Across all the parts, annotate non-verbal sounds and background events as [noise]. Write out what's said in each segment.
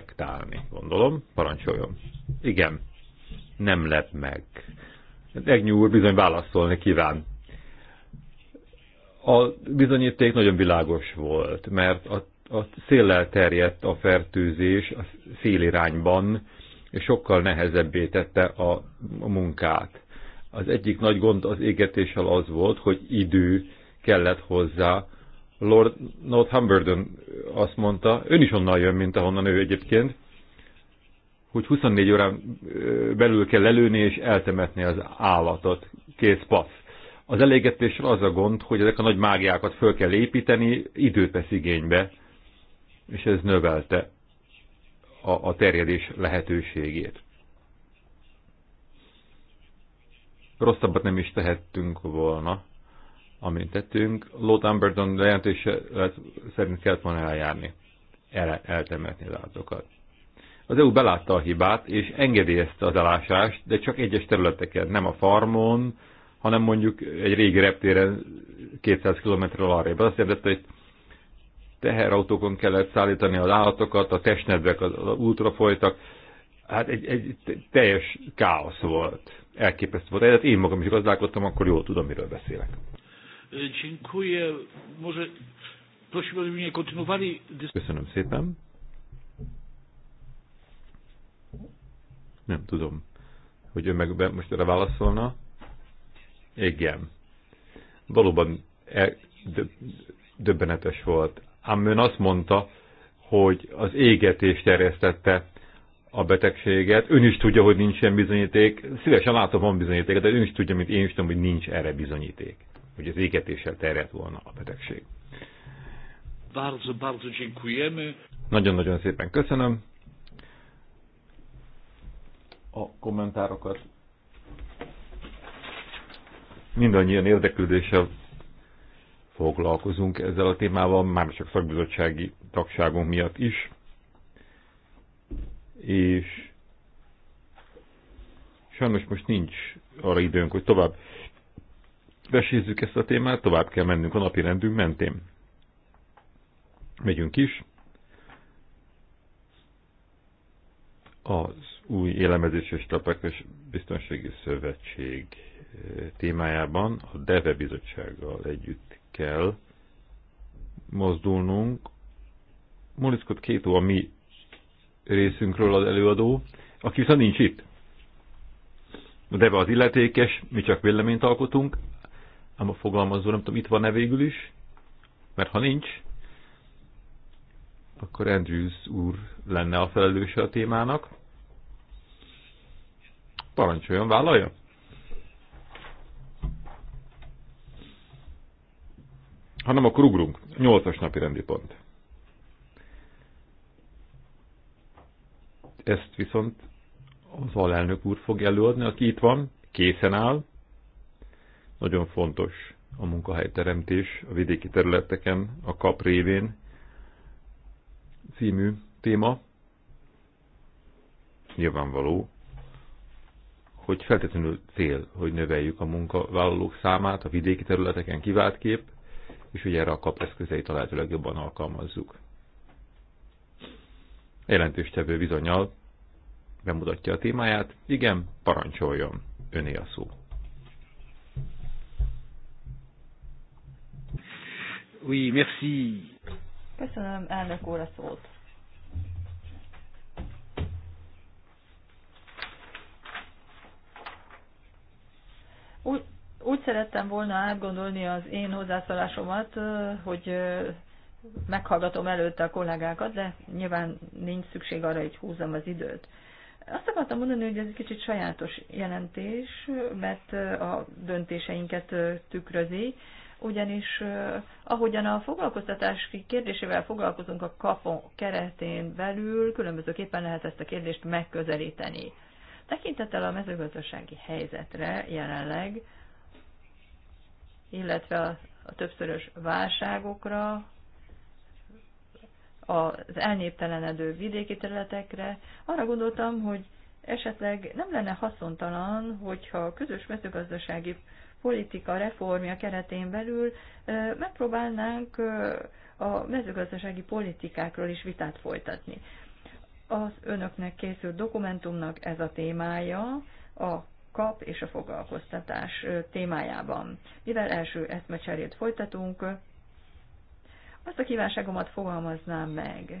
reflektálni, gondolom. Parancsoljon. Igen, nem lep meg. Egnyi úr bizony válaszolni kíván. A bizonyíték nagyon világos volt, mert a, a széllel terjedt a fertőzés a szélirányban, és sokkal nehezebbé tette a, a munkát. Az egyik nagy gond az égetéssel az volt, hogy idő kellett hozzá, Lord Northumberton azt mondta, ön is onnan jön, mint ahonnan ő egyébként, hogy 24 órán belül kell lelőni és eltemetni az állatot. Kész pasz. Az elégetésre az a gond, hogy ezek a nagy mágiákat föl kell építeni, időt vesz igénybe, és ez növelte a, a terjedés lehetőségét. Rosszabbat nem is tehettünk volna amit tettünk, Lord Amberton lejelentése szerint kellett volna eljárni, el, eltemetni állatokat. Az EU belátta a hibát, és engedélyezte az elásást, de csak egyes területeken, nem a farmon, hanem mondjuk egy régi reptéren 200 km-ről arrébb. Azt jelenti, hogy teherautókon kellett szállítani az állatokat, a testnedvek az útra folytak, hát egy, egy teljes káosz volt. Elképesztő volt. Hát én magam is gazdálkodtam, akkor jól tudom, miről beszélek. E, dziękuję. Może prosimy, żeby nie kontynuowali Köszönöm szépen. Nem tudom, hogy ő meg most erre válaszolna. Igen. Valóban e, döbbenetes volt. Ám ön azt mondta, hogy az égetés terjesztette a betegséget. Ön is tudja, hogy nincs ilyen bizonyíték. Szívesen látom, van bizonyíték, de ön is tudja, mint én is tudom, hogy nincs erre bizonyíték hogy az égetéssel terjedt volna a betegség. Bardzo, bardzo dziękujemy. Nagyon-nagyon szépen köszönöm a kommentárokat. Mindannyian érdeklődéssel foglalkozunk ezzel a témával, már csak szakbizottsági tagságunk miatt is. És sajnos most nincs arra időnk, hogy tovább besézzük ezt a témát, tovább kell mennünk a napi rendünk mentén. Megyünk is. Az új élemezés és tapakos biztonsági szövetség eh, témájában a DEVE bizottsággal együtt kell mozdulnunk. Moliszkot Kétó a mi részünkről az előadó, aki viszont nincs itt. A DEVE az illetékes, mi csak véleményt alkotunk, nem a fogalmazó, nem tudom, itt van-e végül is, mert ha nincs, akkor Andrews úr lenne a felelőse a témának. Parancsoljon, vállalja! hanem akkor ugrunk. Nyolcas napi rendi pont. Ezt viszont az alelnök úr fog előadni, aki itt van, készen áll. Nagyon fontos a munkahelyteremtés a vidéki területeken, a kap révén című téma. Nyilvánvaló, hogy feltétlenül cél, hogy növeljük a munkavállalók számát a vidéki területeken kiváltképp, és hogy erre a kap eszközeit a lehető legjobban alkalmazzuk. Jelentéstevő bizonyal bemutatja a témáját. Igen, parancsoljon, öné a szó. Oui, merci. Köszönöm, elnök úr, a szót. Úgy, úgy szerettem volna átgondolni az én hozzászólásomat, hogy meghallgatom előtte a kollégákat, de nyilván nincs szükség arra, hogy húzom az időt. Azt akartam mondani, hogy ez egy kicsit sajátos jelentés, mert a döntéseinket tükrözi, ugyanis ahogyan a foglalkoztatás kérdésével foglalkozunk a kapon keretén belül, különbözőképpen lehet ezt a kérdést megközelíteni. Tekintettel a mezőgazdasági helyzetre jelenleg, illetve a többszörös válságokra, az elnéptelenedő vidéki területekre, arra gondoltam, hogy esetleg nem lenne haszontalan, hogyha a közös mezőgazdasági politika reformja keretén belül megpróbálnánk a mezőgazdasági politikákról is vitát folytatni. Az önöknek készült dokumentumnak ez a témája, a kap és a foglalkoztatás témájában. Mivel első eszmecserét folytatunk, azt a kívánságomat fogalmaznám meg,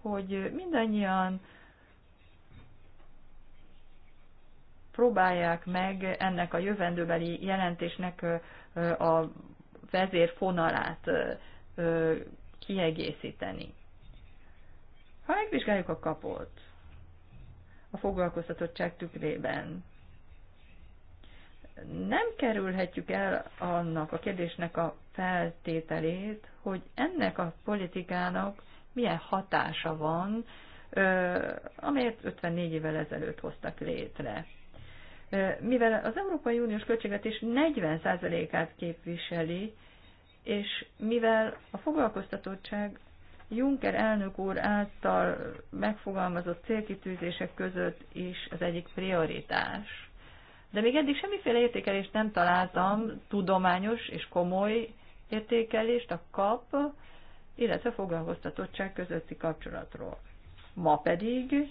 hogy mindannyian próbálják meg ennek a jövendőbeli jelentésnek a vezérfonalát kiegészíteni. Ha megvizsgáljuk a kapot a foglalkoztatottság tükrében, nem kerülhetjük el annak a kérdésnek a feltételét, hogy ennek a politikának milyen hatása van, amelyet 54 évvel ezelőtt hoztak létre mivel az Európai Uniós költségvetés 40%-át képviseli, és mivel a foglalkoztatottság Juncker elnök úr által megfogalmazott célkitűzések között is az egyik prioritás. De még eddig semmiféle értékelést nem találtam, tudományos és komoly értékelést a kap, illetve foglalkoztatottság közötti kapcsolatról. Ma pedig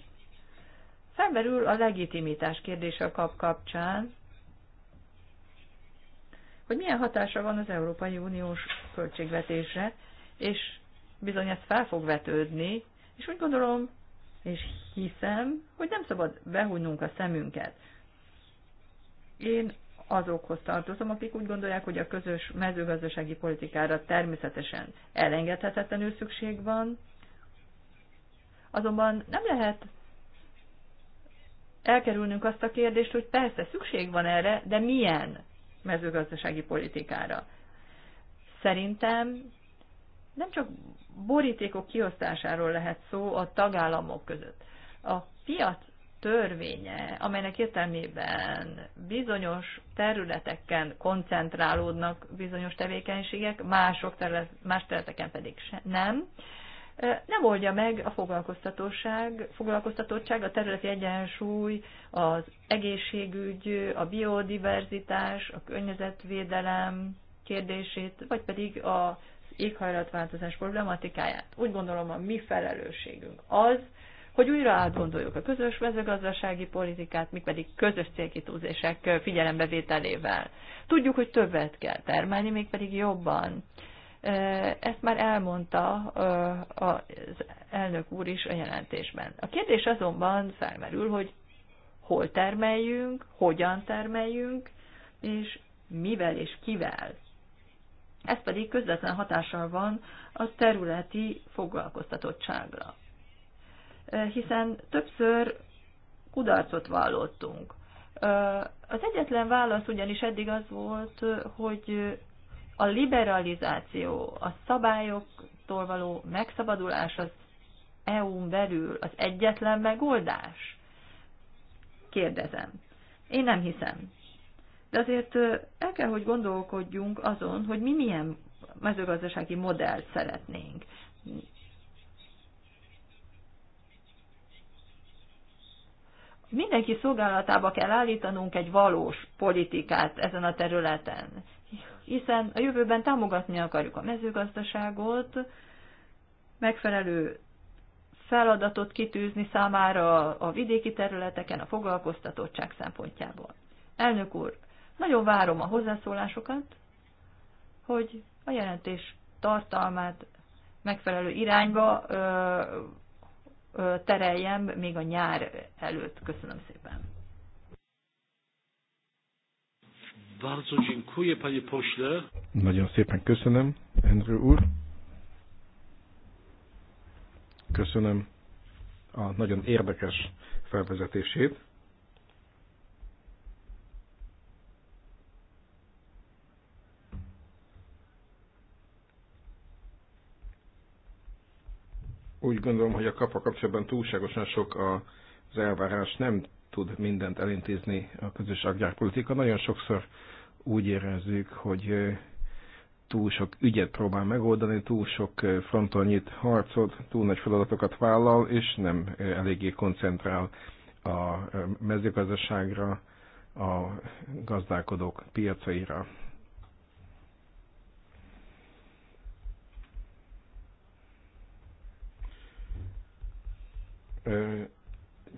Felmerül a legitimitás kérdése a kap kapcsán, hogy milyen hatása van az Európai Uniós költségvetésre, és bizony ez fel fog vetődni, és úgy gondolom, és hiszem, hogy nem szabad behújnunk a szemünket. Én azokhoz tartozom, akik úgy gondolják, hogy a közös mezőgazdasági politikára természetesen elengedhetetlenül szükség van, azonban nem lehet elkerülnünk azt a kérdést, hogy persze szükség van erre, de milyen mezőgazdasági politikára. Szerintem nem csak borítékok kiosztásáról lehet szó a tagállamok között. A piac törvénye, amelynek értelmében bizonyos területeken koncentrálódnak bizonyos tevékenységek, mások terület, más területeken pedig se, nem, nem oldja meg a foglalkoztatóság, foglalkoztatottság, a területi egyensúly, az egészségügy, a biodiverzitás, a környezetvédelem kérdését, vagy pedig az éghajlatváltozás problematikáját. Úgy gondolom a mi felelősségünk az, hogy újra átgondoljuk a közös mezőgazdasági politikát, mi pedig közös célkitúzések figyelembevételével. Tudjuk, hogy többet kell termelni, mégpedig jobban. Ezt már elmondta az elnök úr is a jelentésben. A kérdés azonban felmerül, hogy hol termeljünk, hogyan termeljünk, és mivel és kivel. Ez pedig közvetlen hatással van a területi foglalkoztatottságra. Hiszen többször kudarcot vallottunk. Az egyetlen válasz ugyanis eddig az volt, hogy a liberalizáció, a szabályoktól való megszabadulás az EU-n belül az egyetlen megoldás? Kérdezem. Én nem hiszem. De azért el kell, hogy gondolkodjunk azon, hogy mi milyen mezőgazdasági modellt szeretnénk. Mindenki szolgálatába kell állítanunk egy valós politikát ezen a területen hiszen a jövőben támogatni akarjuk a mezőgazdaságot, megfelelő feladatot kitűzni számára a vidéki területeken, a foglalkoztatottság szempontjából. Elnök úr, nagyon várom a hozzászólásokat, hogy a jelentés tartalmát megfelelő irányba ö, ö, tereljem még a nyár előtt. Köszönöm szépen. Bardzo dziękuję, panie pośle. Nagyon szépen köszönöm, Andrew úr. Köszönöm a nagyon érdekes felvezetését. Úgy gondolom, hogy a kapa kapcsolatban túlságosan sok az elvárás nem tud mindent elintézni a közös agrárpolitika. Nagyon sokszor úgy érezzük, hogy túl sok ügyet próbál megoldani, túl sok fronton nyit harcot, túl nagy feladatokat vállal, és nem eléggé koncentrál a mezőgazdaságra, a gazdálkodók piacaira.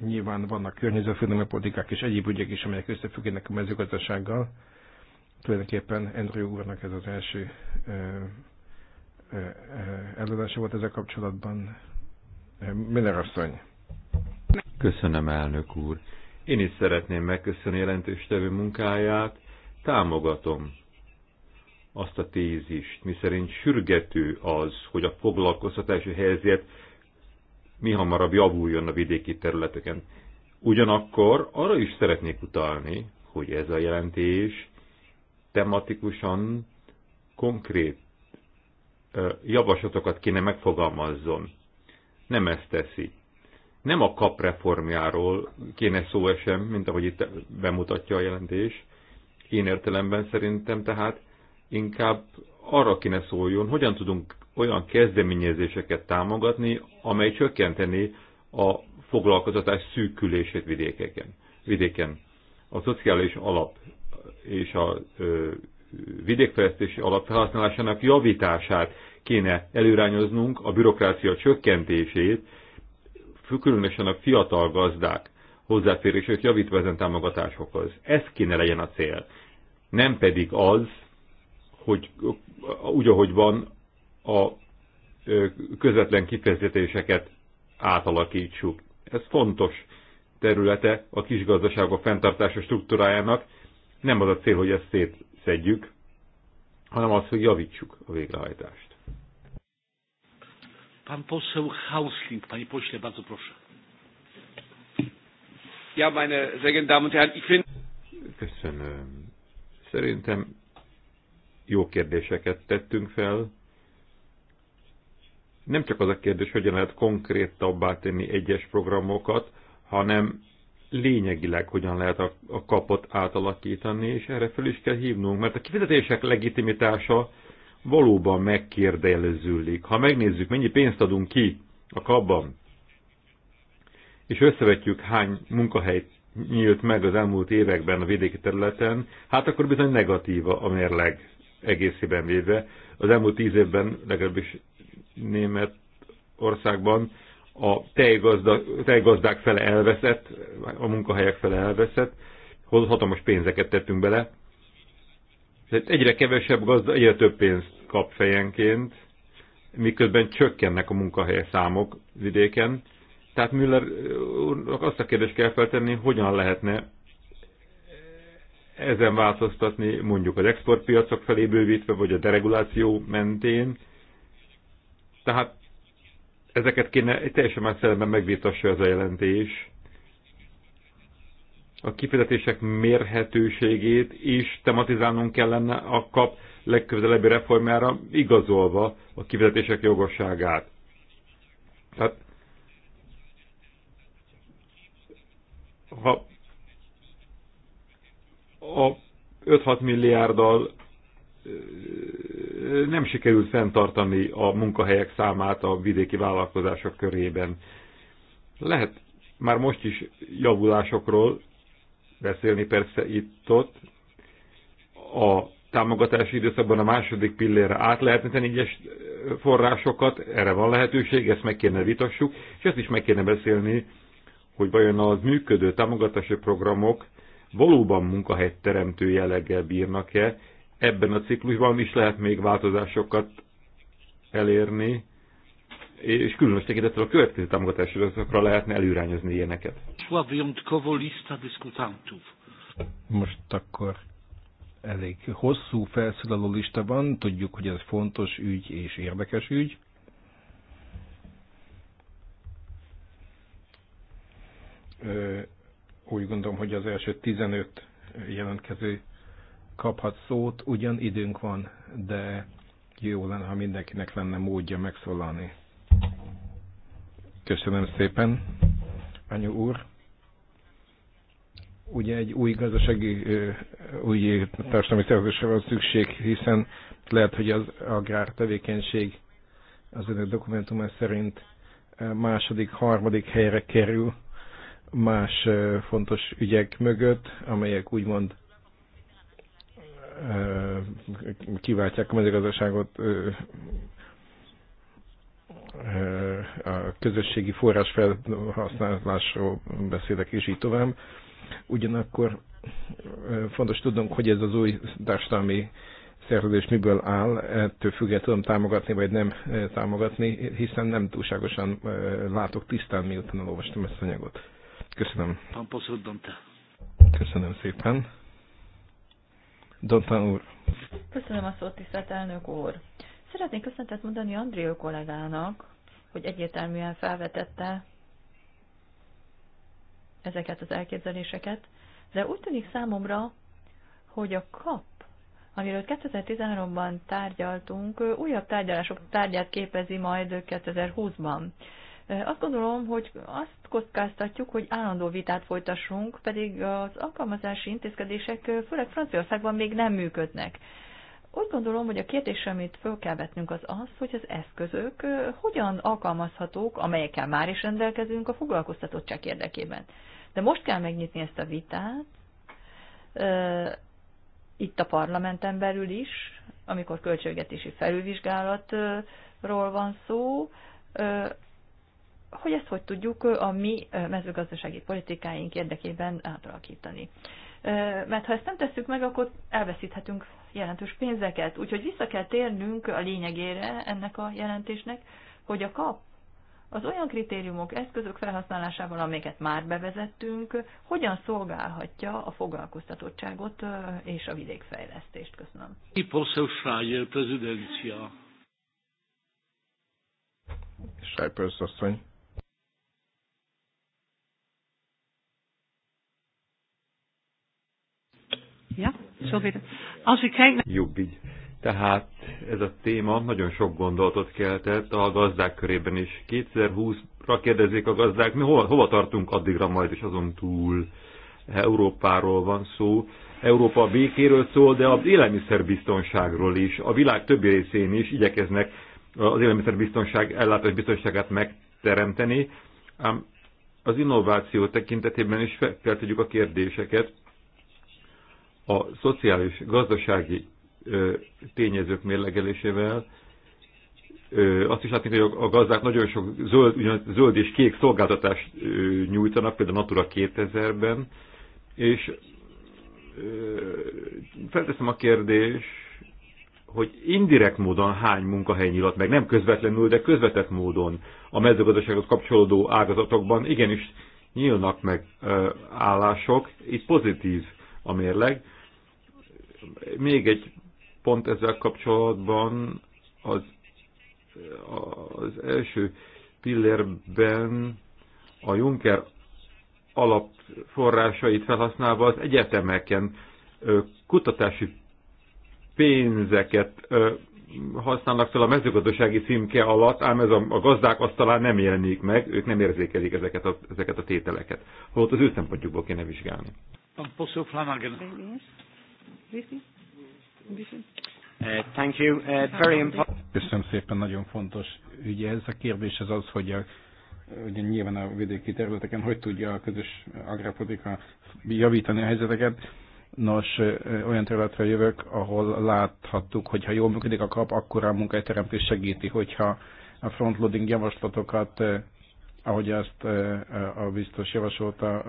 Nyilván vannak környezetvédelmi politikák és egyéb ügyek is, amelyek összefüggenek a mezőgazdasággal. Tulajdonképpen Andrew úrnak ez az első előadása volt ezzel kapcsolatban. Miller asszony. Köszönöm, elnök úr. Én is szeretném megköszönni jelentéstevő munkáját. Támogatom azt a tézist, miszerint sürgető az, hogy a foglalkoztatási helyzet mi hamarabb javuljon a vidéki területeken. Ugyanakkor arra is szeretnék utalni, hogy ez a jelentés tematikusan konkrét javaslatokat kéne megfogalmazzon. Nem ezt teszi. Nem a kap reformjáról kéne szó esem, mint ahogy itt bemutatja a jelentés. Én értelemben szerintem tehát inkább arra kéne szóljon, hogyan tudunk olyan kezdeményezéseket támogatni, amely csökkenteni a foglalkozatás szűkülését vidékeken. vidéken. A szociális alap és a ö, vidékfejlesztési alap felhasználásának javítását kéne előrányoznunk, a bürokrácia csökkentését, különösen a fiatal gazdák hozzáférését javítva ezen támogatásokhoz. Ez kéne legyen a cél. Nem pedig az, hogy úgy, ahogy van, a közvetlen kifejezéseket átalakítsuk. Ez fontos területe a kisgazdaságok fenntartása struktúrájának. Nem az a cél, hogy ezt szétszedjük, hanem az, hogy javítsuk a végrehajtást. Pan poseł Hausling, panie pośle, bardzo proszę. Ja, meine sehr geehrten Damen und Herren, ich finde... Köszönöm. Szerintem jó kérdéseket tettünk fel. Nem csak az a kérdés, hogyan lehet konkrétabbá tenni egyes programokat, hanem lényegileg hogyan lehet a, a kapot átalakítani, és erre fel is kell hívnunk, mert a kifizetések legitimitása valóban megkérdelezőlik. Ha megnézzük, mennyi pénzt adunk ki a kapban, és összevetjük, hány munkahely nyílt meg az elmúlt években a vidéki területen, hát akkor bizony negatíva a mérleg egészében véve. Az elmúlt tíz évben, legalábbis német országban a tejgazda, tejgazdák fele elveszett, a munkahelyek fele elveszett, hatalmas pénzeket tettünk bele. Tehát egyre kevesebb gazda, egyre több pénzt kap fejenként, miközben csökkennek a munkahely számok vidéken. Tehát Müller úrnak azt a kérdést kell feltenni, hogyan lehetne ezen változtatni mondjuk az exportpiacok felé bővítve, vagy a dereguláció mentén. Tehát ezeket kéne teljesen más szellemben megvitassa ez a jelentés. A kifizetések mérhetőségét is tematizálnunk kellene a kap legközelebbi reformjára igazolva a kifizetések jogosságát. Tehát ha a 5-6 milliárddal nem sikerült fenntartani a munkahelyek számát a vidéki vállalkozások körében. Lehet már most is javulásokról beszélni persze itt-ott. A támogatási időszakban a második pillére át lehetne tenni egyes forrásokat, erre van lehetőség, ezt meg kéne vitassuk, és ezt is meg kéne beszélni, hogy vajon az működő támogatási programok valóban munkahely teremtő jelleggel bírnak-e, ebben a ciklusban is lehet még változásokat elérni, és különös tekintettel a következő támogatási lehetne előrányozni ilyeneket. Most akkor elég hosszú felszólaló lista van, tudjuk, hogy ez fontos ügy és érdekes ügy úgy gondolom, hogy az első 15 jelentkező kaphat szót, ugyan időnk van, de jó lenne, ha mindenkinek lenne módja megszólalni. Köszönöm szépen, Anyu úr. Ugye egy új gazdasági, új társadalmi szervezésre van szükség, hiszen lehet, hogy az agrár tevékenység az önök dokumentumai szerint második, harmadik helyre kerül, más fontos ügyek mögött, amelyek úgymond kiváltják a mezőgazdaságot a közösségi forrás felhasználásról beszélek, és így tovább. Ugyanakkor fontos tudnunk, hogy ez az új társadalmi szerződés miből áll, ettől függetlenül tudom támogatni vagy nem támogatni, hiszen nem túlságosan látok tisztán, miután olvastam ezt a anyagot. Köszönöm. Köszönöm szépen. Dontán úr. Köszönöm a szót, tisztelt elnök úr. Szeretnék köszöntet mondani Andrió kollégának, hogy egyértelműen felvetette ezeket az elképzeléseket, de úgy tűnik számomra, hogy a kap, amiről 2013-ban tárgyaltunk, újabb tárgyalások tárgyát képezi majd 2020-ban. Eh, azt gondolom, hogy azt kockáztatjuk, hogy állandó vitát folytassunk, pedig az alkalmazási intézkedések eh, főleg Franciaországban még nem működnek. Úgy gondolom, hogy a kérdés, amit föl kell vetnünk, az az, hogy az eszközök eh, hogyan alkalmazhatók, amelyekkel már is rendelkezünk a foglalkoztatottság érdekében. De most kell megnyitni ezt a vitát, itt a parlamenten belül is, amikor költségvetési felülvizsgálatról van szó, hogy ezt hogy tudjuk a mi mezőgazdasági politikáink érdekében átalakítani. Mert ha ezt nem tesszük meg, akkor elveszíthetünk jelentős pénzeket. Úgyhogy vissza kell térnünk a lényegére ennek a jelentésnek, hogy a kap az olyan kritériumok, eszközök felhasználásával, amiket már bevezettünk, hogyan szolgálhatja a foglalkoztatottságot és a vidékfejlesztést. Köszönöm. asszony. Ja, zoveel. Als ik kijk... Jobb így. Tehát ez a téma nagyon sok gondolatot keltett a gazdák körében is. 2020-ra kérdezik a gazdák, mi hova, hova tartunk addigra majd, és azon túl Európáról van szó. Európa békéről szól, de az élelmiszerbiztonságról is. A világ többi részén is igyekeznek az élelmiszerbiztonság ellátás biztonságát megteremteni, ám az innováció tekintetében is fel kell tegyük a kérdéseket, a szociális, gazdasági tényezők mérlegelésével azt is látni, hogy a gazdák nagyon sok zöld, ugyan, zöld és kék szolgáltatást nyújtanak, például Natura 2000-ben, és felteszem a kérdés, hogy indirekt módon hány munkahely nyilat meg, nem közvetlenül, de közvetett módon a mezőgazdasághoz kapcsolódó ágazatokban igenis nyílnak meg állások, itt pozitív a mérleg, még egy pont ezzel kapcsolatban az, az első pillérben a Juncker alapforrásait felhasználva az egyetemeken kutatási pénzeket használnak fel a mezőgazdasági címke alatt, ám ez a, gazdák asztalán nem jelenik meg, ők nem érzékelik ezeket a, ezeket a tételeket. Holott az ő szempontjukból kéne vizsgálni. Uh, thank you. Uh, very important. Köszönöm szépen, nagyon fontos ügy ez. A kérdés az az, hogy a, ugye nyilván a vidéki területeken hogy tudja a közös agrárpolitika javítani a helyzeteket. Nos, olyan területre jövök, ahol láthattuk, hogy ha jól működik a kap, akkor a munkahelyteremtés segíti, hogyha a frontloading javaslatokat, ahogy azt a biztos javasolta,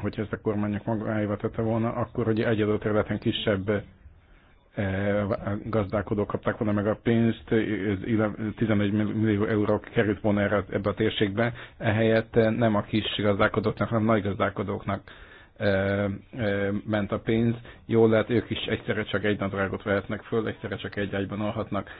hogyha ezt a kormányok magáéva tette volna, akkor hogy egy adott területen kisebb eh, gazdálkodók kapták volna meg a pénzt, 11 millió euró került volna erre, ebbe a térségbe, ehelyett eh, nem a kis gazdálkodóknak, hanem a nagy gazdálkodóknak eh, ment a pénz. Jól lehet, ők is egyszerre csak egy nadrágot vehetnek föl, egyszerre csak egy ágyban alhatnak.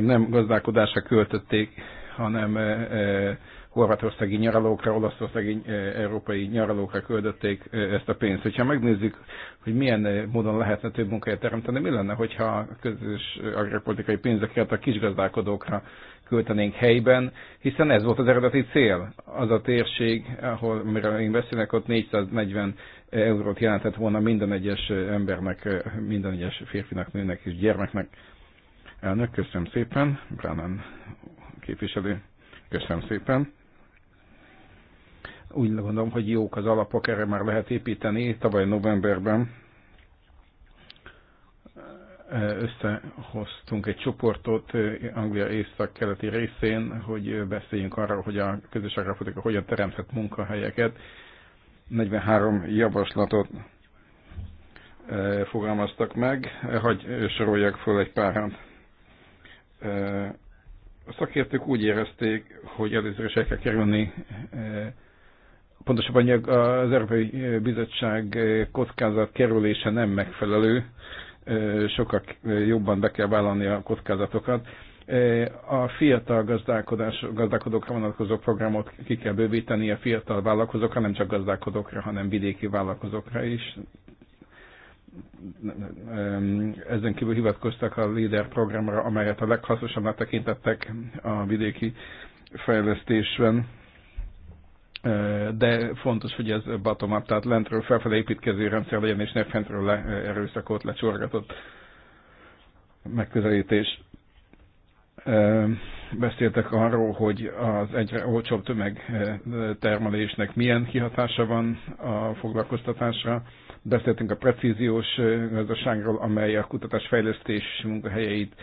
Nem gazdálkodásra költötték hanem eh, eh, horvátországi nyaralókra, olaszországi eh, európai nyaralókra küldötték ezt a pénzt. Hogyha megnézzük, hogy milyen módon lehetne több munkáját teremteni, mi lenne, hogyha a közös agrárpolitikai pénzeket a kisgazdálkodókra költenénk helyben, hiszen ez volt az eredeti cél. Az a térség, ahol mire én beszélek, ott 440 eurót jelentett volna minden egyes embernek, minden egyes férfinak, nőnek és gyermeknek. Elnök, köszönöm szépen, Brennan képviselő. Köszönöm szépen. Úgy gondolom, hogy jók az alapok, erre már lehet építeni. Tavaly novemberben e, összehoztunk egy csoportot e, Anglia észak-keleti részén, hogy beszéljünk arról, hogy a közös agrárpolitika hogyan teremthet munkahelyeket. 43 javaslatot e, fogalmaztak meg, hagy soroljak föl egy párat. A szakértők úgy érezték, hogy előzőre kell kerülni eh, pontosabban az Európai Bizottság kockázat kerülése nem megfelelő, eh, sokkal jobban be kell vállalni a kockázatokat. Eh, a fiatal gazdálkodás, gazdálkodókra vonatkozó programot ki kell bővíteni a fiatal vállalkozókra, nem csak gazdálkodókra, hanem vidéki vállalkozókra is, ezen kívül hivatkoztak a LIDER programra, amelyet a leghasznosabbnak tekintettek a vidéki fejlesztésben, de fontos, hogy ez bottom-up, tehát lentről felfelé építkező rendszer legyen, és ne fentről le, erőszakot lecsorgatott megközelítés. Beszéltek arról, hogy az egyre olcsóbb tömegtermelésnek milyen kihatása van a foglalkoztatásra, Beszéltünk a precíziós gazdaságról, amely a kutatás fejlesztés munkahelyeit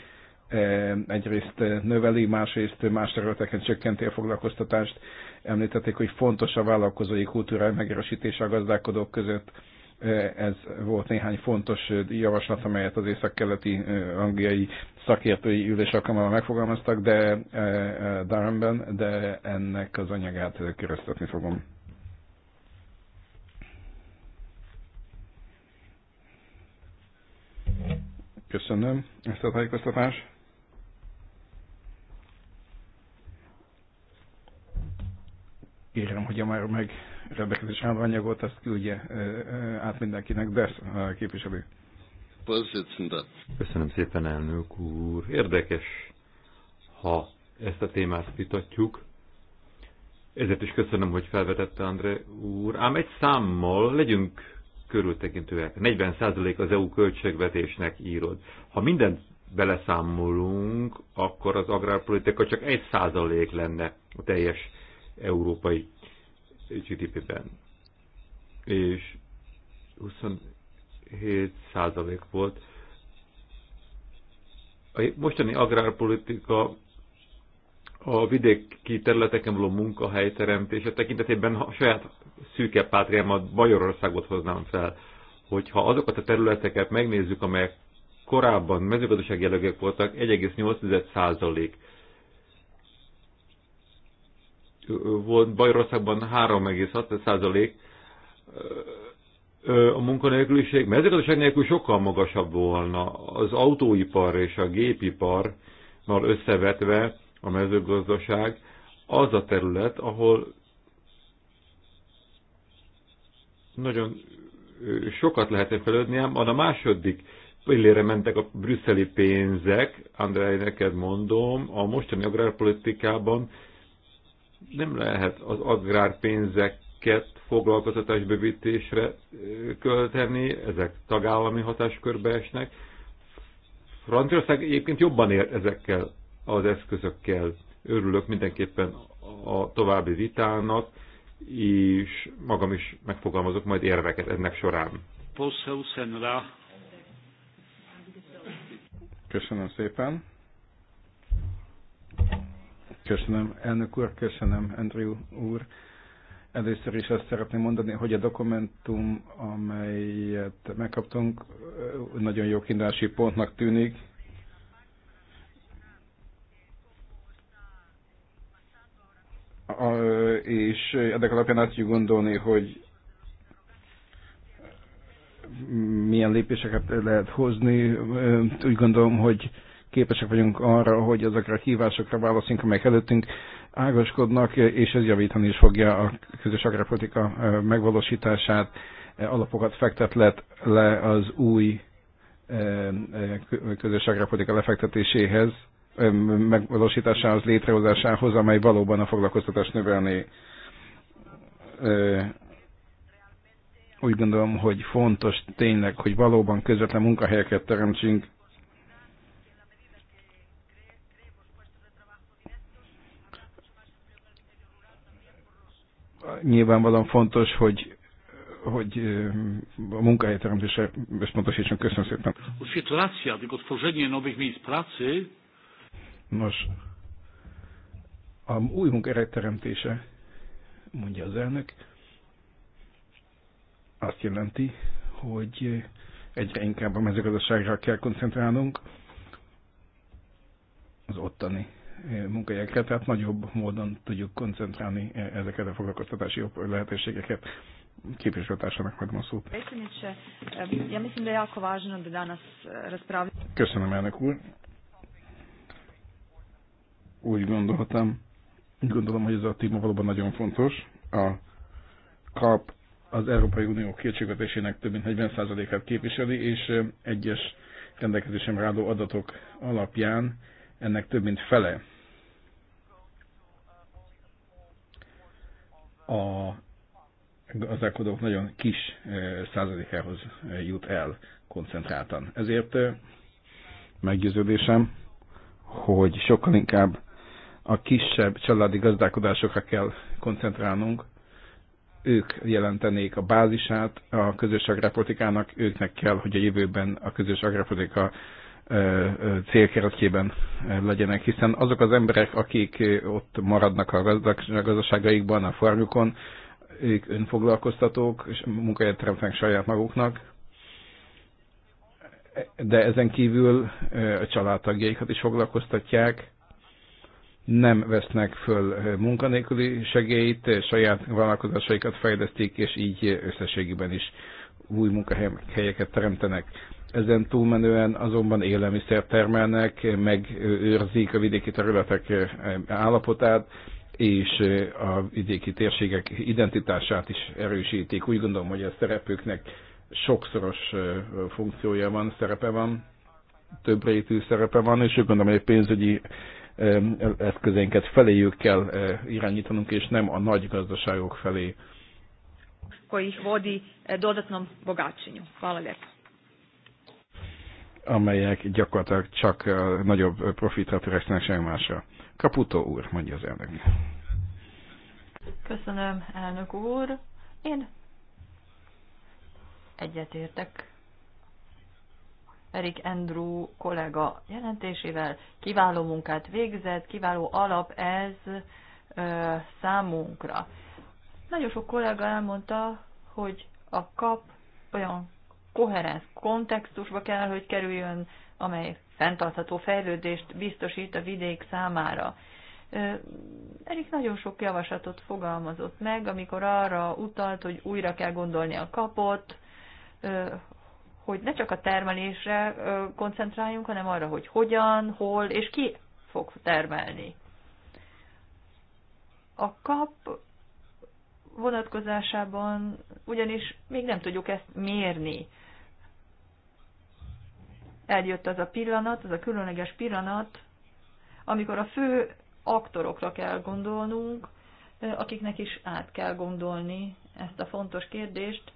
egyrészt növeli, másrészt más területeken csökkenti a foglalkoztatást. Említették, hogy fontos a vállalkozói kultúra megerősítése a gazdálkodók között. Ez volt néhány fontos javaslat, amelyet az észak-keleti angliai szakértői ülés alkalmával megfogalmaztak, de Durhamben, de ennek az anyagát köröztetni fogom. Köszönöm ezt a tájékoztatást. Kérem, hogy a már meg rendelkezés álló anyagot, azt küldje át mindenkinek, de képviselő. Köszönöm szépen, elnök úr. Érdekes, ha ezt a témát vitatjuk. Ezért is köszönöm, hogy felvetette André úr. Ám egy számmal legyünk körültekintőek. 40% az EU költségvetésnek írod. Ha mindent beleszámolunk, akkor az agrárpolitika csak 1% lenne a teljes európai GDP-ben. És 27% volt. A mostani agrárpolitika a vidéki területeken való munkahelyteremtése tekintetében saját szűkebb pátriámat, Bajorországot hoznám fel, hogyha azokat a területeket megnézzük, amelyek korábban mezőgazdaság jellegek voltak, 1,8% volt Bajorországban 3,6% a munkanélküliség, mezőgazdaság nélkül sokkal magasabb volna. Az autóipar és a gépipar, összevetve a mezőgazdaság az a terület, ahol nagyon sokat lehetne felődni, ám a második pillére mentek a brüsszeli pénzek, Andrei, neked mondom, a mostani agrárpolitikában nem lehet az agrárpénzeket foglalkoztatás bővítésre költeni, ezek tagállami hatáskörbe esnek. Franciaország egyébként jobban ér ezekkel az eszközökkel. Örülök mindenképpen a további vitának, és magam is megfogalmazok majd érveket ennek során. Köszönöm szépen. Köszönöm, elnök úr, köszönöm, Andrew úr. Először is azt szeretném mondani, hogy a dokumentum, amelyet megkaptunk, nagyon jó kiindulási pontnak tűnik, és ennek alapján azt tudjuk gondolni, hogy milyen lépéseket lehet hozni. Úgy gondolom, hogy képesek vagyunk arra, hogy ezekre a kívásokra válaszunk, amelyek előttünk ágaskodnak, és ez javítani is fogja a közös agrárpolitika megvalósítását. Alapokat fektetett le az új eh, eh, közös agrárpolitika lefektetéséhez megvalósításához, létrehozásához, amely valóban a foglalkoztatást növelni. Úgy gondolom, hogy fontos tényleg, hogy valóban közvetlen munkahelyeket teremtsünk, nyilvánvalóan fontos, hogy hogy a munkahelyteremtésre összpontosítson. Köszönöm szépen. Oświetlacja, amikor a nowych miejsc pracy Nos, a új munk teremtése, mondja az elnök, azt jelenti, hogy egyre inkább a mezőgazdaságra kell koncentrálnunk, az ottani eh, munkahelyekre, tehát nagyobb módon tudjuk koncentrálni eh, ezeket a foglalkoztatási lehetőségeket. Képviselőtársának megadom a szót. Eh, Köszönöm, elnök úr úgy gondoltam, úgy gondolom, hogy ez a téma valóban nagyon fontos. A kap az Európai Unió költségvetésének több mint 40%-át képviseli, és egyes rendelkezésem rádó adatok alapján ennek több mint fele a gazdálkodók nagyon kis százalékához jut el koncentráltan. Ezért meggyőződésem, hogy sokkal inkább a kisebb családi gazdálkodásokra kell koncentrálnunk. Ők jelentenék a bázisát a közös agrárpolitikának, őknek kell, hogy a jövőben a közös agrárpolitika célkeretjében legyenek, hiszen azok az emberek, akik ott maradnak a gazdaságaikban, a farmjukon, ők önfoglalkoztatók, és munkahelyet teremtenek saját maguknak, de ezen kívül a családtagjaikat is foglalkoztatják, nem vesznek föl munkanélküli segélyt, saját vállalkozásaikat fejlesztik, és így összességében is új munkahelyeket teremtenek. Ezen túlmenően azonban élelmiszer termelnek, megőrzik a vidéki területek állapotát, és a vidéki térségek identitását is erősítik. Úgy gondolom, hogy a szerepüknek sokszoros funkciója van, szerepe van, több rétű szerepe van, és úgy gondolom, hogy a pénzügyi eszközeinket feléjük kell irányítanunk, és nem a nagy gazdaságok felé. koji vodi eh, dodatnom bogaćenju. Amelyek gyakorlatilag csak eh, nagyobb eh, profitra törekszenek semmi másra. Kaputó úr, mondja az elnök. Köszönöm, elnök úr. Én egyetértek Erik Andrew kollega jelentésével. Kiváló munkát végzett, kiváló alap ez ö, számunkra. Nagyon sok kollega elmondta, hogy a kap olyan koherens kontextusba kell, hogy kerüljön, amely fenntartható fejlődést biztosít a vidék számára. Erik nagyon sok javaslatot fogalmazott meg, amikor arra utalt, hogy újra kell gondolni a kapot, hogy ne csak a termelésre koncentráljunk, hanem arra, hogy hogyan, hol és ki fog termelni. A kap vonatkozásában ugyanis még nem tudjuk ezt mérni. Eljött az a pillanat, az a különleges pillanat, amikor a fő aktorokra kell gondolnunk, akiknek is át kell gondolni ezt a fontos kérdést,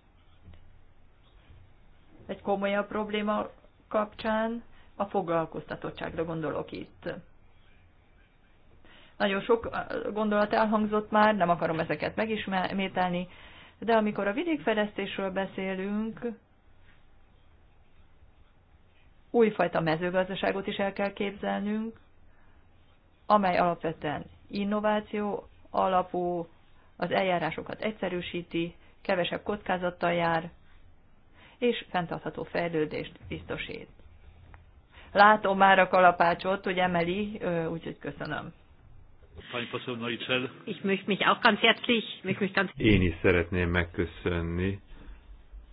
egy komolyabb probléma kapcsán, a foglalkoztatottságra gondolok itt. Nagyon sok eh, gondolat elhangzott már, nem akarom ezeket megismételni, de amikor a vidékfejlesztésről beszélünk, újfajta mezőgazdaságot is el kell képzelnünk, amely alapvetően innováció alapú, az eljárásokat egyszerűsíti, kevesebb kockázattal jár, és fenntartható fejlődést biztosít. Látom már a kalapácsot, hogy emeli, úgyhogy köszönöm. Én is szeretném megköszönni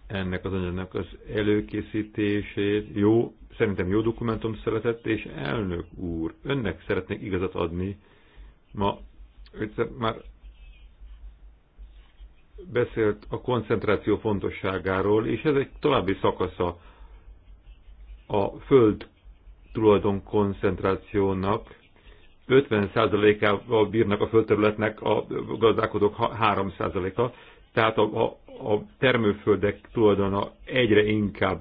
ennek az anyagnak az előkészítését. Jó, szerintem jó dokumentum született, és elnök úr, önnek szeretnék igazat adni. Ma már beszélt a koncentráció fontosságáról, és ez egy további szakasza a föld tulajdon koncentrációnak. 50%-ával bírnak a földterületnek a gazdálkodók 3%-a, tehát a, a, a termőföldek tulajdona egyre inkább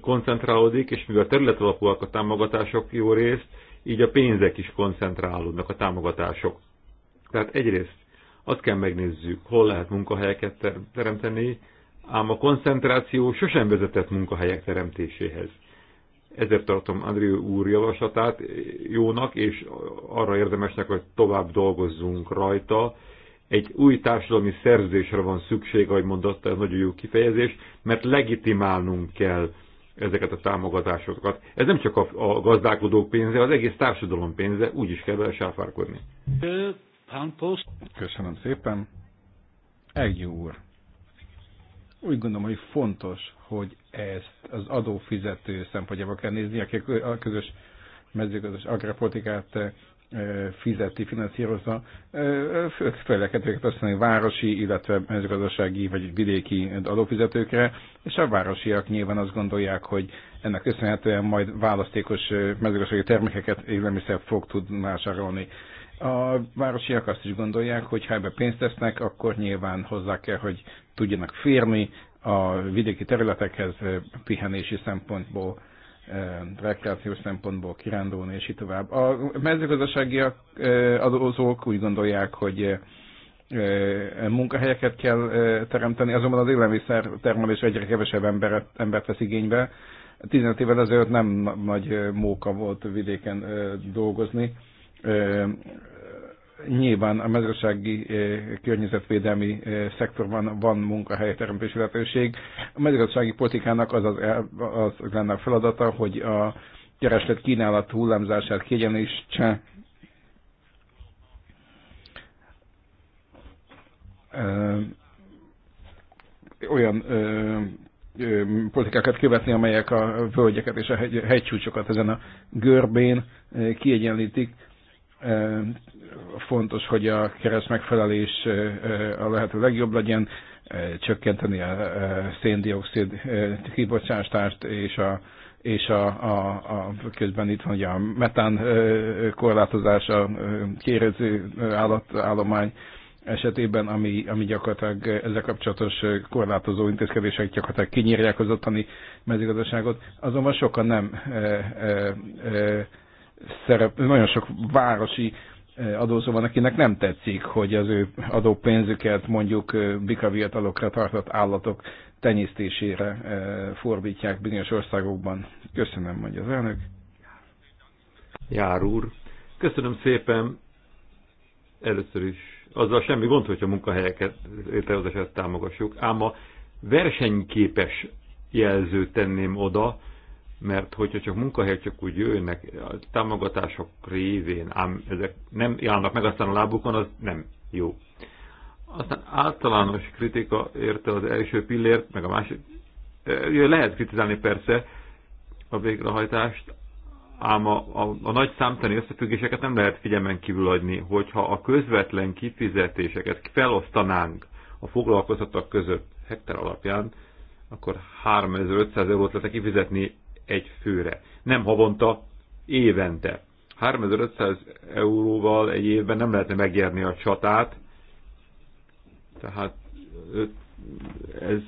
koncentrálódik, és mivel terület alapúak a támogatások jó részt, így a pénzek is koncentrálódnak, a támogatások. Tehát egyrészt azt kell megnézzük, hol lehet munkahelyeket teremteni, ám a koncentráció sosem vezetett munkahelyek teremtéséhez. Ezért tartom André úr javaslatát jónak, és arra érdemesnek, hogy tovább dolgozzunk rajta. Egy új társadalmi szerzésre van szükség, ahogy mondotta, ez nagyon jó kifejezés, mert legitimálnunk kell ezeket a támogatásokat. Ez nem csak a, a gazdálkodók pénze, az egész társadalom pénze, úgy is kell vele sáfárkodni. Köszönöm szépen. Egy úr. Úgy gondolom, hogy fontos, hogy ezt az adófizető szempontjából kell nézni, aki a közös mezőgazdas agrárpolitikát eh, fizeti, finanszírozza, eh, fel lehet őket használni városi, illetve mezőgazdasági vagy vidéki adófizetőkre, és a városiak nyilván azt gondolják, hogy ennek köszönhetően majd választékos eh, mezőgazdasági termékeket, élelmiszer fog tudni vásárolni. A városiak azt is gondolják, hogy ha ebbe pénzt tesznek, akkor nyilván hozzá kell, hogy tudjanak férni a vidéki területekhez eh, pihenési szempontból, eh, rekreációs szempontból, kirándulni és így tovább. A mezőgazdasági eh, adózók úgy gondolják, hogy munkahelyeket kell teremteni, azonban az élelmiszer termelés egyre kevesebb embert, embert vesz igénybe. 15 évvel ezelőtt nem nagy móka volt vidéken dolgozni Nyilván a mezőgazdasági környezetvédelmi szektorban van munkahelyteremtési lehetőség. A mezőgazdasági politikának az, az, az lenne a feladata, hogy a kereslet kínálat hullámzását kiegyenlítse, olyan ö, ö, politikákat követni, amelyek a völgyeket és a hegy, hegycsúcsokat ezen a görbén kiegyenlítik. Fontos, hogy a kereszt megfelelés a lehető legjobb legyen, csökkenteni a széndiokszid kibocsátást és a és a, a, a közben itt van ugye a metán korlátozás, a kérező állatállomány esetében, ami, ami gyakorlatilag ezzel kapcsolatos korlátozó intézkedések gyakorlatilag kinyírják az ottani mezőgazdaságot, azonban sokan nem e, e, e, szerep, nagyon sok városi adózó van, akinek nem tetszik, hogy az ő adópénzüket mondjuk bikaviatalokra tartott állatok tenyésztésére fordítják bizonyos országokban. Köszönöm, mondja az elnök. Jár úr, köszönöm szépen. Először is azzal semmi gond, hogy a munkahelyeket létrehozását támogassuk, ám a versenyképes jelzőt tenném oda, mert hogyha csak munkahelyek csak úgy jönnek a támogatások révén, ám ezek nem járnak meg aztán a lábukon, az nem jó. Aztán általános kritika érte az első pillért, meg a másik. Lehet kritizálni persze a végrehajtást, ám a, a, a nagy számtani összefüggéseket nem lehet figyelmen kívül adni, hogyha a közvetlen kifizetéseket felosztanánk a foglalkoztatók között hektár alapján, akkor 3500 eurót lehet kifizetni egy főre. Nem havonta, évente. 3500 euróval egy évben nem lehetne megérni a csatát, tehát ez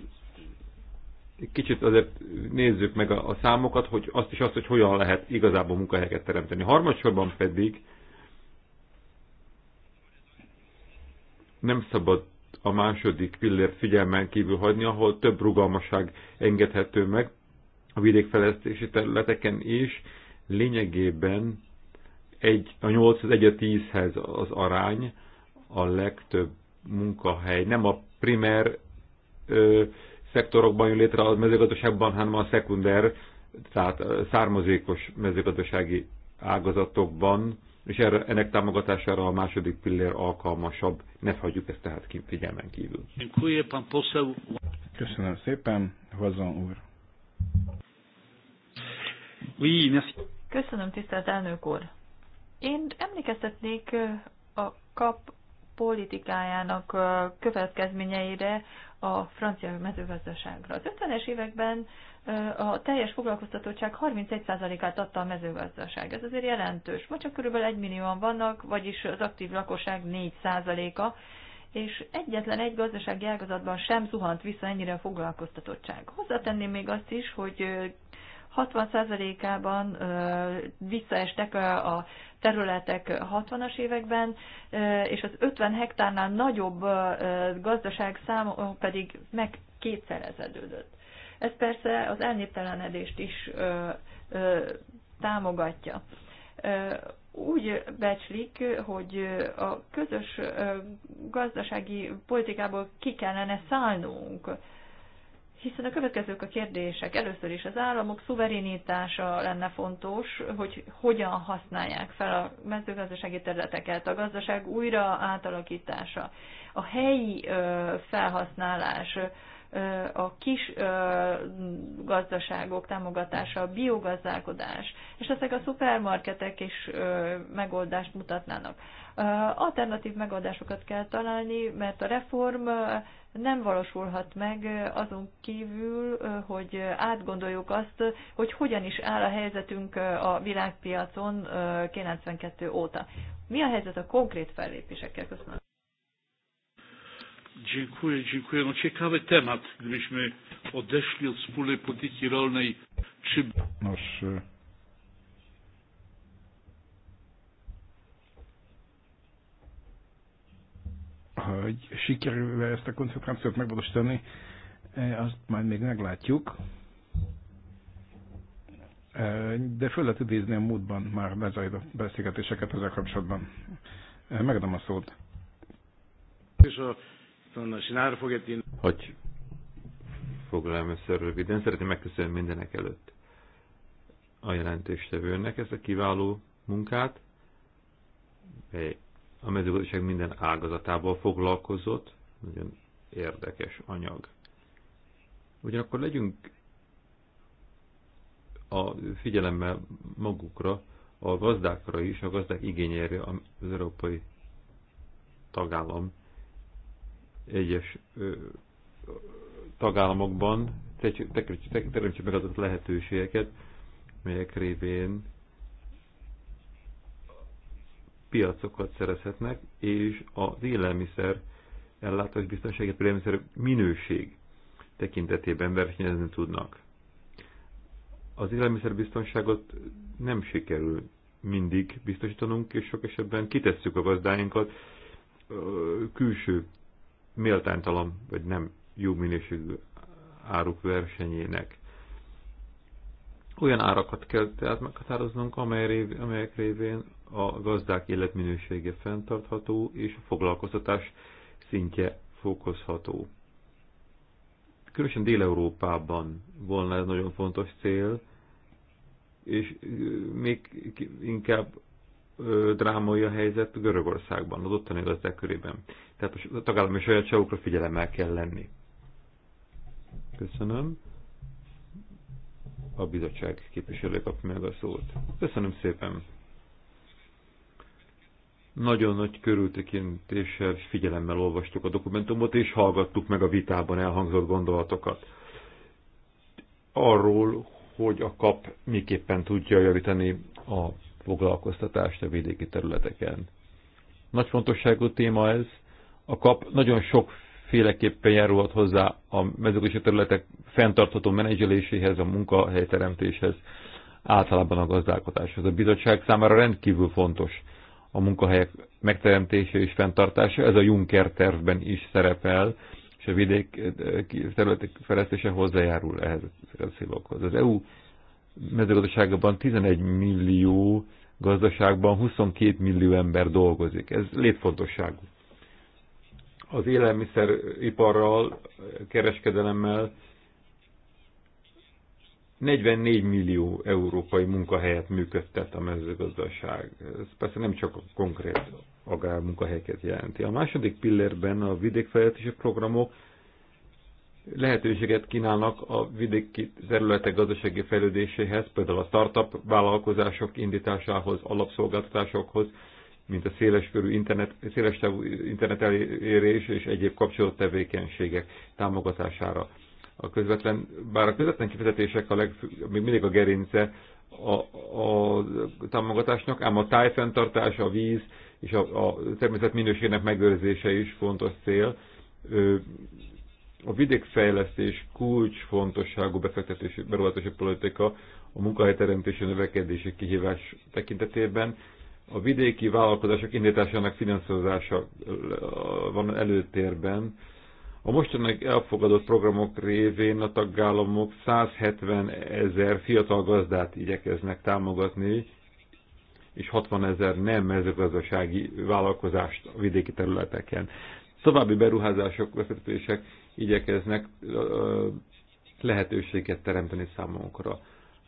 kicsit azért nézzük meg a, a számokat, hogy azt is azt, hogy hogyan lehet igazából munkahelyeket teremteni. Harmadsorban pedig nem szabad a második pillért figyelmen kívül hagyni, ahol több rugalmasság engedhető meg, a vidékfejlesztési területeken is lényegében egy, a 8 az 1 10-hez az arány, a legtöbb munkahely nem a primer ö, szektorokban jön létre a mezőgazdaságban, hanem a szekunder, tehát származékos mezőgazdasági ágazatokban, és erre, ennek támogatására a második pillér alkalmasabb. Ne hagyjuk ezt tehát figyelmen kívül. Köszönöm szépen, Vazan úr. Oui, merci. Köszönöm, tisztelt elnök úr. Én emlékeztetnék a kap politikájának következményeire a francia mezőgazdaságra. Az 50-es években a teljes foglalkoztatottság 31%-át adta a mezőgazdaság. Ez azért jelentős. Ma csak körülbelül 1 millióan vannak, vagyis az aktív lakosság 4%-a, és egyetlen egy gazdasági ágazatban sem zuhant vissza ennyire a foglalkoztatottság. Hozzátenném még azt is, hogy 60%-ában visszaestek a területek 60-as években, és az 50 hektárnál nagyobb gazdaság száma pedig meg kétszereződött. Ez persze az elnéptelenedést is támogatja úgy becslik, hogy a közös gazdasági politikából ki kellene szállnunk. Hiszen a következők a kérdések. Először is az államok szuverenitása lenne fontos, hogy hogyan használják fel a mezőgazdasági területeket, a gazdaság újra átalakítása, a helyi felhasználás, a kis gazdaságok támogatása, a biogazdálkodás, és ezek a szupermarketek is megoldást mutatnának. Alternatív megoldásokat kell találni, mert a reform nem valósulhat meg azon kívül, hogy átgondoljuk azt, hogy hogyan is áll a helyzetünk a világpiacon 92 óta. Mi a helyzet a konkrét fellépésekkel? Köszönöm. Dziękuję, dziękuję. No ciekawy temat, gdybyśmy odeszli od wspólnej polityki rolnej. Czy... Nos, hogy sikerül ezt a koncentrációt megvalósítani, e, azt majd még meglátjuk. E, de föl lehet idézni a múltban már lezajlott beszélgetéseket ezzel kapcsolatban. E, megadom a szót. És a hogy foglalom össze röviden, szeretném megköszönni mindenek előtt a jelentéstevőnek ezt a kiváló munkát, mely a mezőgazdaság minden ágazatával foglalkozott, nagyon érdekes anyag. Ugyanakkor legyünk a figyelemmel magukra, a gazdákra is, a gazdák igényére az európai tagállam egyes tagállamokban teremtse meg azokat lehetőségeket, melyek révén piacokat szerezhetnek, és az élelmiszer ellátás biztonságét, élelmiszer minőség tekintetében versenyezni tudnak. Az biztonságot nem sikerül mindig biztosítanunk, és sok esetben kitesszük a gazdáinkat külső méltánytalan vagy nem jó minőségű áruk versenyének. Olyan árakat kell tehát meghatároznunk, amely rév, amelyek révén a gazdák életminősége fenntartható és a foglalkoztatás szintje fokozható. Különösen Dél-Európában volna ez nagyon fontos cél, és még inkább drámai a helyzet Görögországban, az ottani gazdák körében. Tehát a tagállami sajátságokra figyelemmel kell lenni. Köszönöm. A bizottság képviselő kap meg a szót. Köszönöm szépen. Nagyon nagy körültekintéssel figyelemmel olvastuk a dokumentumot, és hallgattuk meg a vitában elhangzott gondolatokat. Arról, hogy a kap miképpen tudja javítani a foglalkoztatást a vidéki területeken. Nagy fontosságú téma ez. A kap nagyon féleképpen járulhat hozzá a mezőgazdasági területek fenntartható menedzseléséhez, a munkahelyteremtéshez, általában a gazdálkodáshoz. A bizottság számára rendkívül fontos a munkahelyek megteremtése és fenntartása. Ez a Juncker tervben is szerepel, és a vidék területek fejlesztése hozzájárul ehhez a célokhoz. Az EU mezőgazdaságban 11 millió gazdaságban 22 millió ember dolgozik. Ez létfontosságú. Az élelmiszeriparral, kereskedelemmel 44 millió európai munkahelyet működtet a mezőgazdaság. Ez persze nem csak a konkrét agrármunkahelyeket jelenti. A második pillérben a vidékfejlesztési programok lehetőséget kínálnak a vidéki területek gazdasági fejlődéséhez, például a startup vállalkozások indításához, alapszolgáltatásokhoz, mint a széleskörű internet, széles távú internet elérés és egyéb kapcsolódó tevékenységek támogatására. A közvetlen, bár a közvetlen kifizetések a legfő, még mindig a gerince a, a támogatásnak, ám a tájfenntartás, a víz és a, a természet minőségének megőrzése is fontos cél a vidékfejlesztés kulcsfontosságú befektetési beruházási politika a munkahelyteremtési növekedési kihívás tekintetében. A vidéki vállalkozások indításának finanszírozása van előtérben. A mostanáig elfogadott programok révén a tagállamok 170 ezer fiatal gazdát igyekeznek támogatni, és 60 ezer nem mezőgazdasági vállalkozást a vidéki területeken. További beruházások, befektetések igyekeznek lehetőséget teremteni számunkra.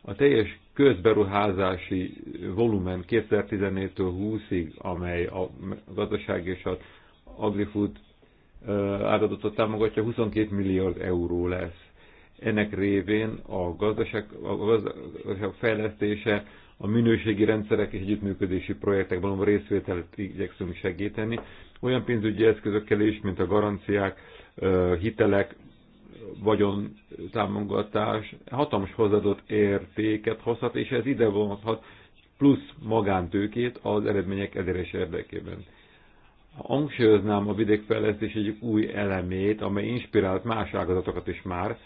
A teljes közberuházási volumen 2014-től 20-ig, amely a gazdaság és az agrifood áradatot támogatja, 22 milliárd euró lesz. Ennek révén a gazdaság, a gazdaság fejlesztése, a minőségi rendszerek és együttműködési projektekben a részvételt igyekszünk segíteni, olyan pénzügyi eszközökkel is, mint a garanciák, hitelek, vagyon támogatás hatalmas hozzáadott értéket hozhat, és ez ide vonhat plusz magántőkét az eredmények elérése érdekében. Hangsúlyoznám a vidékfejlesztés egyik új elemét, amely inspirált más ágazatokat is már,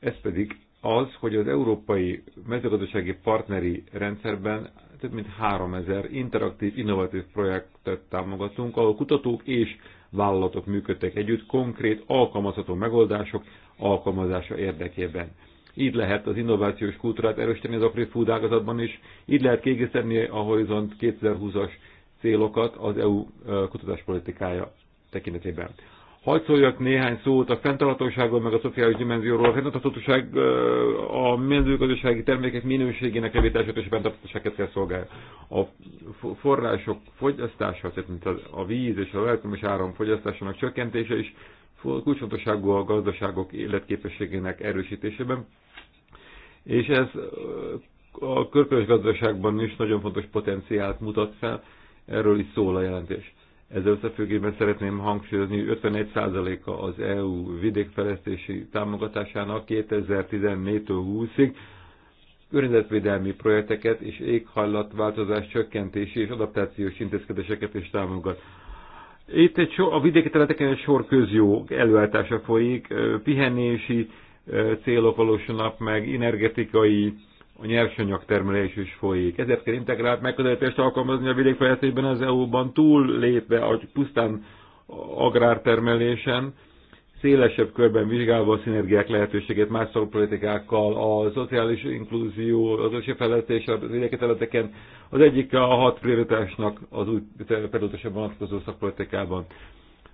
ez pedig az, hogy az európai mezőgazdasági partneri rendszerben több mint 3000 interaktív, innovatív projektet támogatunk, ahol kutatók és vállalatok működtek együtt konkrét alkalmazható megoldások alkalmazása érdekében. Így lehet az innovációs kultúrát erősíteni az Afri food ágazatban is, így lehet kiegészíteni a Horizont 2020-as célokat az EU e, kutatáspolitikája tekintetében. Hadd szóljak néhány szót a fenntarthatóságról, meg a szociális dimenzióról. A fenntarthatóság a mezőgazdasági termékek minőségének javítását és fenntarthatóságát kell szolgálni. A források fogyasztása, tehát a víz és a elektromos áram fogyasztásának csökkentése is kulcsfontosságú a gazdaságok életképességének erősítésében, és ez a körkörös gazdaságban is nagyon fontos potenciált mutat fel, erről is szól a jelentés. Ez összefüggében szeretném hangsúlyozni, hogy 51%-a az EU vidékfejlesztési támogatásának 2014-től 20-ig környezetvédelmi projekteket és éghajlatváltozás csökkentési és adaptációs intézkedéseket is támogat. Itt egy sor, a vidéki területeken egy sor közjó előállítása folyik, pihenési célok valósulnak meg, energetikai a nyersanyag termelés is folyik. Ezért kell integrált megközelítést alkalmazni a vidékfejlesztésben az EU-ban túl lépve a pusztán agrártermelésen, szélesebb körben vizsgálva a szinergiák lehetőségét más szakpolitikákkal, a szociális inklúzió, az fejlesztés a vidéki területeken, az egyik a hat prioritásnak az új területesen vonatkozó szakpolitikában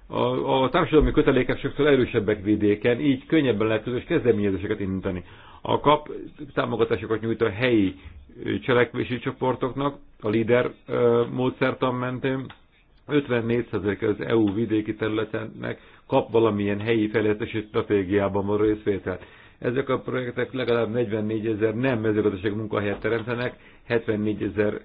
a, a társadalmi kötelékek sokszor erősebbek vidéken, így könnyebben lehet közös kezdeményezéseket indítani. A KAP támogatásokat nyújt a helyi cselekvési csoportoknak, a LIDER módszertan mentén, 54% az EU vidéki területenek kap valamilyen helyi fejlesztési stratégiában van részvételt. Ezek a projektek legalább 44 ezer nem mezőgazdaság munkahelyet teremtenek, 74 ezer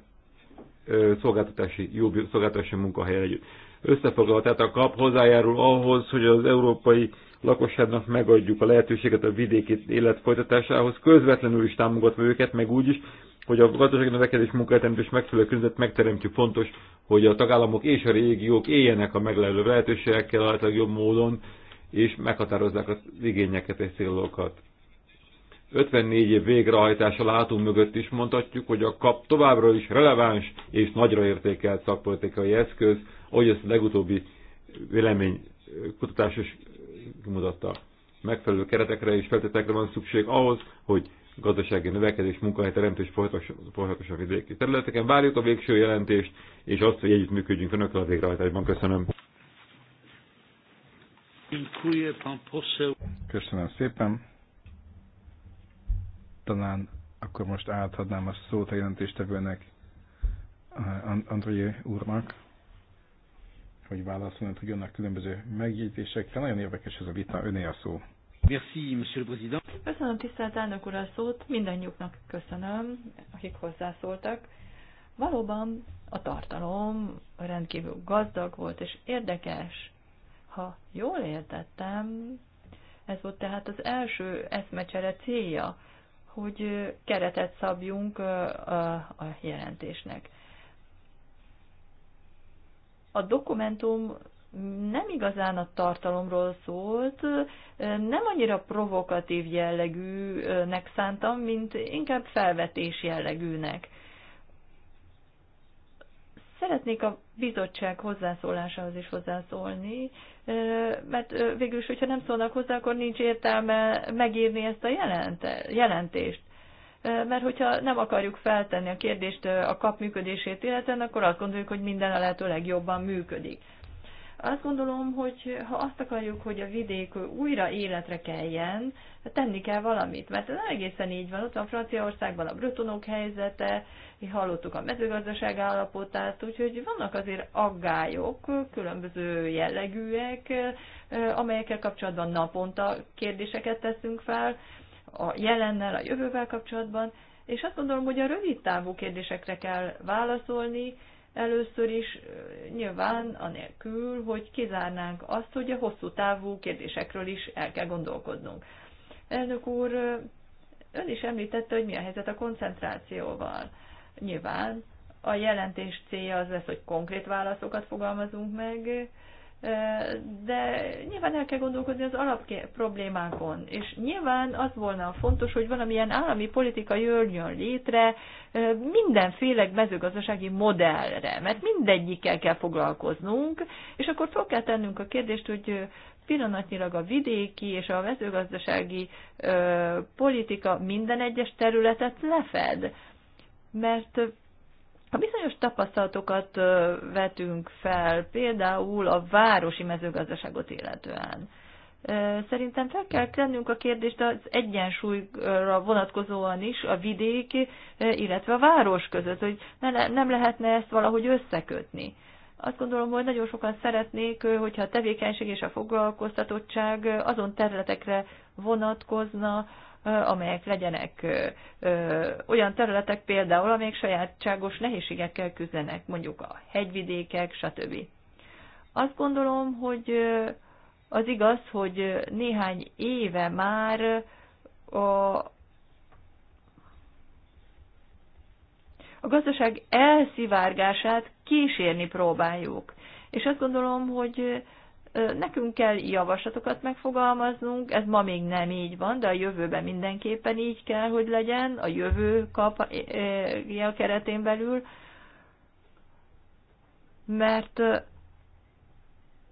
szolgáltatási, jó szolgáltatási munkahelyet együtt. Összefoglalhatát a kap hozzájárul ahhoz, hogy az európai lakosságnak megadjuk a lehetőséget a vidéki élet folytatásához, közvetlenül is támogatva őket, meg úgy is, hogy a gazdasági növekedés is megfelelő környezet megteremtjük. Fontos, hogy a tagállamok és a régiók éljenek a megfelelő lehetőségekkel a legjobb módon, és meghatározzák az igényeket és célokat. 54 év végrehajtása látunk mögött is mondhatjuk, hogy a kap továbbra is releváns és nagyra értékelt szakpolitikai eszköz, ahogy ezt a legutóbbi vélemény is kimutatta. Megfelelő keretekre és feltételekre van szükség ahhoz, hogy gazdasági növekedés, munkahelyteremtés folyamatosan vidéki területeken. Várjuk a végső jelentést, és azt, hogy együttműködjünk Önökkel a végrehajtásban. Köszönöm. Köszönöm szépen. Talán akkor most átadnám a szót a jelentéstevőnek, Andrei úrnak hogy válaszolni tudjon a különböző megjegyzésekkel, Nagyon érdekes ez a vita, öné a szó. Merci, monsieur le président. Köszönöm tisztelt elnök úr a szót, mindannyiuknak köszönöm, akik hozzászóltak. Valóban a tartalom rendkívül gazdag volt és érdekes. Ha jól értettem, ez volt tehát az első eszmecsere célja, hogy keretet szabjunk a jelentésnek a dokumentum nem igazán a tartalomról szólt, nem annyira provokatív jellegűnek szántam, mint inkább felvetés jellegűnek. Szeretnék a bizottság hozzászólásához is hozzászólni, mert végül is, hogyha nem szólnak hozzá, akkor nincs értelme megírni ezt a jelentést mert hogyha nem akarjuk feltenni a kérdést a kap működését illetően, akkor azt gondoljuk, hogy minden a lehető legjobban működik. Azt gondolom, hogy ha azt akarjuk, hogy a vidék újra életre keljen, tenni kell valamit, mert ez nem egészen így van. Ott van Franciaországban a bretonok helyzete, hallottuk a mezőgazdaság állapotát, úgyhogy vannak azért aggályok, különböző jellegűek, amelyekkel kapcsolatban naponta kérdéseket teszünk fel, a jelennel, a jövővel kapcsolatban, és azt gondolom, hogy a rövid távú kérdésekre kell válaszolni, először is nyilván anélkül, hogy kizárnánk azt, hogy a hosszú távú kérdésekről is el kell gondolkodnunk. Elnök úr, ön is említette, hogy mi a helyzet a koncentrációval. Nyilván a jelentés célja az lesz, hogy konkrét válaszokat fogalmazunk meg, de nyilván el kell gondolkozni az alap problémákon, és nyilván az volna fontos, hogy valamilyen állami politika jöjjön létre mindenféle mezőgazdasági modellre, mert mindegyikkel kell foglalkoznunk, és akkor fel kell tennünk a kérdést, hogy pillanatnyilag a vidéki és a mezőgazdasági politika minden egyes területet lefed, mert ha bizonyos tapasztalatokat vetünk fel, például a városi mezőgazdaságot illetően, Szerintem fel kell tennünk a kérdést az egyensúlyra vonatkozóan is a vidéki illetve a város között, hogy ne, nem lehetne ezt valahogy összekötni. Azt gondolom, hogy nagyon sokan szeretnék, hogyha a tevékenység és a foglalkoztatottság azon területekre vonatkozna, amelyek legyenek olyan területek például, amelyek sajátságos nehézségekkel küzdenek, mondjuk a hegyvidékek, stb. Azt gondolom, hogy az igaz, hogy néhány éve már a, a gazdaság elszivárgását kísérni próbáljuk. És azt gondolom, hogy Nekünk kell javaslatokat megfogalmaznunk, ez ma még nem így van, de a jövőben mindenképpen így kell, hogy legyen, a jövő kap a keretén belül, mert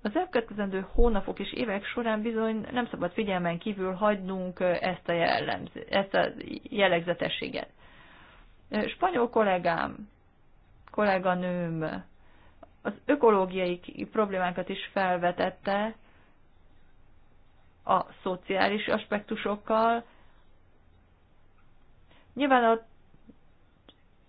az elkövetkezendő hónapok és évek során bizony nem szabad figyelmen kívül hagynunk ezt a, jellemz, ezt a jellegzetességet. Spanyol kollégám, kolléganőm az ökológiai problémákat is felvetette a szociális aspektusokkal. Nyilván a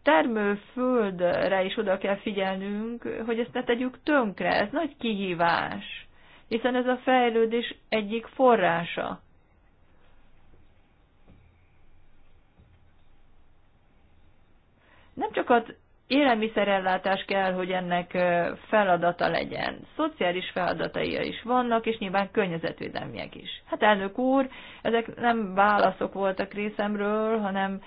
termőföldre is oda kell figyelnünk, hogy ezt ne tegyük tönkre. Ez nagy kihívás, hiszen ez a fejlődés egyik forrása. Nem csak az élelmiszerellátás kell, hogy ennek feladata legyen. Szociális feladatai is vannak, és nyilván környezetvédelmiek is. Hát elnök úr, ezek nem válaszok voltak részemről, hanem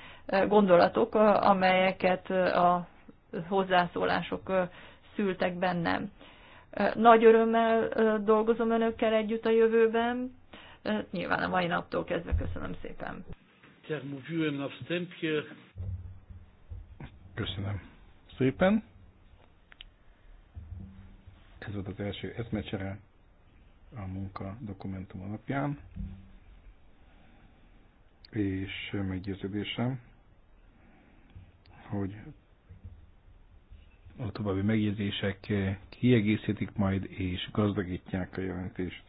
gondolatok, amelyeket a hozzászólások szültek bennem. Nagy örömmel dolgozom önökkel együtt a jövőben. Nyilván a mai naptól kezdve köszönöm szépen. Köszönöm szépen. Ez volt az első eszmecsere a munka dokumentum alapján, és meggyőződésem, hogy a további megjegyzések kiegészítik majd és gazdagítják a jelentést.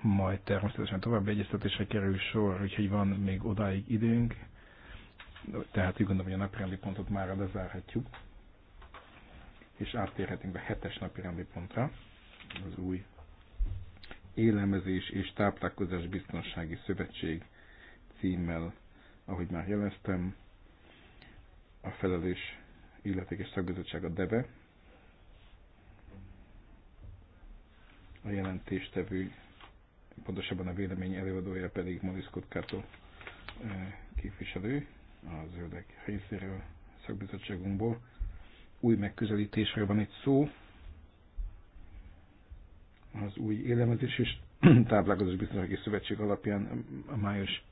Majd természetesen további egyeztetésre kerül sor, úgyhogy van még odáig időnk tehát úgy gondolom, hogy a napirendi pontot már lezárhatjuk, és áttérhetünk be hetes napirendi pontra, az új Élelmezés és Táplálkozás Biztonsági Szövetség címmel, ahogy már jeleztem, a felelős illetékes szakbizottság a DEVE, a jelentéstevő, pontosabban a vélemény előadója pedig Moniz Kotkátó eh, képviselő az zöldek részéről, szakbizottságunkból. Új megközelítésről van itt szó, az új élemezés és [clears throat] táplálkozás biztonsági szövetség alapján a május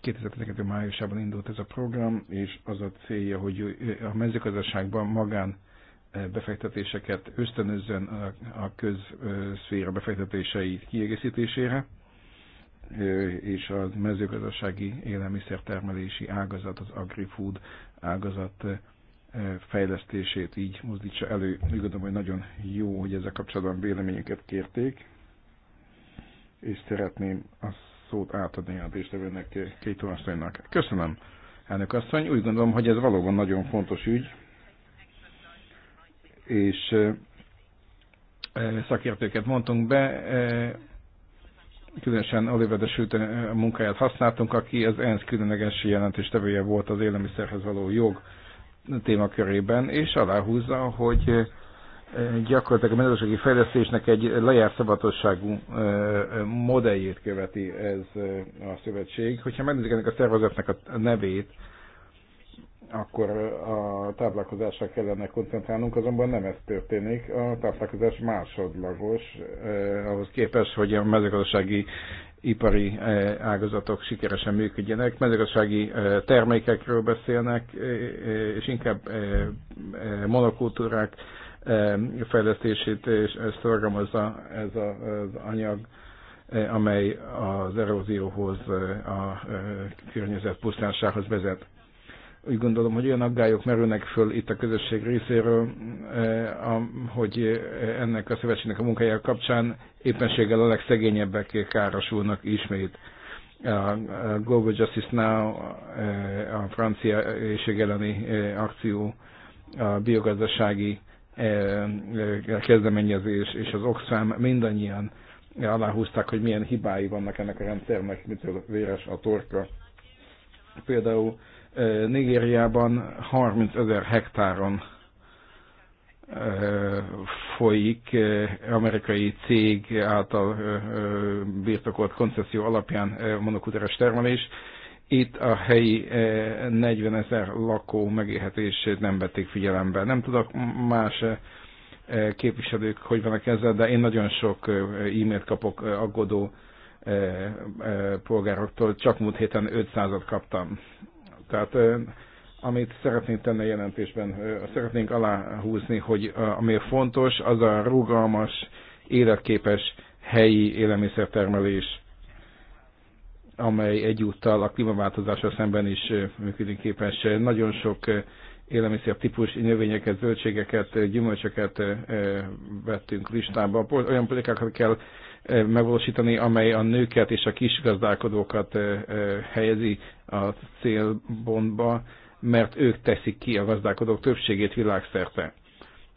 2012. májusában indult ez a program, és az a célja, hogy a mezőgazdaságban magán eh, befektetéseket ösztönözzön a közszféra befektetéseit kiegészítésére és a mezőgazdasági élelmiszertermelési ágazat, az agrifood ágazat fejlesztését így mozdítsa elő. Úgy gondolom, hogy nagyon jó, hogy ezzel kapcsolatban véleményeket kérték, és szeretném a szót átadni a résztvevőnek, két asszonynak. Köszönöm, elnök asszony. Úgy gondolom, hogy ez valóban nagyon fontos ügy, és szakértőket mondtunk be, különösen Oliver de Schulte munkáját használtunk, aki az ENSZ különleges jelentéstevője volt az élelmiszerhez való jog témakörében, és aláhúzza, hogy gyakorlatilag a mezőgazdasági fejlesztésnek egy lejárt szabadosságú modelljét követi ez a szövetség. Hogyha megnézzük ennek a szervezetnek a nevét, akkor a táplálkozásra kellene koncentrálnunk, azonban nem ez történik. A táplálkozás másodlagos, eh, ahhoz képest, hogy a mezőgazdasági ipari eh, ágazatok sikeresen működjenek. Mezőgazdasági eh, termékekről beszélnek, eh, és inkább eh, monokultúrák eh, fejlesztését és ezt szorgalmazza ez a, az anyag amely az erózióhoz, a környezet pusztánsághoz vezet úgy gondolom, hogy olyan aggályok merülnek föl itt a közösség részéről, eh, hogy eh, ennek a szövetségnek a munkája kapcsán éppenséggel a legszegényebbek károsulnak ismét. A Global Justice Now, eh, a francia éjség elleni akció, a biogazdasági kezdeményezés és az Oxfam mindannyian aláhúzták, hogy milyen hibái vannak ennek a rendszernek, mitől véres a torka. Például Nigériában 30 ezer hektáron folyik amerikai cég által birtokolt koncesszió alapján monokultúrás termelés. Itt a helyi 40 ezer lakó megélhetését nem vették figyelembe. Nem tudok más képviselők, hogy vannak ezzel, de én nagyon sok e-mailt kapok aggódó polgároktól. Csak múlt héten 500-at kaptam. Tehát amit szeretnénk tenni a jelentésben, szeretnénk aláhúzni, hogy ami fontos, az a rugalmas, életképes helyi élelmiszertermelés, amely egyúttal a klímaváltozással szemben is működőképes. Nagyon sok élelmiszer típus, növényeket, zöldségeket, gyümölcsöket vettünk listába. Olyan politikákat kell megvalósítani, amely a nőket és a kisgazdálkodókat helyezi a célbontba, mert ők teszik ki a gazdálkodók többségét világszerte.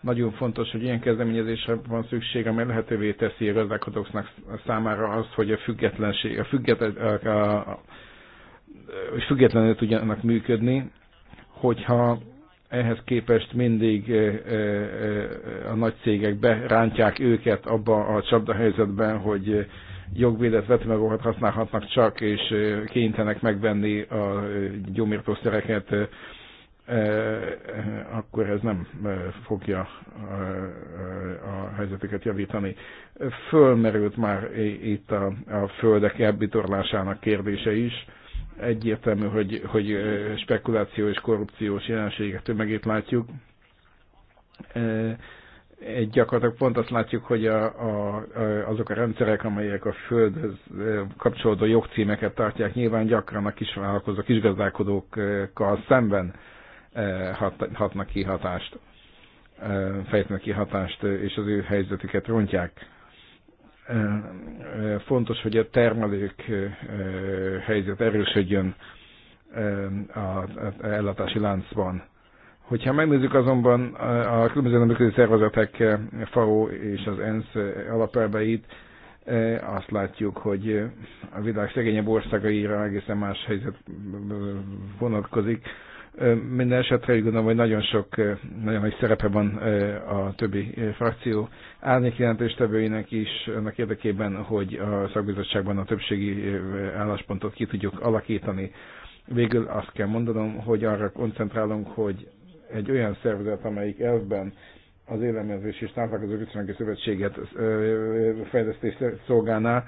Nagyon fontos, hogy ilyen kezdeményezésre van szükség, amely lehetővé teszi a gazdálkodóknak számára azt, hogy a függetlenség, a, a, függetlenül tudjanak működni, hogyha ehhez képest mindig eh, eh, eh, a nagy cégek berántják őket abba a csapdahelyzetben, hogy jogvédett vetőmagokat használhatnak csak, és kénytenek megvenni a gyomírtószereket, akkor ez nem fogja a helyzetüket javítani. Fölmerült már itt a, a földek elbitorlásának kérdése is egyértelmű, hogy, hogy spekuláció és korrupciós jelenségek tömegét látjuk. Egy gyakorlatilag pont azt látjuk, hogy a, a, azok a rendszerek, amelyek a földhöz kapcsolódó jogcímeket tartják, nyilván gyakran a kisvállalkozók, kisgazdálkodókkal szemben hat, hatnak ki hatást, fejtnek ki hatást, és az ő helyzetüket rontják Fontos, hogy a termelők helyzet erősödjön az ellátási láncban. Hogyha megnézzük azonban a különböző nemzetközi szervezetek FAO és az ENSZ alapelveit, azt látjuk, hogy a világ szegényebb országaira egészen más helyzet vonatkozik. Minden esetre úgy gondolom, hogy nagyon sok, nagyon nagy szerepe van a többi frakció árnyék jelentéstevőinek is, annak érdekében, hogy a szakbizottságban a többségi álláspontot ki tudjuk alakítani. Végül azt kell mondanom, hogy arra koncentrálunk, hogy egy olyan szervezet, amelyik elvben az élelmezés és táplálkozó viszonylag szövetséget fejlesztés szolgálná,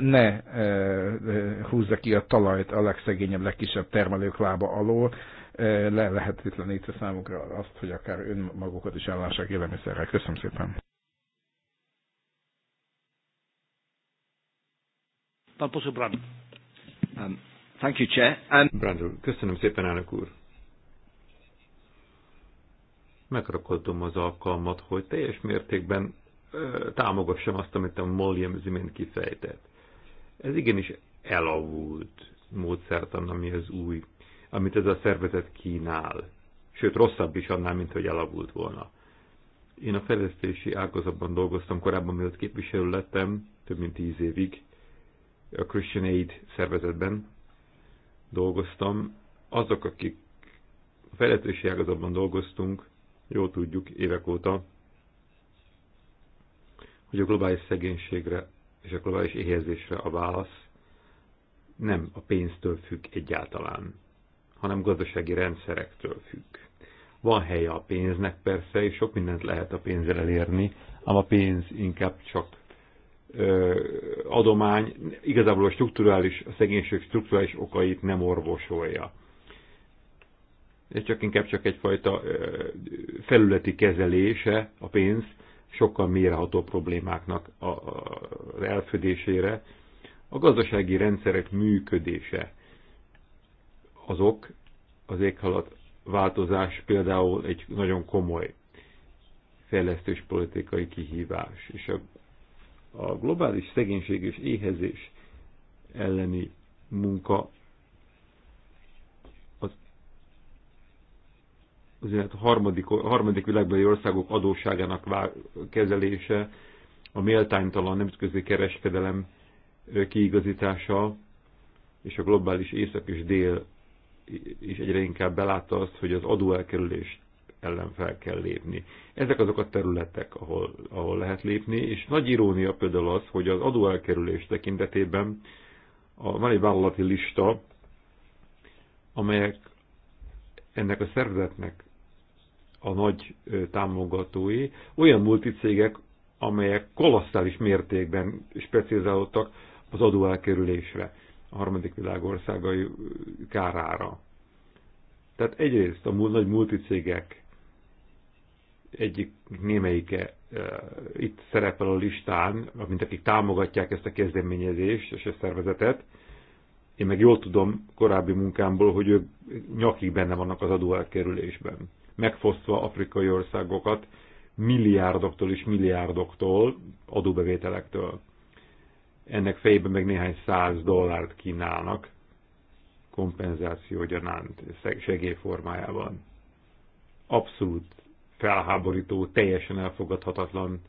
ne húzza ki a talajt a legszegényebb, legkisebb termelők lába alól, le lehetetlenítve számukra azt, hogy akár önmagukat is ellássák élelmiszerrel. Köszönöm szépen! Um, thank you, Chair. Um, And... köszönöm szépen, elnök úr. Megrakodom az alkalmat, hogy teljes mértékben támogassam azt, amit a Molliam az imént kifejtett. Ez igenis elavult módszertan, ami az új, amit ez a szervezet kínál. Sőt, rosszabb is annál, mint hogy elavult volna. Én a fejlesztési ágazatban dolgoztam korábban, mielőtt képviselő lettem, több mint tíz évig, a Christian Aid szervezetben dolgoztam. Azok, akik a fejlesztési ágazatban dolgoztunk, jól tudjuk évek óta, hogy a globális szegénységre és a globális éhezésre a válasz nem a pénztől függ egyáltalán, hanem gazdasági rendszerektől függ. Van helye a pénznek persze, és sok mindent lehet a pénzzel elérni, ám a pénz inkább csak ö, adomány, igazából a strukturális, a szegénység strukturális okait nem orvosolja. Ez csak inkább csak egyfajta ö, felületi kezelése a pénz sokkal mélyreható problémáknak a, az elfedésére. A gazdasági rendszerek működése azok, az éghalat változás például egy nagyon komoly fejlesztős politikai kihívás, és a, a globális szegénység és éhezés elleni munka a harmadik, harmadik világbeli országok adósságának kezelése, a méltánytalan nemzetközi kereskedelem kiigazítása, és a globális észak és dél is egyre inkább belátta azt, hogy az adóelkerülés ellen fel kell lépni. Ezek azok a területek, ahol, ahol lehet lépni, és nagy irónia például az, hogy az adóelkerülés tekintetében a, van egy vállalati lista, amelyek ennek a szervezetnek a nagy támogatói olyan multicégek, amelyek kolosszális mértékben specializálódtak az adóelkerülésre, a harmadik világországai kárára. Tehát egyrészt a nagy multicégek egyik némelyike itt szerepel a listán, mint akik támogatják ezt a kezdeményezést és a szervezetet. Én meg jól tudom korábbi munkámból, hogy ők nyakig benne vannak az adóelkerülésben megfosztva afrikai országokat milliárdoktól és milliárdoktól, adóbevételektől. Ennek fejében meg néhány száz dollárt kínálnak kompenzáció gyanánt segélyformájában. Abszolút felháborító, teljesen elfogadhatatlan,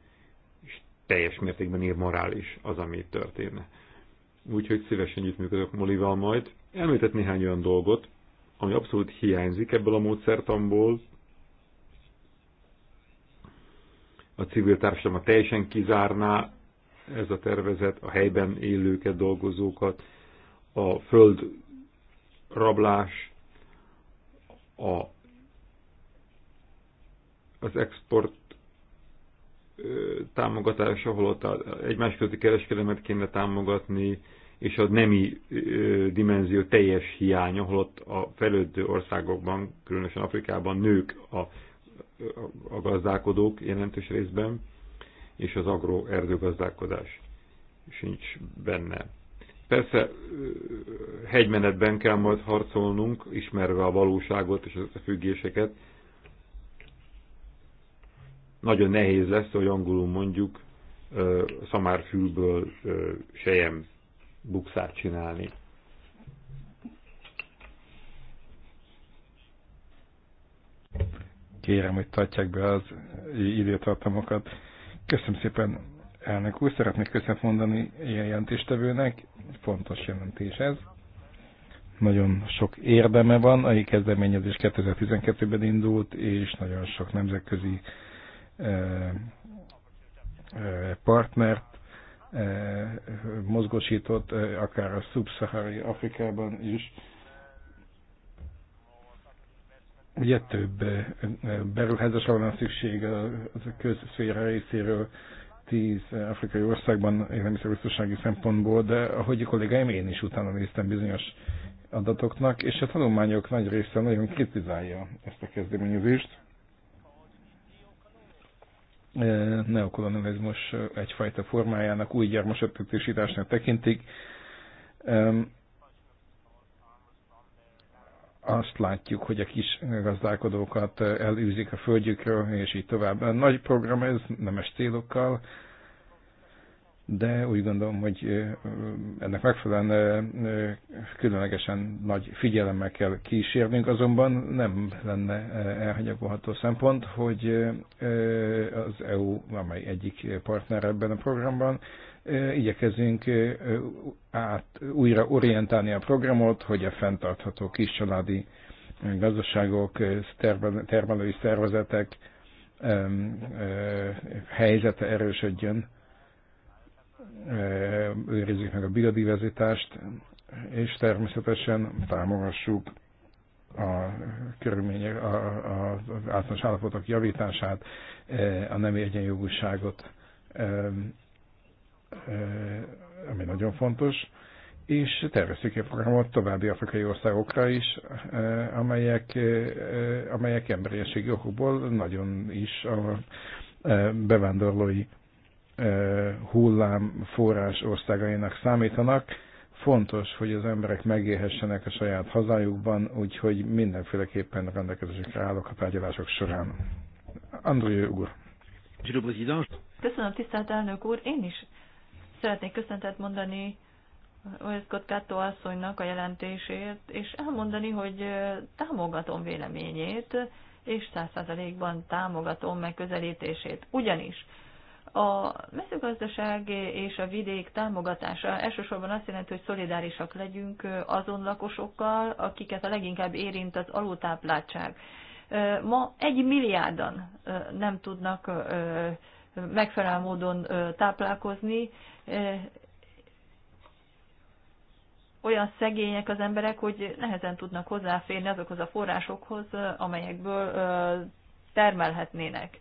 és teljes mértékben immorális az, ami itt történne. Úgyhogy szívesen együttműködök Molival majd. Elmétett néhány olyan dolgot, ami abszolút hiányzik ebből a módszertamból, a civil társadalmat teljesen kizárná ez a tervezet, a helyben élőket, dolgozókat, a föld rablás, a, az export ö, támogatása, holott egymás közötti kereskedelmet kéne támogatni, és a nemi dimenzió teljes hiánya, holott a fejlődő országokban, különösen Afrikában nők a a gazdálkodók jelentős részben, és az agro erdőgazdálkodás sincs benne. Persze hegymenetben kell majd harcolnunk, ismerve a valóságot és az összefüggéseket. Nagyon nehéz lesz, hogy angolul mondjuk szamárfülből sejem bukszát csinálni. Kérem, hogy tartják be az időtartamokat. Köszönöm szépen, elnök úr. Szeretnék köszönet mondani ilyen jelentéstevőnek. Fontos jelentés ez. Nagyon sok érdeme van. A kezdeményezés 2012-ben indult, és nagyon sok nemzetközi eh, eh, partnert eh, mozgosított, akár a szubszahari Afrikában is Ugye több beruházásra van szükség az a közszféra részéről, tíz afrikai országban élelmiszerbiztonsági szempontból, de ahogy a kollégáim, én is utána néztem bizonyos adatoknak, és a tanulmányok nagy része nagyon kritizálja ezt a kezdeményezést. Neokolonializmus egyfajta formájának új gyermesetetésításnak tekintik azt látjuk, hogy a kis gazdálkodókat eh, elűzik a földjükről, és így tovább. A nagy program ez, nemes célokkal, de úgy gondolom, hogy eh, ennek megfelelően eh, különlegesen nagy figyelemmel kell kísérnünk, azonban nem lenne elhanyagolható szempont, hogy az EU, amely egyik partner ebben a programban, igyekezünk át, újra orientálni a programot, hogy a fenntartható kiscsaládi gazdaságok, termelői szervezetek helyzete erősödjön, őrizzük meg a biodiverzitást, és természetesen támogassuk a körülmények, az általános állapotok javítását, a nem egyenjogúságot Eh, ami nagyon fontos, és tervezzük a programot további afrikai országokra is, eh, amelyek, eh, amelyek emberiességi okokból nagyon is a bevándorlói hullám forrás országainak számítanak. Fontos, hogy az emberek megélhessenek a saját hazájukban, úgyhogy mindenféleképpen rendelkezésre állok a tárgyalások során. Andrő úr. Köszönöm, tisztelt elnök úr. Én is Szeretnék köszöntet mondani Olyszkot Kattó asszonynak a jelentésért, és elmondani, hogy támogatom véleményét, és százszázalékban támogatom megközelítését. Ugyanis a mezőgazdaság és a vidék támogatása elsősorban azt jelenti, hogy szolidárisak legyünk azon lakosokkal, akiket a leginkább érint az alultápláltság. Ma egy milliárdan nem tudnak megfelelő módon táplálkozni, olyan szegények az emberek, hogy nehezen tudnak hozzáférni azokhoz a forrásokhoz, amelyekből termelhetnének.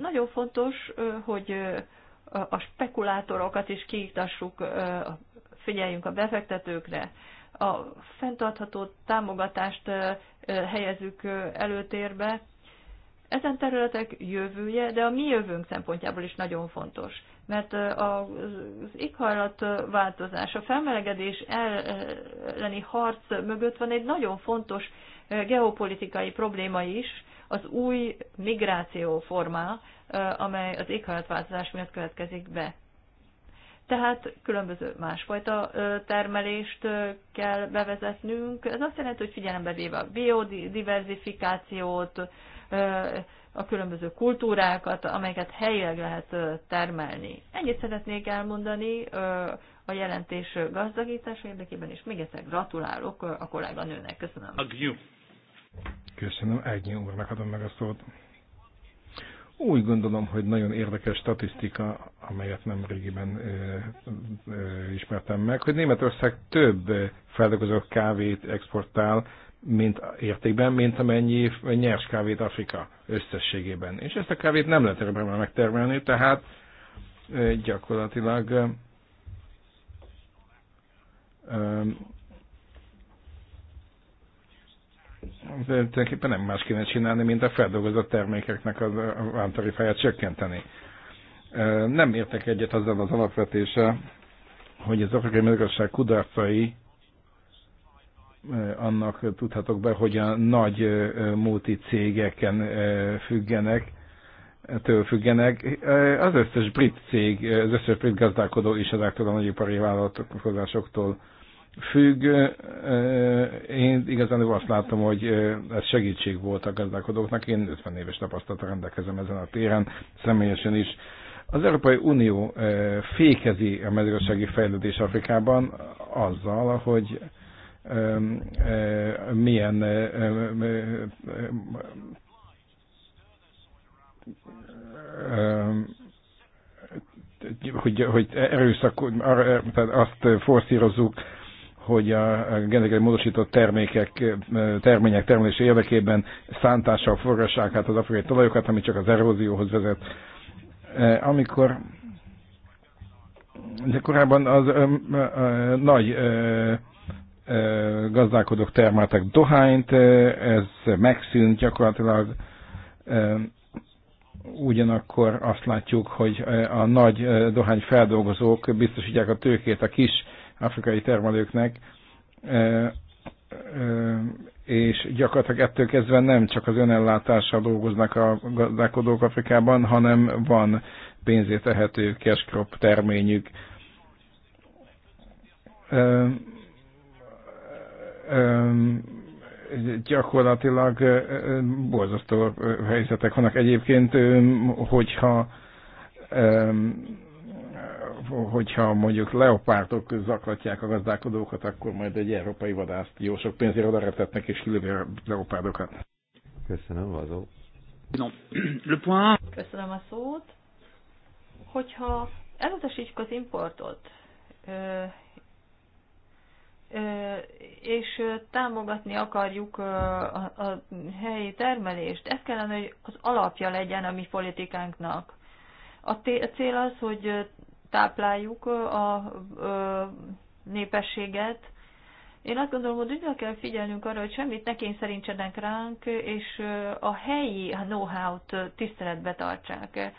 Nagyon fontos, hogy a spekulátorokat is kiiktassuk, figyeljünk a befektetőkre, a fenntartható támogatást helyezzük előtérbe. Ezen területek jövője, de a mi jövőnk szempontjából is nagyon fontos mert az éghajlatváltozás, a felmelegedés elleni harc mögött van egy nagyon fontos geopolitikai probléma is, az új migráció formá, amely az éghajlatváltozás miatt következik be. Tehát különböző másfajta termelést kell bevezetnünk. Ez azt jelenti, hogy figyelembe véve a biodiverzifikációt, a különböző kultúrákat, amelyeket helyileg lehet termelni. Ennyit szeretnék elmondani a jelentés gazdagítása érdekében, és még egyszer gratulálok a kolléganőnek. Köszönöm. Agnew. Köszönöm, egy úrnak adom meg a szót. Úgy gondolom, hogy nagyon érdekes statisztika, amelyet nem régiben ö, ö, ismertem meg, hogy Németország több feldolgozott kávét exportál, mint értékben, mint amennyi nyers kávét Afrika összességében. És ezt a kávét nem lehet erőben megtermelni, tehát gyakorlatilag tulajdonképpen nem más kéne csinálni, mint a feldolgozott termékeknek az ártarifáját csökkenteni. Nem értek egyet azzal az alapvetése, hogy az afrikai mezőgazdaság kudarcai annak tudhatok be, hogy a nagy múlti cégeken függenek, től függenek. Az összes brit cég, az összes brit gazdálkodó is ezektől a nagyipari vállalkozásoktól függ. Én igazán azt látom, hogy ez segítség volt a gazdálkodóknak. Én 50 éves tapasztalata rendelkezem ezen a téren, személyesen is. Az Európai Unió fékezi a mezőgazdasági fejlődés Afrikában azzal, hogy milyen hogy, hogy erőszak, tehát azt forszírozzuk, hogy a genetikai módosított termékek, termények termelése érdekében szántással forgassák át az afrikai talajokat, ami csak az erózióhoz vezet. Amikor de korábban az ö, ö, nagy ö, gazdálkodók termeltek dohányt, ez megszűnt gyakorlatilag, ugyanakkor azt látjuk, hogy a nagy dohányfeldolgozók biztosítják a tőkét a kis afrikai termelőknek, és gyakorlatilag ettől kezdve nem csak az önellátással dolgoznak a gazdálkodók Afrikában, hanem van pénzét tehető cash crop terményük gyakorlatilag borzasztó helyzetek vannak egyébként, hogyha hogyha mondjuk leopártok zaklatják a gazdálkodókat, akkor majd egy európai vadászt jó sok pénzért odaretetnek és kilövi a leopárdokat. Köszönöm, Vazó. Köszönöm a szót. Hogyha elutasítjuk az importot és támogatni akarjuk a helyi termelést. Ez kellene, hogy az alapja legyen a mi politikánknak. A cél az, hogy tápláljuk a népességet. Én azt gondolom, hogy ügyre kell figyelnünk arra, hogy semmit ne kényszerítsenek ránk, és a helyi know-how-t tiszteletbe tartsák.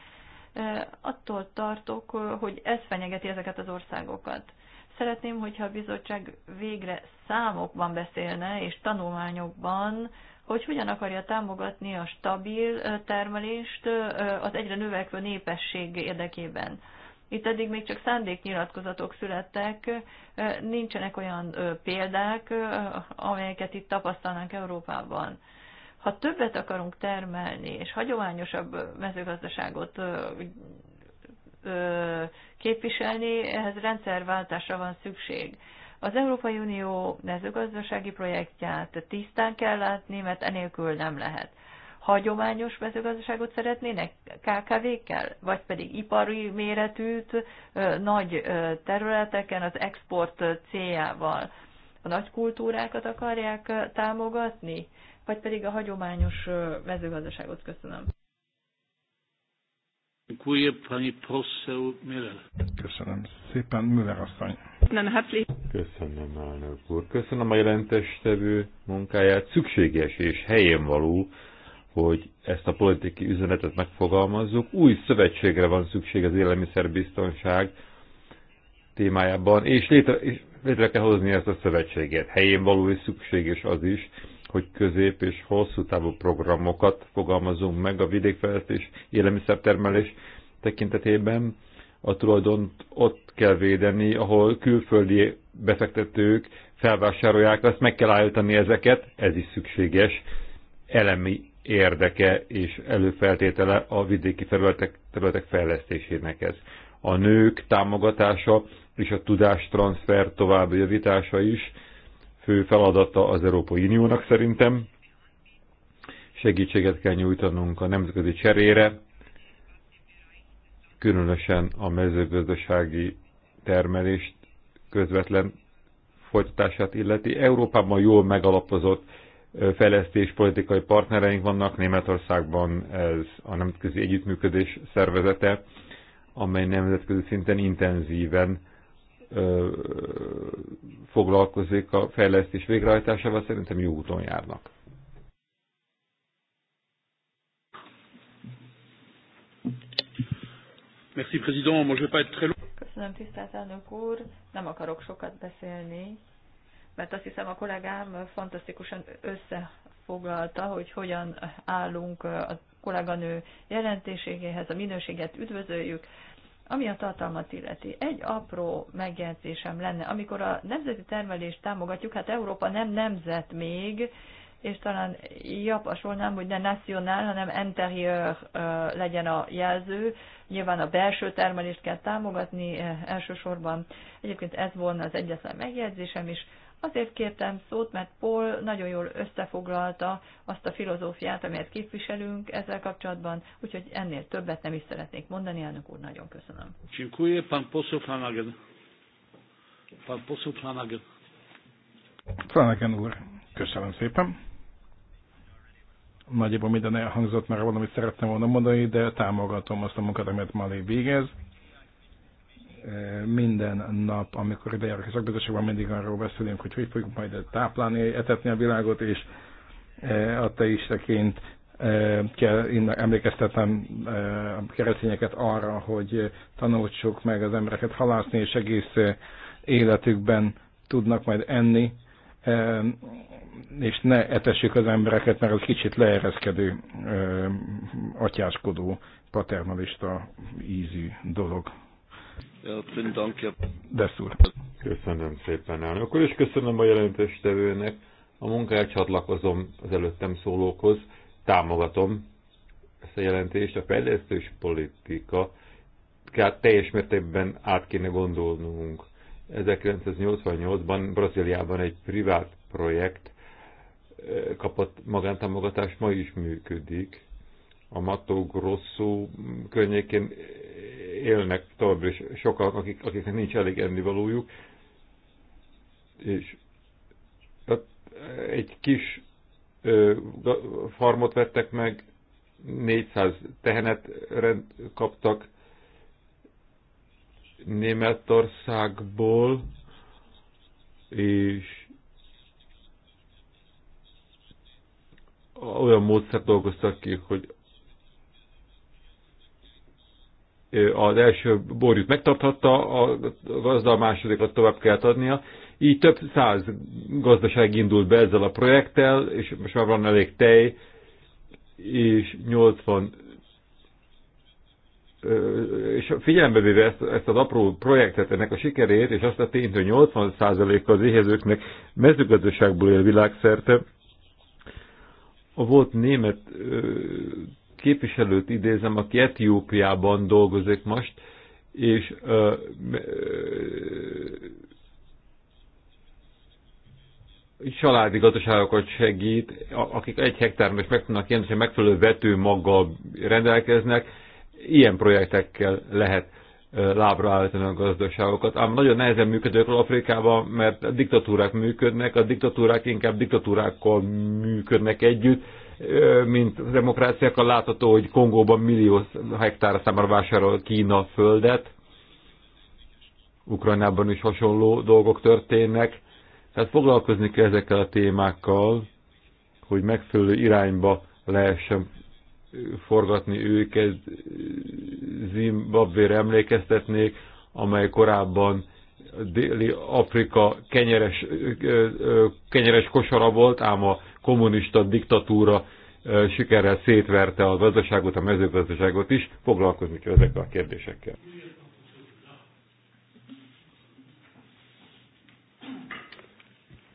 Attól tartok, hogy ez fenyegeti ezeket az országokat Szeretném, hogyha a bizottság végre számokban beszélne, és tanulmányokban, hogy hogyan akarja támogatni a stabil termelést az egyre növekvő népesség érdekében. Itt eddig még csak szándéknyilatkozatok születtek, nincsenek olyan példák, amelyeket itt tapasztalnánk Európában. Ha többet akarunk termelni, és hagyományosabb mezőgazdaságot képviselni, ehhez rendszerváltásra van szükség. Az Európai Unió mezőgazdasági projektját tisztán kell látni, mert enélkül nem lehet. Hagyományos mezőgazdaságot szeretnének KKV-kkel, vagy pedig ipari méretűt nagy területeken az export céljával. A nagy kultúrákat akarják támogatni, vagy pedig a hagyományos mezőgazdaságot köszönöm. Köszönöm szépen, Müller asszony. Hát Köszönöm, elnök úr. Köszönöm a jelentéstevő munkáját. Szükséges és helyén való, hogy ezt a politikai üzenetet megfogalmazzuk. Új szövetségre van szükség az élelmiszerbiztonság témájában, és létre, és létre kell hozni ezt a szövetséget. Helyén való és szükséges az is, hogy közép és hosszú távú programokat fogalmazunk meg a vidékfejlesztés, élelmiszertermelés tekintetében. A tulajdont ott kell védeni, ahol külföldi befektetők felvásárolják, azt meg kell állítani ezeket, ez is szükséges elemi érdeke és előfeltétele a vidéki területek, területek fejlesztésének ez. A nők támogatása és a tudástranszfer további javítása is fő feladata az Európai Uniónak szerintem. Segítséget kell nyújtanunk a nemzetközi cserére, különösen a mezőgazdasági termelést közvetlen folytatását illeti. Európában jól megalapozott fejlesztés politikai partnereink vannak, Németországban ez a Nemzetközi Együttműködés Szervezete, amely nemzetközi szinten intenzíven foglalkozik a fejlesztés végrehajtásával, szerintem jó úton járnak. Merci, Köszönöm, tisztelt elnök úr. Nem akarok sokat beszélni, mert azt hiszem a kollégám fantasztikusan összefoglalta, hogy hogyan állunk a kolléganő jelentéségéhez, a minőséget üdvözöljük, ami a tartalmat illeti, egy apró megjegyzésem lenne, amikor a nemzeti termelést támogatjuk, hát Európa nem nemzet még, és talán javasolnám, hogy ne nacionál, hanem interior legyen a jelző. Nyilván a belső termelést kell támogatni elsősorban. Egyébként ez volna az egyetlen megjegyzésem is. Azért kértem szót, mert Paul nagyon jól összefoglalta azt a filozófiát, amelyet képviselünk ezzel kapcsolatban, úgyhogy ennél többet nem is szeretnék mondani, elnök úr, nagyon köszönöm. Dziękuję, pan poseł Pan poseł Flanagan. Flanagan úr, köszönöm szépen. Nagyjából minden elhangzott mert valamit szerettem volna mondani, de támogatom azt a munkát, amit Malé végez minden nap, amikor ide járok a szakbizottságban, mindig arról beszélünk, hogy hogy fogjuk majd táplálni, etetni a világot, és a ateistaként kell, én emlékeztetem a keresztényeket arra, hogy tanultsuk meg az embereket halászni, és egész életükben tudnak majd enni, és ne etessük az embereket, mert az kicsit leereszkedő, atyáskodó, paternalista ízű dolog. Beszúr. Köszönöm szépen, elnök Akkor és köszönöm a jelentéstevőnek. A munkáját csatlakozom az előttem szólókhoz, támogatom ezt a jelentést. A fejlesztős politika teljes mértékben át kéne gondolnunk. 1988-ban Brazíliában egy privát projekt eh, kapott magántámogatást, ma is működik a Mato Grosso környékén élnek továbbra is sokan, akik, akiknek nincs elég ennivalójuk, és egy kis ö, farmot vettek meg, 400 tehenet rend, kaptak Németországból, és olyan módszert dolgoztak ki, hogy az első borjút megtarthatta, a gazda a másodikat tovább kell adnia. Így több száz gazdaság indult be ezzel a projekttel, és most már van elég tej, és 80 és figyelembe véve ezt, ezt az apró projektet, ennek a sikerét, és azt a tényt, hogy 80%-a az éhezőknek mezőgazdaságból él világszerte, a volt német képviselőt idézem, aki Etiópiában dolgozik most, és uh, ö, családi gazdaságokat segít, akik egy hektárban is meg tudnak jelenteni, megfelelő vetőmaggal rendelkeznek, ilyen projektekkel lehet lábra állítani a gazdaságokat. Ám nagyon nehezen működők Afrikában, mert a diktatúrák működnek, a diktatúrák inkább diktatúrákkal működnek együtt, mint a demokráciákkal látható, hogy Kongóban millió hektár számára vásárol Kína földet, Ukrajnában is hasonló dolgok történnek, tehát foglalkozni kell ezekkel a témákkal, hogy megfelelő irányba lehessen forgatni őket. Zimbabvére emlékeztetnék, amely korábban déli Afrika kenyeres, kenyeres kosara volt, ám a kommunista diktatúra sikerrel szétverte a gazdaságot, a mezőgazdaságot is, foglalkozni kell ezekkel a kérdésekkel.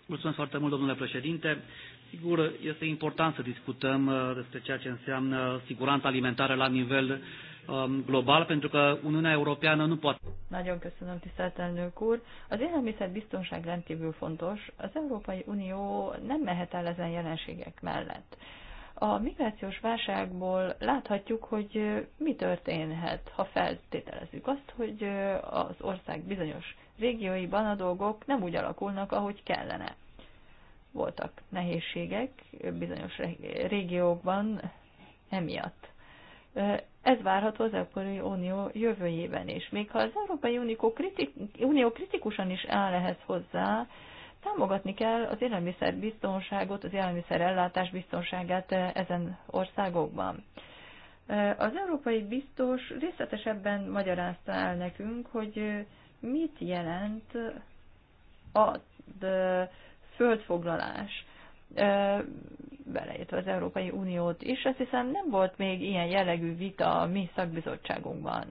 Mulțumesc foarte mult, domnule președinte. Sigur, este important să discutăm uh, despre ceea ce înseamnă siguranța alimentară la nivel Um, global, pentru că Uniunea Europeană nu poate. Nagyon köszönöm, tisztelt elnök úr. Az biztonság rendkívül fontos. Az Európai Unió nem mehet el ezen jelenségek mellett. A migrációs válságból láthatjuk, hogy mi történhet, ha feltételezzük azt, hogy az ország bizonyos régióiban a dolgok nem úgy alakulnak, ahogy kellene. Voltak nehézségek bizonyos régiókban emiatt ez várható az Európai Unió jövőjében is. Még ha az Európai Unió, kritik, Unió kritikusan is áll ehhez hozzá, támogatni kell az élelmiszer biztonságot, az élelmiszer ellátás biztonságát eh, ezen országokban. Eh, az európai biztos részletesebben magyarázta el nekünk, hogy eh, mit jelent a földfoglalás beleértve az Európai Uniót is, azt hiszem nem volt még ilyen jellegű vita a mi szakbizottságunkban.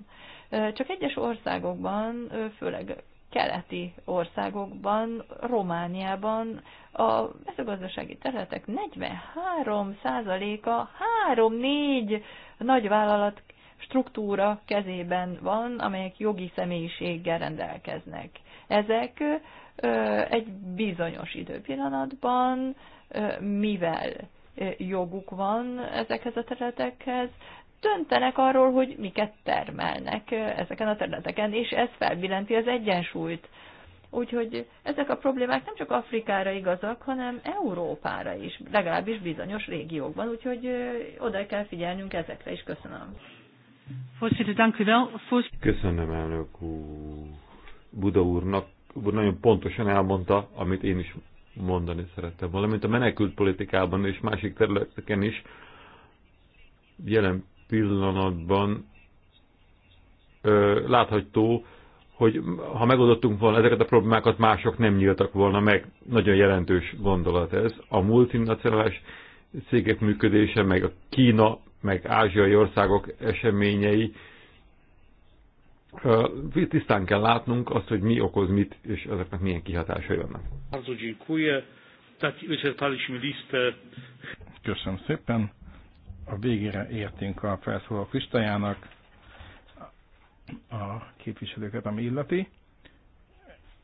Csak egyes országokban, főleg keleti országokban, Romániában a mezőgazdasági területek 43%-a 3-4 nagyvállalat struktúra kezében van, amelyek jogi személyiséggel rendelkeznek. Ezek egy bizonyos időpillanatban, mivel joguk van ezekhez a területekhez, döntenek arról, hogy miket termelnek ezeken a területeken, és ez felbillenti az egyensúlyt. Úgyhogy ezek a problémák nem csak Afrikára igazak, hanem Európára is, legalábbis bizonyos régiókban, úgyhogy oda kell figyelnünk ezekre is. Köszönöm. Köszönöm, elnök úr. Buda úrnak úr nagyon pontosan elmondta, amit én is mondani szerettem. Valamint a menekült politikában és másik területeken is jelen pillanatban ö, látható, hogy ha megoldottunk volna ezeket a problémákat, mások nem nyíltak volna meg. Nagyon jelentős gondolat ez. A multinacionális cégek működése, meg a Kína, meg ázsiai országok eseményei tisztán kell látnunk azt, hogy mi okoz mit, és ezeknek milyen kihatásai vannak. Köszönöm szépen. A végére értünk a felszóló listájának a képviselőket, ami illeti.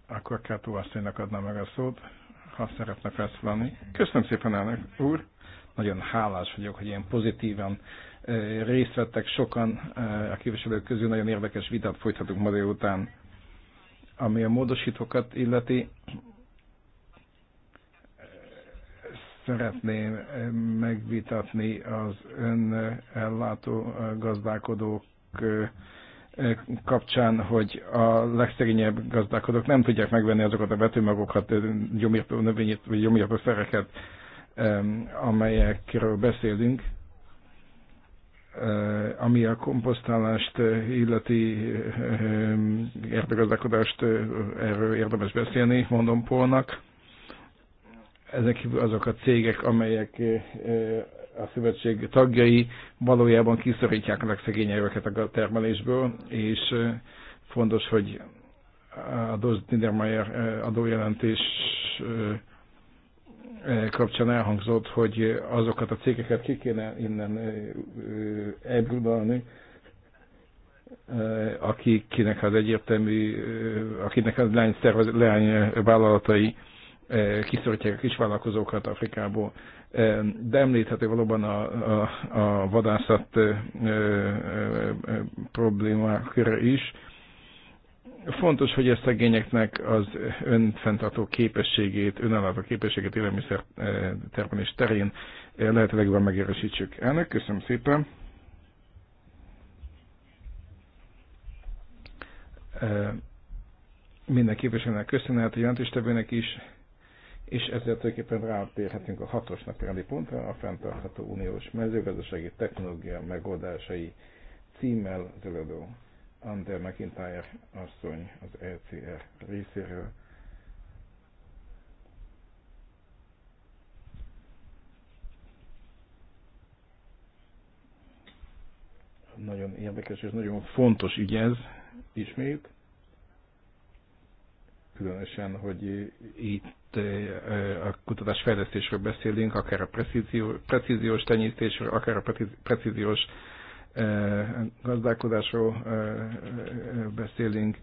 Akkor Kátó asszonynak adnám meg a szót, ha szeretne felszólalni. Köszönöm szépen, elnök úr. Nagyon hálás vagyok, hogy ilyen pozitívan részt vettek sokan a képviselők közül, nagyon érdekes vitát folytatunk ma délután. Ami a módosítókat illeti, szeretném megvitatni az ön ellátó gazdálkodók kapcsán, hogy a legszegényebb gazdálkodók nem tudják megvenni azokat a vetőmagokat, gyomírtó növényét, vagy gyomírtó szereket, amelyekről beszélünk Eh, ami a komposztálást eh, illeti erdőgazdálkodást, eh, erről érdemes beszélni, mondom Polnak. Ezek azok a cégek, amelyek a szövetség tagjai valójában kiszorítják a legszegényebbeket a termelésből, és fontos, hogy a Dosz Niedermayer adójelentés kapcsán elhangzott, hogy azokat a cégeket ki kéne innen elbúdalni, akiknek az egyértelmű, akinek az lány, szervez, lány vállalatai kiszorítják a kisvállalkozókat Afrikából. De említhető valóban a, a, a vadászat problémákra is, Fontos, hogy a szegényeknek az önfenntartó képességét, önállató képességét élelmiszer eh, termelés terén eh, lehetőleg megerősítsük. Elnök, köszönöm szépen! Eh, minden képviselőnek köszönhet, a jelentéstevőnek is, és ezzel tulajdonképpen rátérhetünk a hatos napi pontra, a fenntartható uniós mezőgazdasági technológia megoldásai címmel az előadó. Ander McIntyre asszony az ECR részéről. Nagyon érdekes és nagyon fontos ügy ez ismét. Különösen, hogy itt eh, a kutatásfejlesztésről beszélünk, akár a precíziós tenyésztésről, akár a precíziós gazdálkodásról beszélünk,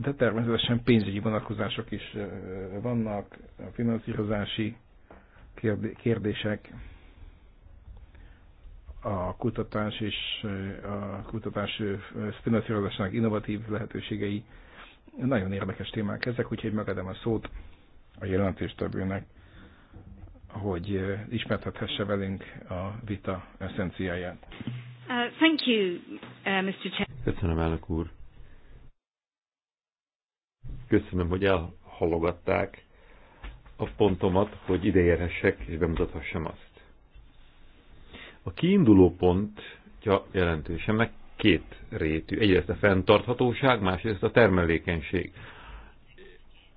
de természetesen pénzügyi vonatkozások is vannak, a finanszírozási kérdések, a kutatás és a kutatás finanszírozásának innovatív lehetőségei. Nagyon érdekes témák ezek, úgyhogy megadom a szót a jelentéstevőnek, hogy ismertethesse velünk a vita eszenciáját. Uh, thank you, uh, Mr. Chair. Köszönöm, elnök úr. Köszönöm, hogy elhalogatták a pontomat, hogy ideérhessek és bemutathassam azt. A kiinduló pontja jelentősen meg két rétű. Egyrészt a fenntarthatóság, másrészt a termelékenység.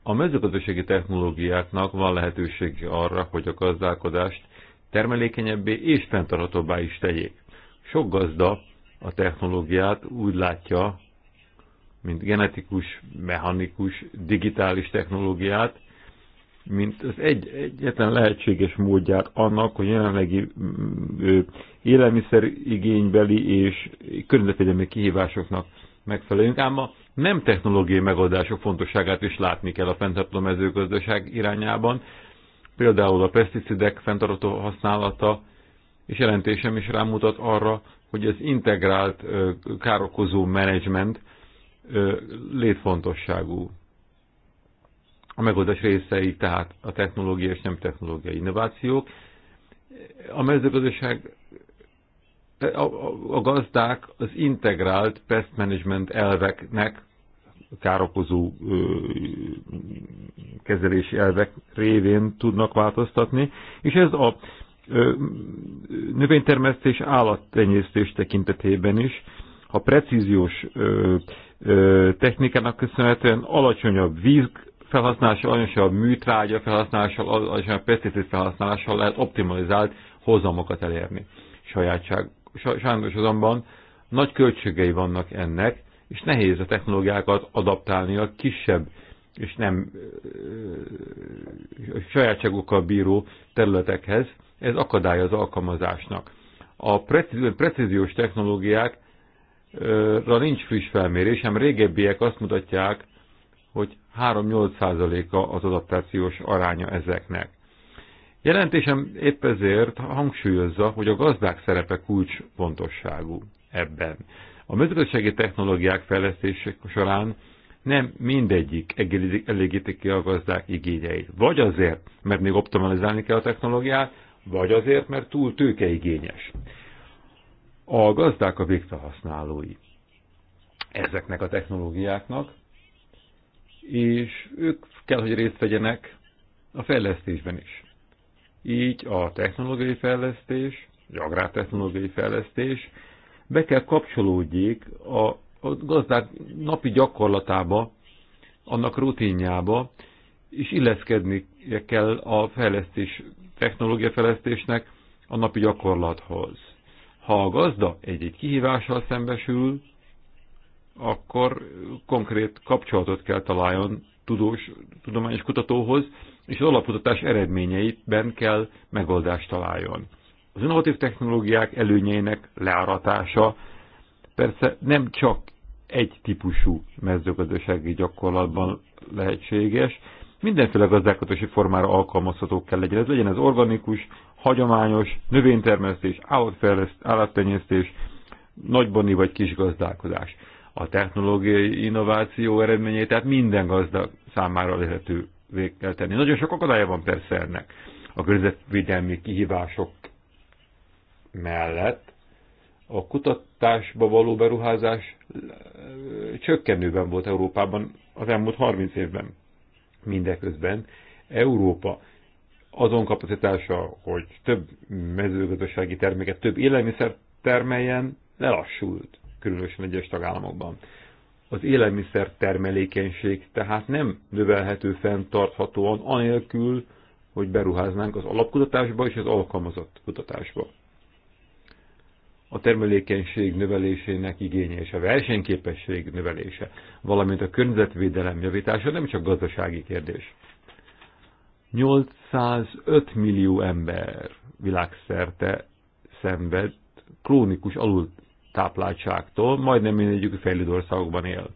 A mezőgazdasági technológiáknak van lehetőség arra, hogy a gazdálkodást termelékenyebbé és fenntarthatóbbá is tegyék. Sok gazda a technológiát úgy látja, mint genetikus, mechanikus, digitális technológiát, mint az egy, egyetlen lehetséges módját annak, hogy jelenlegi mm, ö, élelmiszerigénybeli és környezetvédelmi kihívásoknak megfeleljünk. Ám a nem technológiai megoldások fontosságát is látni kell a fenntartó mezőgazdaság irányában, például a peszticidek fenntartó használata, és jelentésem is rámutat arra, hogy az integrált károkozó menedzsment létfontosságú. A megoldás részei tehát a technológiai és nem technológiai innovációk. A mezőgazdaság a gazdák az integrált pest management elveknek, károkozó kezelési elvek révén tudnak változtatni, és ez a növénytermesztés állattenyésztés tekintetében is, ha precíziós technikának köszönhetően alacsonyabb víz felhasználással, alacsonyabb műtrágya felhasználással, alacsonyabb pesticid felhasználással lehet optimalizált hozamokat elérni sajátság sajnos azonban nagy költségei vannak ennek, és nehéz a technológiákat adaptálni a kisebb és nem ö, sajátságokkal bíró területekhez, ez akadály az alkalmazásnak. A precíziós technológiákra nincs friss felmérés, hanem régebbiek azt mutatják, hogy 3-8%-a az adaptációs aránya ezeknek. Jelentésem épp ezért hangsúlyozza, hogy a gazdák szerepe kulcsfontosságú ebben. A mezőgazdasági technológiák fejlesztések során nem mindegyik elégítik ki a gazdák igényeit. Vagy azért, mert még optimalizálni kell a technológiát, vagy azért, mert túl tőkeigényes. A gazdák a használói. ezeknek a technológiáknak, és ők kell, hogy részt vegyenek a fejlesztésben is. Így a technológiai fejlesztés, az agrártechnológiai fejlesztés be kell kapcsolódjék a, a gazdák napi gyakorlatába, annak rutinjába, és illeszkedni kell a fejlesztés, technológia fejlesztésnek a napi gyakorlathoz. Ha a gazda egy-egy kihívással szembesül, akkor konkrét kapcsolatot kell találjon tudós, tudományos kutatóhoz, és az alapkutatás eredményeiben kell megoldást találjon. Az innovatív technológiák előnyeinek leáratása persze nem csak egy típusú mezőgazdasági gyakorlatban lehetséges, mindenféle gazdálkodási formára alkalmazható kell legyen. Ez legyen az organikus, hagyományos, növénytermesztés, állattenyésztés, nagybani vagy kis gazdálkodás a technológiai innováció eredményét, tehát minden gazda számára lehető kell tenni. Nagyon sok akadálya van persze ennek a környezetvédelmi kihívások mellett. A kutatásba való beruházás eh, csökkenőben volt Európában az elmúlt 30 évben. Mindeközben Európa azon kapacitása, hogy több mezőgazdasági terméket, több élelmiszer termeljen, lelassult különösen egyes tagállamokban. Az élelmiszer termelékenység tehát nem növelhető fenntarthatóan, anélkül, hogy beruháznánk az alapkutatásba és az alkalmazott kutatásba. A termelékenység növelésének igénye és a versenyképesség növelése, valamint a környezetvédelem javítása nem csak gazdasági kérdés. 805 millió ember világszerte szenved krónikus alul tápláltságtól, majdnem mindegyik fejlődő országokban él.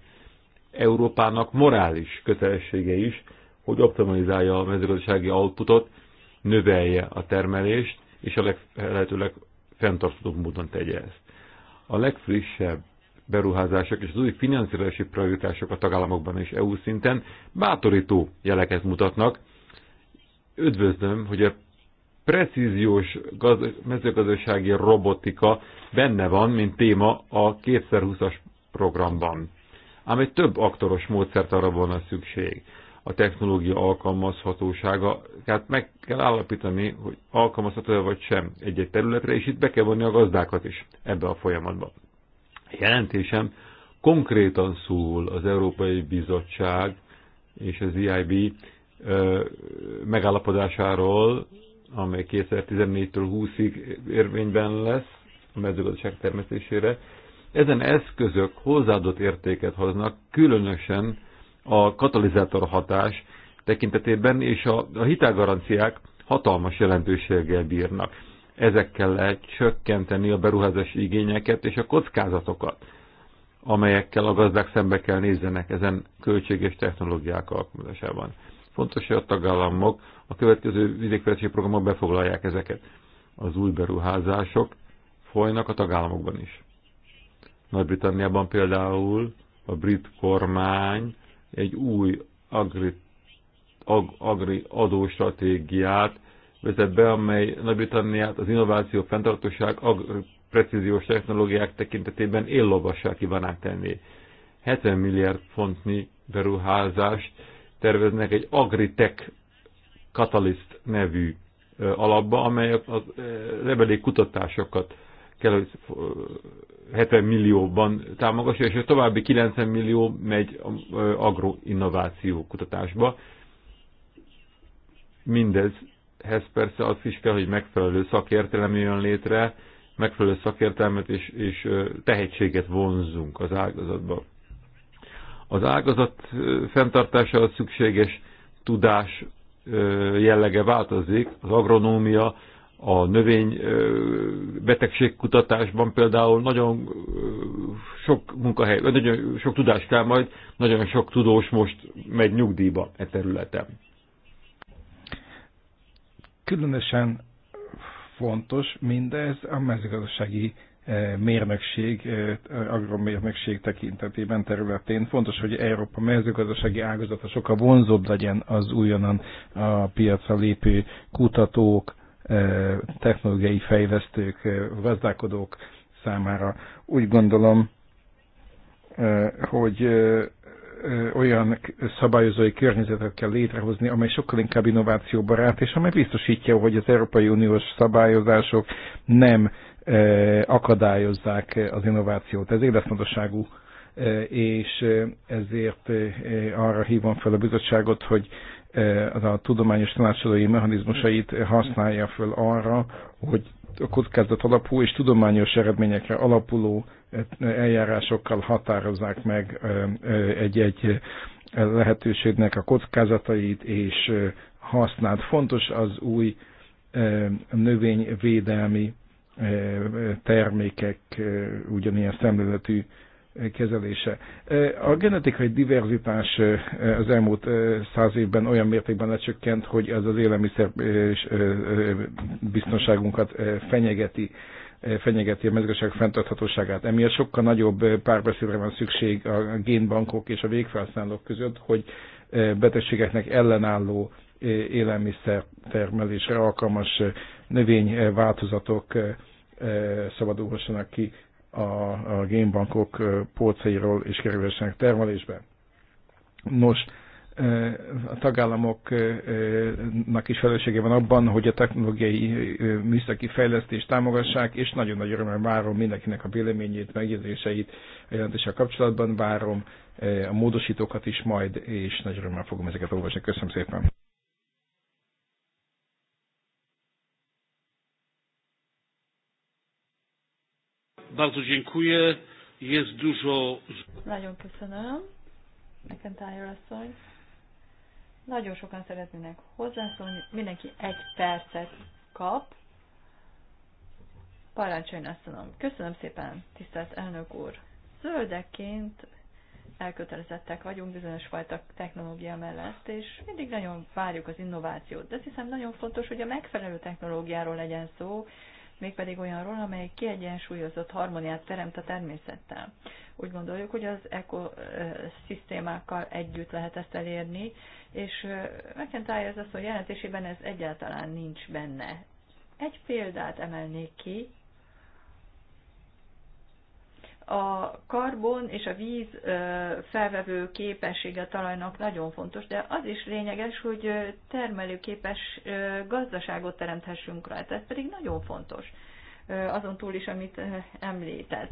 Európának morális kötelessége is, hogy optimalizálja a mezőgazdasági outputot, növelje a termelést, és a leg, lehetőleg fenntarthatóbb módon tegye ezt. A legfrissebb beruházások és az új finanszírozási prioritások a tagállamokban és EU szinten bátorító jeleket mutatnak. Üdvözlöm, hogy a precíziós gaz, mezőgazdasági robotika benne van, mint téma a 2020-as programban. Ám egy több aktoros módszert arra volna szükség. A technológia alkalmazhatósága, tehát meg kell állapítani, hogy alkalmazható-e vagy sem egy-egy területre, és itt be kell vonni a gazdákat is ebbe a folyamatba. A jelentésem konkrétan szól az Európai Bizottság és az EIB megállapodásáról amely 2014-től 20-ig érvényben lesz a mezőgazdaság termesztésére. Ezen eszközök hozzáadott értéket hoznak, különösen a katalizátor hatás tekintetében, és a, a hitelgaranciák hatalmas jelentőséggel bírnak. Ezekkel lehet csökkenteni a beruházási igényeket és a kockázatokat, amelyekkel a gazdák szembe kell nézzenek ezen költséges technológiák alkalmazásában. Fontos, hogy a tagállamok a következő vidékfejlesztési programban befoglalják ezeket. Az új beruházások folynak a tagállamokban is. Nagy-Britanniában például a brit kormány egy új agri, ag, agri adóstratégiát vezet be, amely Nagy-Britanniát az innováció, fenntartóság, agri, precíziós technológiák tekintetében éllovassá kívánák tenni. 70 milliárd fontnyi beruházást terveznek egy Agritech Catalyst nevű alapba, amely az lebeli kutatásokat kell, hogy 70 millióban támogassa, és a további 90 millió megy agroinnováció kutatásba. Mindezhez persze az is kell, hogy megfelelő szakértelem jön létre, megfelelő szakértelmet és, és tehetséget vonzunk az ágazatba az ágazat fenntartásához szükséges tudás jellege változik, az agronómia, a növény betegségkutatásban például nagyon sok munkahely, nagyon sok tudás kell majd, nagyon sok tudós most megy nyugdíjba e területen. Különösen fontos mindez a mezőgazdasági mérnökség, agromérnökség tekintetében területén. Fontos, hogy Európa mezőgazdasági ágazata sokkal vonzóbb legyen az újonnan a piacra lépő kutatók, technológiai fejlesztők, gazdálkodók számára. Úgy gondolom, hogy olyan szabályozói környezetet kell létrehozni, amely sokkal inkább innovációbarát, és amely biztosítja, hogy az Európai Uniós szabályozások nem E, akadályozzák az innovációt. Ez életfontosságú, e, és ezért e, arra hívom fel a bizottságot, hogy a tudományos tanácsadói mechanizmusait használja fel arra, hogy a kockázat alapú és tudományos eredményekre alapuló eljárásokkal határozzák meg egy-egy lehetőségnek a kockázatait és hasznát. Fontos az új növényvédelmi E, termékek e, ugyanilyen szemléletű kezelése. E, a genetikai diverzitás az elmúlt száz évben olyan mértékben lecsökkent, hogy ez az élelmiszer biztonságunkat fenyegeti fenyegeti a mezőgazdaság fenntarthatóságát. Emiatt sokkal nagyobb párbeszédre van szükség a génbankok és a végfelszállók között, hogy betegségeknek ellenálló E, élelmiszer termelésre alkalmas e, növényváltozatok e, szabadulhassanak ki a, a génbankok polcairól és kerülhessenek termelésbe. Nos, a tagállamoknak is felelőssége van abban, hogy a technológiai műszaki fejlesztést támogassák, és nagyon nagy örömmel várom mindenkinek a véleményét, megjegyzéseit a jelentéssel kapcsolatban, várom a módosítókat is majd, és nagy örömmel fogom ezeket olvasni. Köszönöm szépen! Bardzo dziękuję. Jest dużo... Nagyon köszönöm. McIntyre asszony. Nagyon sokan szeretnének hozzászólni. Mindenki egy percet kap. Parancsolj, asszonyom. Köszönöm szépen, tisztelt elnök úr. Zöldekként elkötelezettek vagyunk bizonyos fajta technológia mellett, és mindig nagyon várjuk az innovációt. De azt hiszem nagyon fontos, hogy a megfelelő technológiáról legyen szó, mégpedig olyanról, amely kiegyensúlyozott harmóniát teremt a természettel. Úgy gondoljuk, hogy az ekoszisztémákkal együtt lehet ezt elérni, és McIntyre az azt, hogy jelentésében ez egyáltalán nincs benne. Egy példát emelnék ki, a karbon és a víz felvevő képessége a talajnak nagyon fontos, de az is lényeges, hogy termelőképes gazdaságot teremthessünk rá. Ez pedig nagyon fontos, azon túl is, amit említett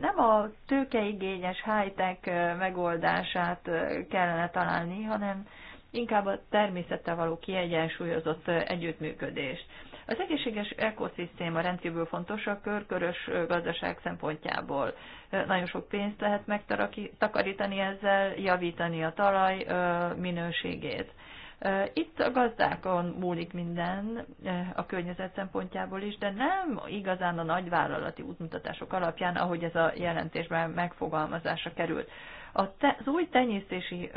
nem a tőkeigényes high-tech megoldását kellene találni, hanem inkább a természettel való kiegyensúlyozott együttműködést. Az egészséges ekoszisztéma rendkívül fontos a körkörös gazdaság szempontjából. Nagyon sok pénzt lehet megtakarítani ezzel, javítani a talaj minőségét. Itt a gazdákon múlik minden a környezet szempontjából is, de nem igazán a nagyvállalati útmutatások alapján, ahogy ez a jelentésben megfogalmazásra került az új tenyésztési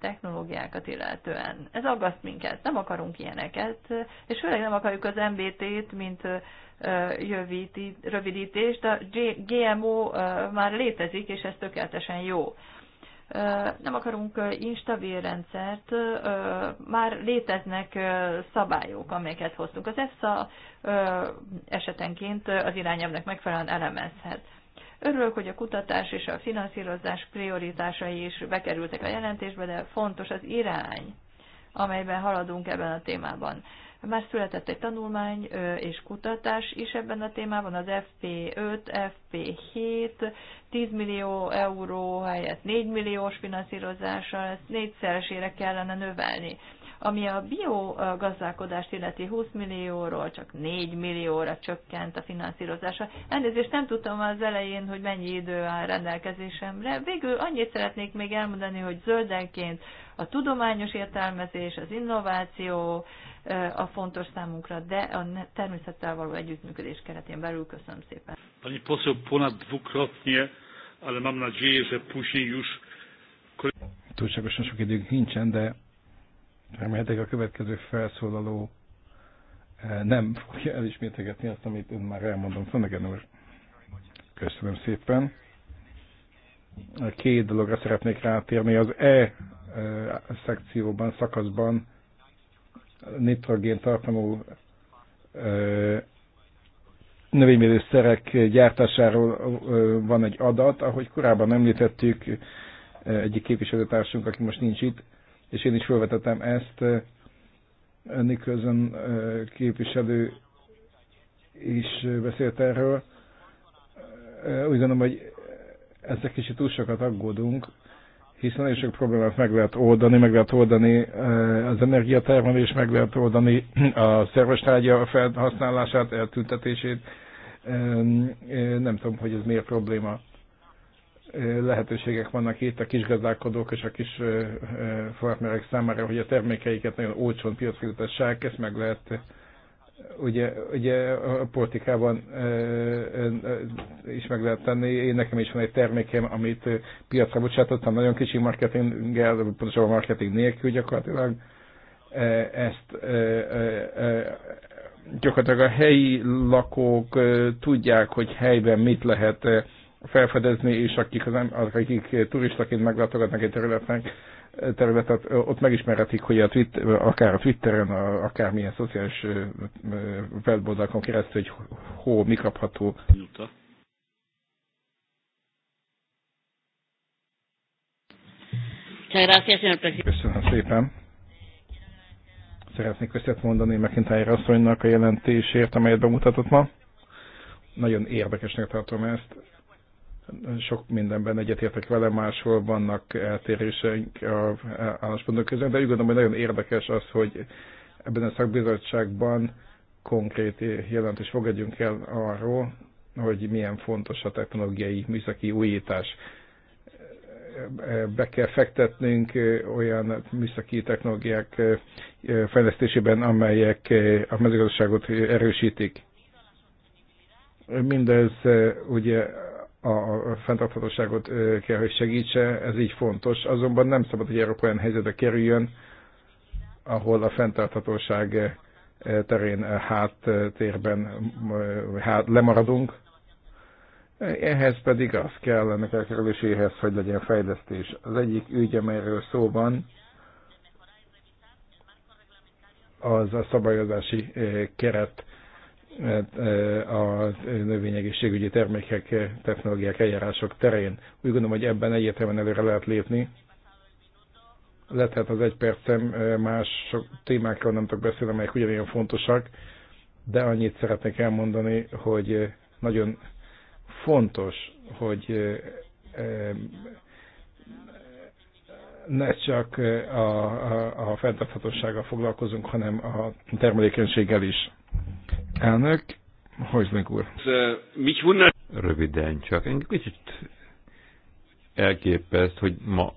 technológiákat illetően. Ez aggaszt minket, nem akarunk ilyeneket, és főleg nem akarjuk az MBT-t, mint jövíti, rövidítést. A GMO már létezik, és ez tökéletesen jó. Nem akarunk instabil rendszert, már léteznek szabályok, amelyeket hoztunk. Az EFSA esetenként az irányelvnek megfelelően elemezhet. Örülök, hogy a kutatás és a finanszírozás prioritásai is bekerültek a jelentésbe, de fontos az irány, amelyben haladunk ebben a témában. Már született egy tanulmány és kutatás is ebben a témában, az FP5, FP7, 10 millió euró helyett 4 milliós finanszírozással, ezt négyszeresére kellene növelni. Ami a biogazdálkodást illeti 20 millióról csak 4 millióra csökkent a finanszírozása. Elnézést nem tudtam az elején, hogy mennyi idő áll rendelkezésemre. Végül annyit szeretnék még elmondani, hogy zöldenként a tudományos értelmezés, az innováció eh, a fontos számunkra, de a természettel való együttműködés keretén belül köszönöm szépen. Pani poseł ponad dwukrotnie, ale mam nadzieję, że później już... Túlságosan sok időnk nincsen, de Remélhetőleg a következő felszólaló eh, nem fogja elismételgetni azt, amit ön már elmondom. Flanagan úr, köszönöm szépen. A Két dologra szeretnék rátérni. Az E eh, szekcióban, szakaszban nitrogén tartalmú eh, növényvédőszerek gyártásáról van egy adat, ahogy korábban említettük, egyik képviselőtársunk, aki most nincs itt, és én is felvetettem ezt, Nicholson képviselő is beszélt erről. Úgy gondolom, hogy ezzel kicsit túl sokat aggódunk, hiszen nagyon sok problémát meg lehet oldani, meg lehet oldani az energiatermelés, meg lehet oldani a szerves tárgya felhasználását, eltüntetését. Nem tudom, hogy ez miért probléma lehetőségek vannak itt a kisgazdálkodók és a kis farmerek számára, hogy a termékeiket nagyon olcsón piacra jutassák, ezt meg lehet ugye, ugye a portikában is meg lehet tenni. Én nekem is van egy termékem, amit piacra bocsátottam, nagyon kicsi marketinggel, pontosabban marketing nélkül gyakorlatilag. Ezt gyakorlatilag a helyi lakók tudják, hogy helyben mit lehet felfedezni, és akik, az, akik turistaként meglátogatnak egy területnek, területet, ott megismerhetik, hogy a Twitter, akár a Twitteren, akár milyen szociális weboldalakon keresztül, hogy hol mi kapható. Juta. Köszönöm szépen. Szeretnék köszönet mondani McIntyre asszonynak a jelentésért, amelyet bemutatott ma. Nagyon érdekesnek tartom ezt sok mindenben egyetértek vele, máshol vannak eltéréseink a álláspontok között, de úgy gondolom, hogy nagyon érdekes az, hogy ebben a szakbizottságban konkrét jelentést fogadjunk el arról, hogy milyen fontos a technológiai műszaki újítás. Be kell fektetnünk olyan műszaki technológiák fejlesztésében, amelyek a mezőgazdaságot erősítik. Mindez ugye a fenntarthatóságot kell, hogy segítse, ez így fontos. Azonban nem szabad, hogy Európa olyan helyzetbe kerüljön, ahol a fenntarthatóság terén háttérben hát, lemaradunk. Ehhez pedig az kell ennek elkerüléséhez, hogy legyen fejlesztés. Az egyik ügy, amelyről szó van, az a szabályozási keret a növényegészségügyi termékek, technológiák, eljárások terén. Úgy gondolom, hogy ebben egyértelműen előre lehet lépni. Lehet hát az egy percem, más sok témákról nem tudok beszélni, amelyek ugyanilyen fontosak, de annyit szeretnék elmondani, hogy nagyon fontos, hogy ne csak a, a, a fenntarthatósággal foglalkozunk, hanem a termelékenységgel is. Elnök, meg úr. Röviden csak. Engem kicsit elképeszt, hogy ma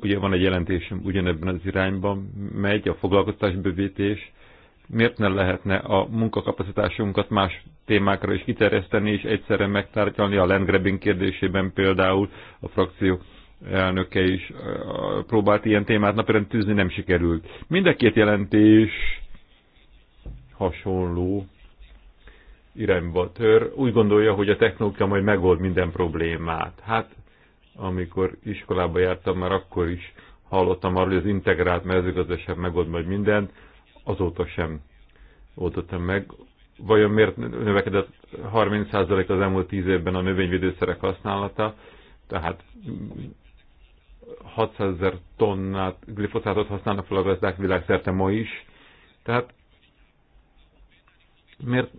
ugye van egy jelentésem ugyanebben az irányban megy, a foglalkoztás bővítés, miért ne lehetne a munkakapacitásunkat más témákra is kiterjeszteni, és egyszerre megtárgyalni a landgrabbing kérdésében például a frakció elnöke is próbált ilyen témát napirend tűzni, nem sikerült. Mind a két jelentés hasonló irányba tör. Úgy gondolja, hogy a technológia majd megold minden problémát. Hát, amikor iskolába jártam, már akkor is hallottam arról, hogy az integrált mezőgazdaság megold majd mindent, azóta sem oldottam meg. Vajon miért növekedett 30% az elmúlt 10 évben a növényvédőszerek használata? Tehát 600 ezer tonnát glifoszátot használnak fel a gazdák világszerte ma is. Tehát miért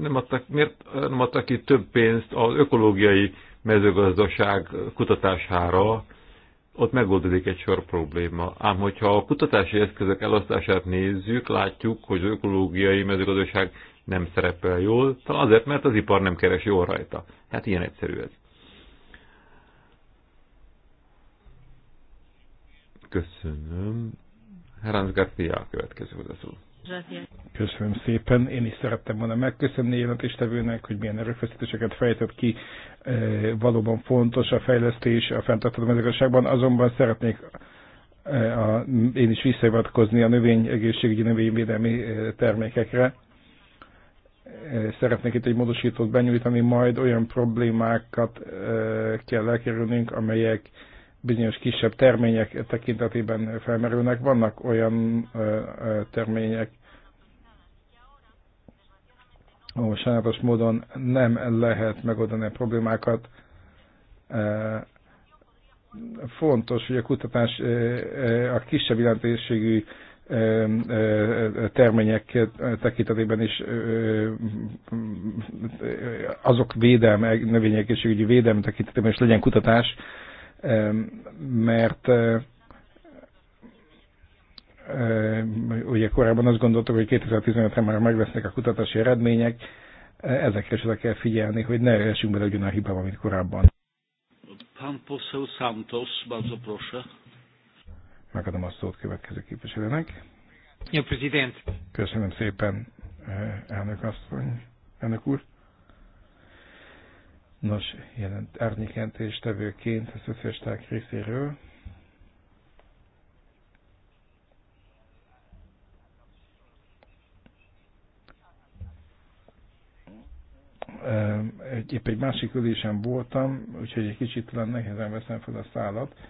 nem adtak, miért nem adtak ki több pénzt az ökológiai mezőgazdaság kutatására, ott megoldódik egy sor probléma. Ám hogyha a kutatási eszközök elosztását nézzük, látjuk, hogy az ökológiai mezőgazdaság nem szerepel jól, talán azért, mert az ipar nem keres jól rajta. Hát ilyen egyszerű ez. Köszönöm. Herenc Garcia a következő hozzászóló. Köszönöm szépen. Én is szerettem volna megköszönni jelentéstevőnek, hogy milyen erőfeszítéseket fejtett ki. E, valóban fontos a fejlesztés a fenntartható mezőgazdaságban, azonban szeretnék e, a, én is visszahivatkozni a egészségügyi növényvédelmi e, termékekre. Szeretnék itt egy módosítót benyújtani, majd olyan problémákat kell elkerülnünk, amelyek bizonyos kisebb termények tekintetében felmerülnek. Vannak olyan termények, ahol sajnálatos módon nem lehet megoldani a problémákat. Fontos, hogy a kutatás a kisebb jelentőségű termények tekintetében is azok védelme, növényegészségügyi védelme tekintetében is legyen kutatás, mert eh, eh, ugye korábban azt gondoltuk, hogy 2015-re már meglesznek a kutatási eredmények, eh, ezekre is oda kell figyelni, hogy ne esünk bele a hibába, mint korábban. Pán poseł Santos, bardzo proszę. Megadom a szót következő képviselőnek. Jó, prezident. Köszönöm szépen, elnök asszony, elnök úr. Nos, jelent tevőként a szociálisták részéről. Egy, épp egy másik ülésen voltam, úgyhogy egy kicsit talán nehezen veszem fel a szállat.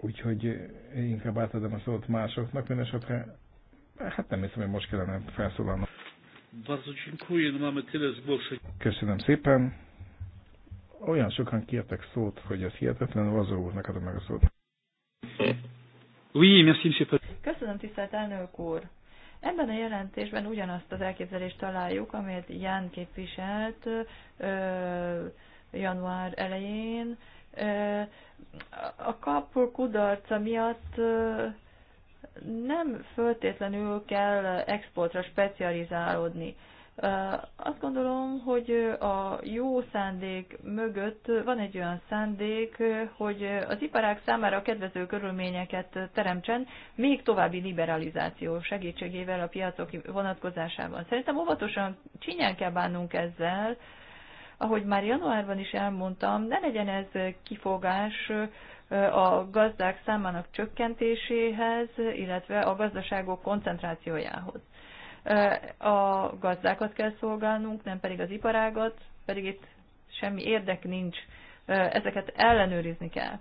Úgyhogy inkább átadom a szót másoknak, mindesetre Hát nem hiszem, hogy most kellene felszólalnom. Köszönöm szépen. Olyan sokan kértek szót, hogy ez hihetetlen, az úr, neked meg a szót. Oui, merci, monsieur. Köszönöm, tisztelt elnök úr. Ebben a jelentésben ugyanazt az elképzelést találjuk, amelyet Ján képviselt ö, január elején. Ö, a kapor kudarca miatt ö, nem föltétlenül kell exportra specializálódni. Azt gondolom, hogy a jó szándék mögött van egy olyan szándék, hogy az iparák számára kedvező körülményeket teremtsen, még további liberalizáció segítségével a piacok vonatkozásában. Szerintem óvatosan csinyán kell bánnunk ezzel, ahogy már januárban is elmondtam, ne legyen ez kifogás a gazdák számának csökkentéséhez, illetve a gazdaságok koncentrációjához. A gazdákat kell szolgálnunk, nem pedig az iparágat, pedig itt semmi érdek nincs, ezeket ellenőrizni kell.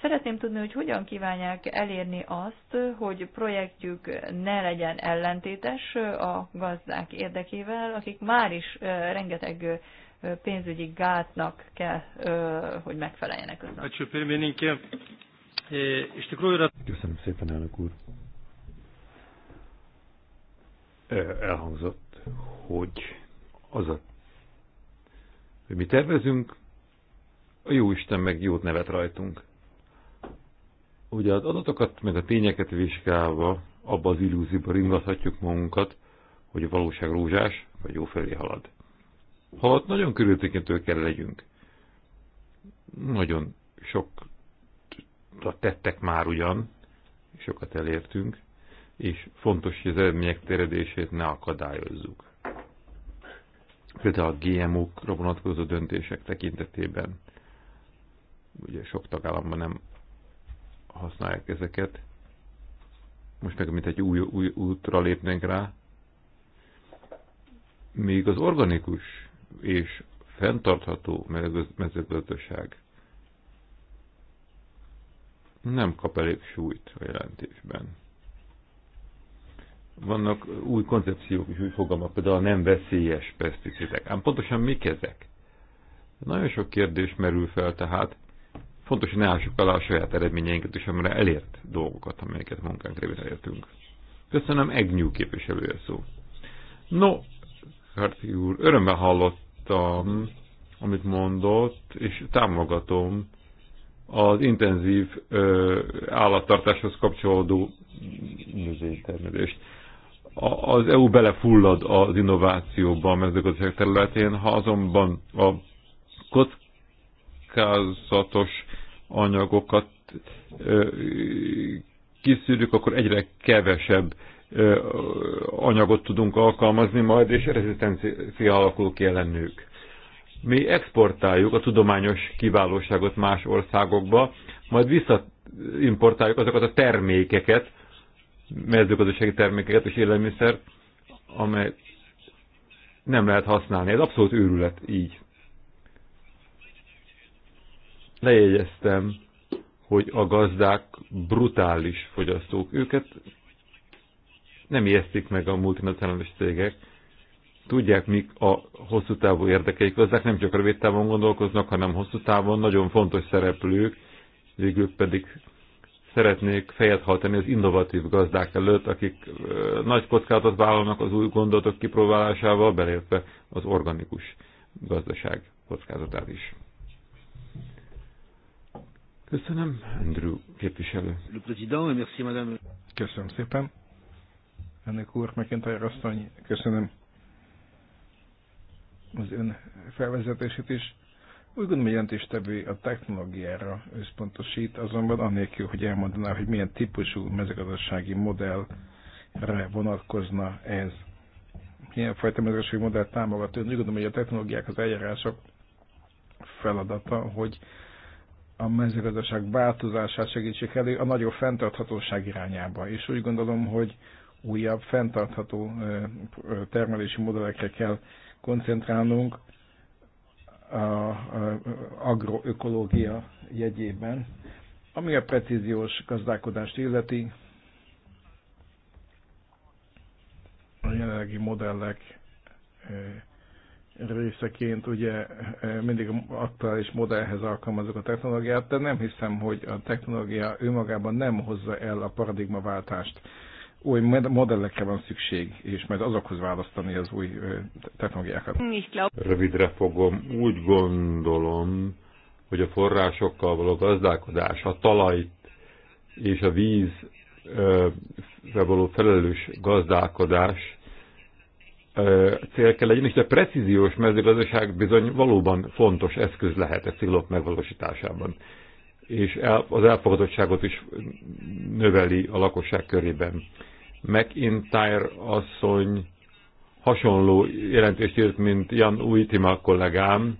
Szeretném tudni, hogy hogyan kívánják elérni azt, hogy projektjük ne legyen ellentétes a gazdák érdekével, akik már is rengeteg pénzügyi gátnak kell, hogy megfeleljenek. E, Köszönöm szépen, elnök úr. E, elhangzott, hogy az a, hogy mi tervezünk, a jó Isten meg jót nevet rajtunk. Ugye az adatokat, meg a tényeket vizsgálva abba az illúzióba ringathatjuk magunkat, hogy a valóság rózsás, vagy jó felé halad ott nagyon körültekintő kell legyünk. Nagyon sok tettek már ugyan, sokat elértünk, és fontos, hogy az eredmények teredését ne akadályozzuk. Például a GMO-kra vonatkozó döntések tekintetében, ugye sok tagállamban nem használják ezeket, most meg mint egy új, új útra lépnénk rá, még az organikus és fenntartható mezőgazdaság nem kap elég súlyt a jelentésben. Vannak új koncepciók és új fogalmak, például a nem veszélyes peszticidek. Ám pontosan mik ezek? Nagyon sok kérdés merül fel tehát. Fontos, hogy ne ássuk el a saját eredményeinket és amire elért dolgokat, amelyeket munkánk révén elértünk. Köszönöm, Egnyú képviselője szó. No, Harti úr, örömmel hallottam, amit mondott, és támogatom az intenzív ö, állattartáshoz kapcsolódó növénytermelést. Az EU belefullad az innovációba a mezőgazdaság területén, ha azonban a kockázatos anyagokat ö, kiszűrjük, akkor egyre kevesebb anyagot tudunk alkalmazni majd, és rezisztencia alakul ki ellenük. Mi exportáljuk a tudományos kiválóságot más országokba, majd visszaimportáljuk azokat a termékeket, mezőgazdasági termékeket és élelmiszert, amely nem lehet használni. Ez abszolút őrület így. Lejegyeztem, hogy a gazdák brutális fogyasztók. Őket nem ijesztik meg a multinacionális cégek, tudják, mik a hosszú távú érdekeik hozzák, nem csak rövid távon gondolkoznak, hanem hosszú távon nagyon fontos szereplők, végül pedig szeretnék fejet hajtani az innovatív gazdák előtt, akik nagy kockázatot vállalnak az új gondolatok kipróbálásával, belépve az organikus gazdaság kockázatát is. Köszönöm, Andrew képviselő. Köszönöm szépen. Önök úr, McIntyre asszony, köszönöm az ön felvezetését is. Úgy gondolom, hogy jelentéstevő a technológiára összpontosít, azonban anélkül, hogy elmondaná, hogy milyen típusú mezőgazdasági modellre vonatkozna ez. Milyen fajta mezőgazdasági modellt támogat ön? Úgy gondolom, hogy a technológiák, az eljárások feladata, hogy a mezőgazdaság változását segítsék elő a nagyobb fenntarthatóság irányába. És úgy gondolom, hogy újabb, fenntartható termelési modellekre kell koncentrálnunk az agroökológia jegyében. Ami a precíziós gazdálkodást illeti, a jelenlegi modellek részeként ugye mindig aktuális modellhez alkalmazok a technológiát, de nem hiszem, hogy a technológia önmagában nem hozza el a paradigmaváltást új modellekre van szükség, és majd azokhoz választani az új technológiákat. Rövidre fogom. Úgy gondolom, hogy a forrásokkal való gazdálkodás, a talajt és a víz való felelős gazdálkodás cél kell legyen, és a precíziós mezőgazdaság bizony valóban fontos eszköz lehet a célok megvalósításában és az elfogadottságot is növeli a lakosság körében. McIntyre asszony hasonló jelentést írt, mint Jan Uitima kollégám.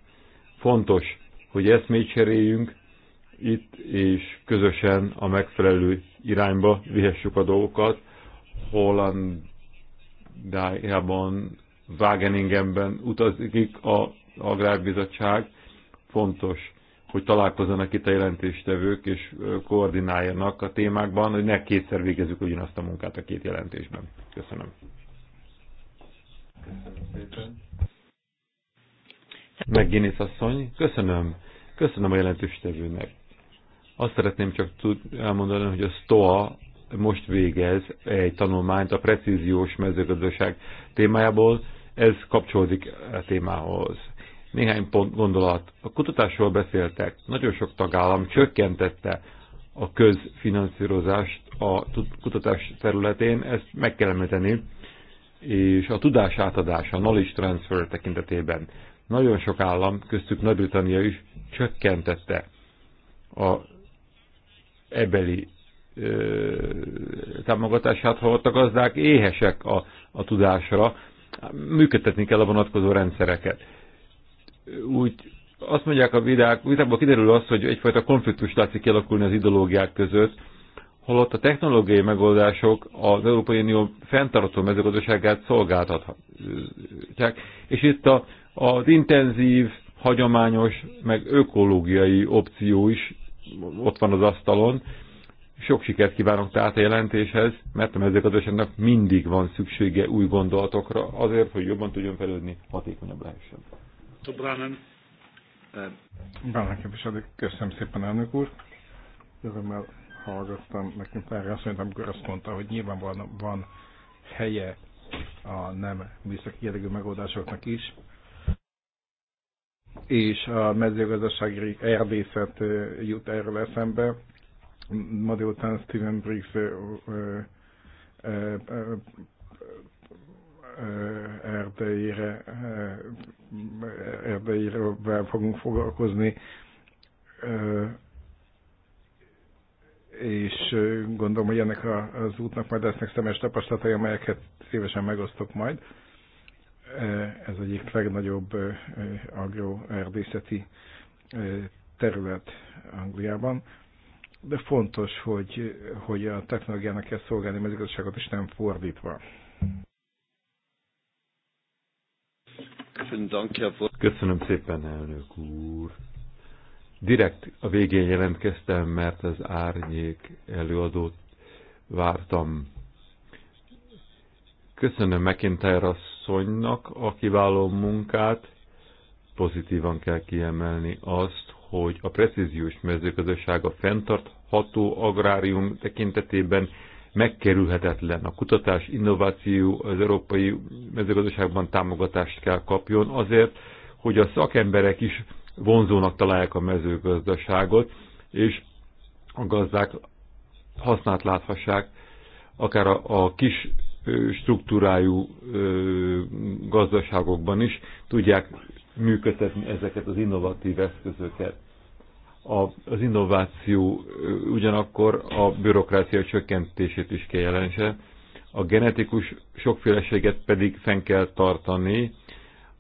Fontos, hogy ezt eszmét cseréljünk itt, és közösen a megfelelő irányba vihessük a dolgokat. Hollandiában, Wageningenben utazik a Agrárbizottság. Fontos, hogy találkozzanak itt a jelentéstevők, és koordináljanak a témákban, hogy ne kétszer végezzük ugyanazt a munkát a két jelentésben. Köszönöm. Köszönöm szépen. Megginész asszony, köszönöm. Köszönöm a jelentéstevőnek. Azt szeretném csak tud elmondani, hogy a STOA most végez egy tanulmányt a precíziós mezőgazdaság témájából, ez kapcsolódik a témához néhány pont gondolat. A kutatásról beszéltek. Nagyon sok tagállam csökkentette a közfinanszírozást a kutatás területén, ezt meg kell említeni, és a tudás átadása, a knowledge transfer tekintetében nagyon sok állam, köztük Nagy-Britannia is csökkentette a ebeli ö, támogatását, ha ott a gazdák éhesek a, a tudásra, működtetni kell a vonatkozó rendszereket úgy azt mondják a vidák, vitákból kiderül az, hogy egyfajta konfliktus látszik kialakulni az ideológiák között, holott a technológiai megoldások az Európai Unió fenntartó mezőgazdaságát szolgáltatják. És itt a, az intenzív, hagyományos, meg ökológiai opció is ott van az asztalon. Sok sikert kívánok tehát a jelentéshez, mert a mezőgazdaságnak mindig van szüksége új gondolatokra azért, hogy jobban tudjon fejlődni, hatékonyabb lehessen. Brannen. Brannen uh, képviselő, köszönöm szépen, elnök úr. Örömmel hallgattam nekünk erre azt, amikor azt mondta, hogy nyilván van, van helye a nem műszaki jellegű megoldásoknak is, és a mezőgazdasági erdészet uh, jut erről eszembe. Ma délután Steven Briggs uh, erdejére erdeiről fogunk foglalkozni, és gondolom, hogy ennek az útnak majd lesznek szemes tapasztalatai, amelyeket szívesen megosztok majd. Ez egyik legnagyobb agroerdészeti terület Angliában de fontos, hogy, hogy a technológiának kell szolgálni mezőgazdaságot, és nem fordítva. Köszönöm szépen, elnök úr. Direkt a végén jelentkeztem, mert az árnyék előadót vártam. Köszönöm McIntyre asszonynak a kiváló munkát. Pozitívan kell kiemelni azt, hogy a precíziós mezőgazdaság a fenntartható agrárium tekintetében megkerülhetetlen. A kutatás, innováció az európai mezőgazdaságban támogatást kell kapjon azért, hogy a szakemberek is vonzónak találják a mezőgazdaságot, és a gazdák hasznát láthassák, akár a, a kis struktúrájú gazdaságokban is tudják működtetni ezeket az innovatív eszközöket az innováció ugyanakkor a bürokrácia csökkentését is kell jelentse, a genetikus sokféleséget pedig fenn kell tartani,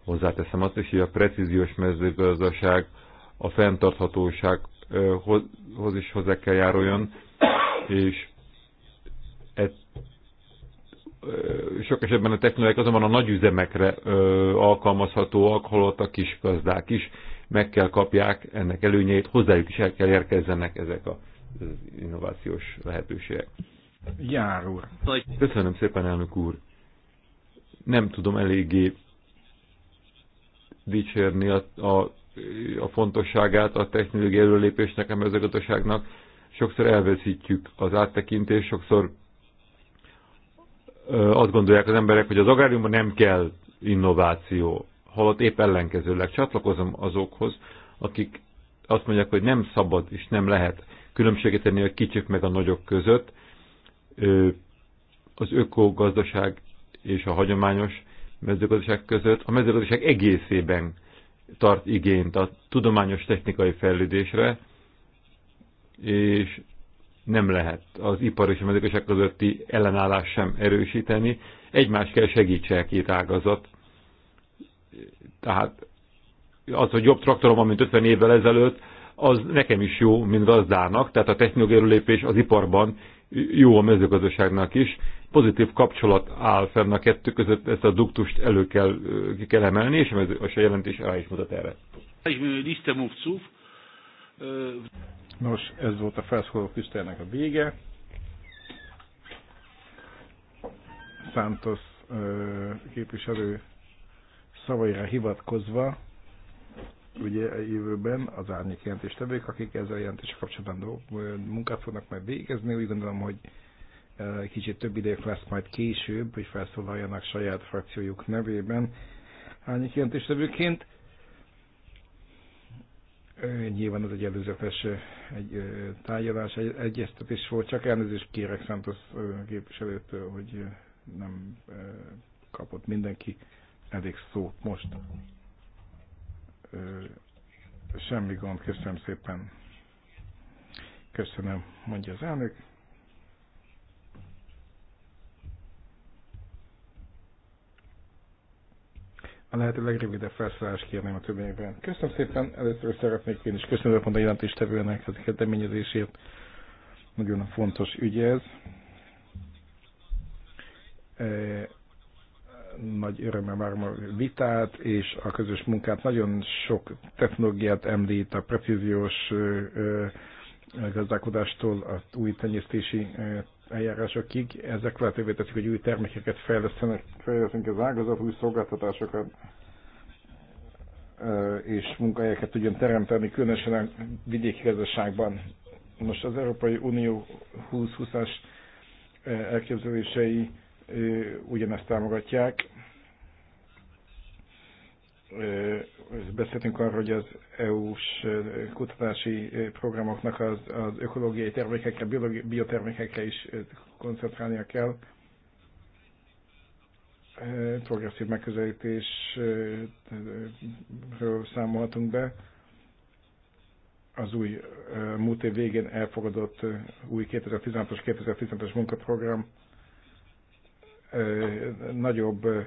hozzáteszem azt is, hogy a precíziós mezőgazdaság a fenntarthatósághoz is hozzá kell járuljon, és et, sok esetben a technológiák azonban a nagyüzemekre alkalmazhatóak, holott a kis gazdák is meg kell kapják ennek előnyeit, hozzájuk is el kell érkezzenek ezek az innovációs lehetőségek. Jár úr. Köszönöm szépen, elnök úr. Nem tudom eléggé dicsérni a, a, a fontosságát a technológiai előlépésnek, a mezőgazdaságnak. Sokszor elveszítjük az áttekintést, sokszor ö, azt gondolják az emberek, hogy az agráriumban nem kell innováció holott épp ellenkezőleg csatlakozom azokhoz, akik azt mondják, hogy nem szabad és nem lehet különbséget tenni a kicsik meg a nagyok között. Az ökogazdaság és a hagyományos mezőgazdaság között a mezőgazdaság egészében tart igényt a tudományos technikai fejlődésre, és nem lehet az ipar és a mezőgazdaság közötti ellenállás sem erősíteni. Egymást kell segítsen két ágazat tehát az, hogy jobb traktorom van, mint 50 évvel ezelőtt, az nekem is jó, mint gazdának, tehát a technológiai lépés az iparban jó a mezőgazdaságnak is. Pozitív kapcsolat áll fenn a kettő között, ezt a duktust elő kell, ki kell emelni, és a jelentés rá is mutat erre. Nos, ez volt a felszóló küzdelnek a vége. Santos képviselő szavaira hivatkozva, ugye a jövőben az árnyék jelentéstevők, akik ezzel a jelentéssel kapcsolatban munkát fognak majd végezni, úgy gondolom, hogy kicsit több idejük lesz majd később, hogy felszólaljanak saját frakciójuk nevében árnyék jelentéstevőként. Nyilván ez egy előzetes egy tárgyalás, egy egyeztetés volt, csak elnézést kérek szentos képviselőtől, hogy nem kapott mindenki elég szót most. Semmi gond, köszönöm szépen. Köszönöm, mondja az elnök. a lehető legrövidebb felszállás kérném a többiekben. Köszönöm szépen, először szeretnék én is köszönöm mondani a jelentéstevőnek az kezdeményezését. Nagyon fontos ügy ez nagy örömmel várom a vitát és a közös munkát. Nagyon sok technológiát említ a precíziós gazdálkodástól az új tenyésztési eljárásokig. Ezek lehetővé teszik, hogy új termékeket fejlesztenek, fejlesztünk az ágazat, új szolgáltatásokat és munkahelyeket tudjon teremteni, különösen a vidéki gazdaságban. Most az Európai Unió 2020-as elképzelései ugyanezt támogatják. Beszéltünk arról, hogy az EU-s kutatási programoknak az, az ökológiai termékekre, biotermékekre is koncentrálnia kell. Progresszív megközelítésről számolhatunk be az új múlt év végén elfogadott új 2016-os 2015 es munkaprogram nagyobb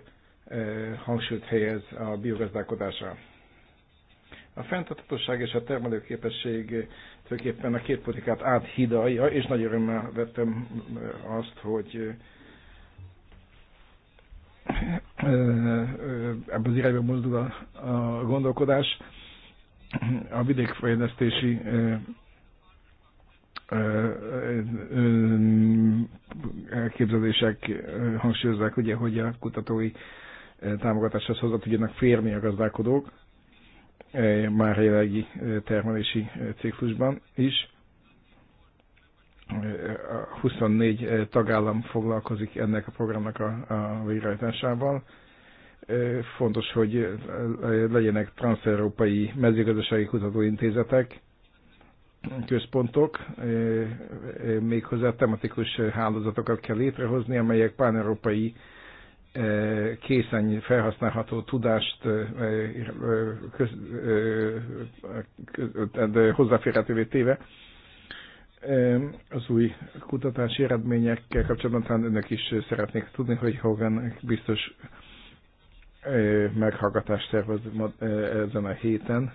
hangsúlyt helyez a biogazdálkodásra. A fenntarthatóság és a termelőképesség tulajdonképpen a két politikát áthidalja, és nagy örömmel vettem azt, hogy ebben az irányba mozdul a, a gondolkodás. A vidékfejlesztési elképzelések hangsúlyozzák, ugye, hogy a kutatói támogatáshoz hozzá tudjanak férni a gazdálkodók, már a jelenlegi termelési ciklusban is. 24 tagállam foglalkozik ennek a programnak a, a végrehajtásával. Fontos, hogy legyenek transzeurópai mezőgazdasági kutatóintézetek, központok, eh, eh, méghozzá tematikus hálózatokat kell létrehozni, amelyek európai eh, készen felhasználható tudást hozzáférhetővé téve. Az új kutatási eredményekkel kapcsolatban talán önök is szeretnék tudni, hogy Hogan biztos meghallgatást szervez ezen a héten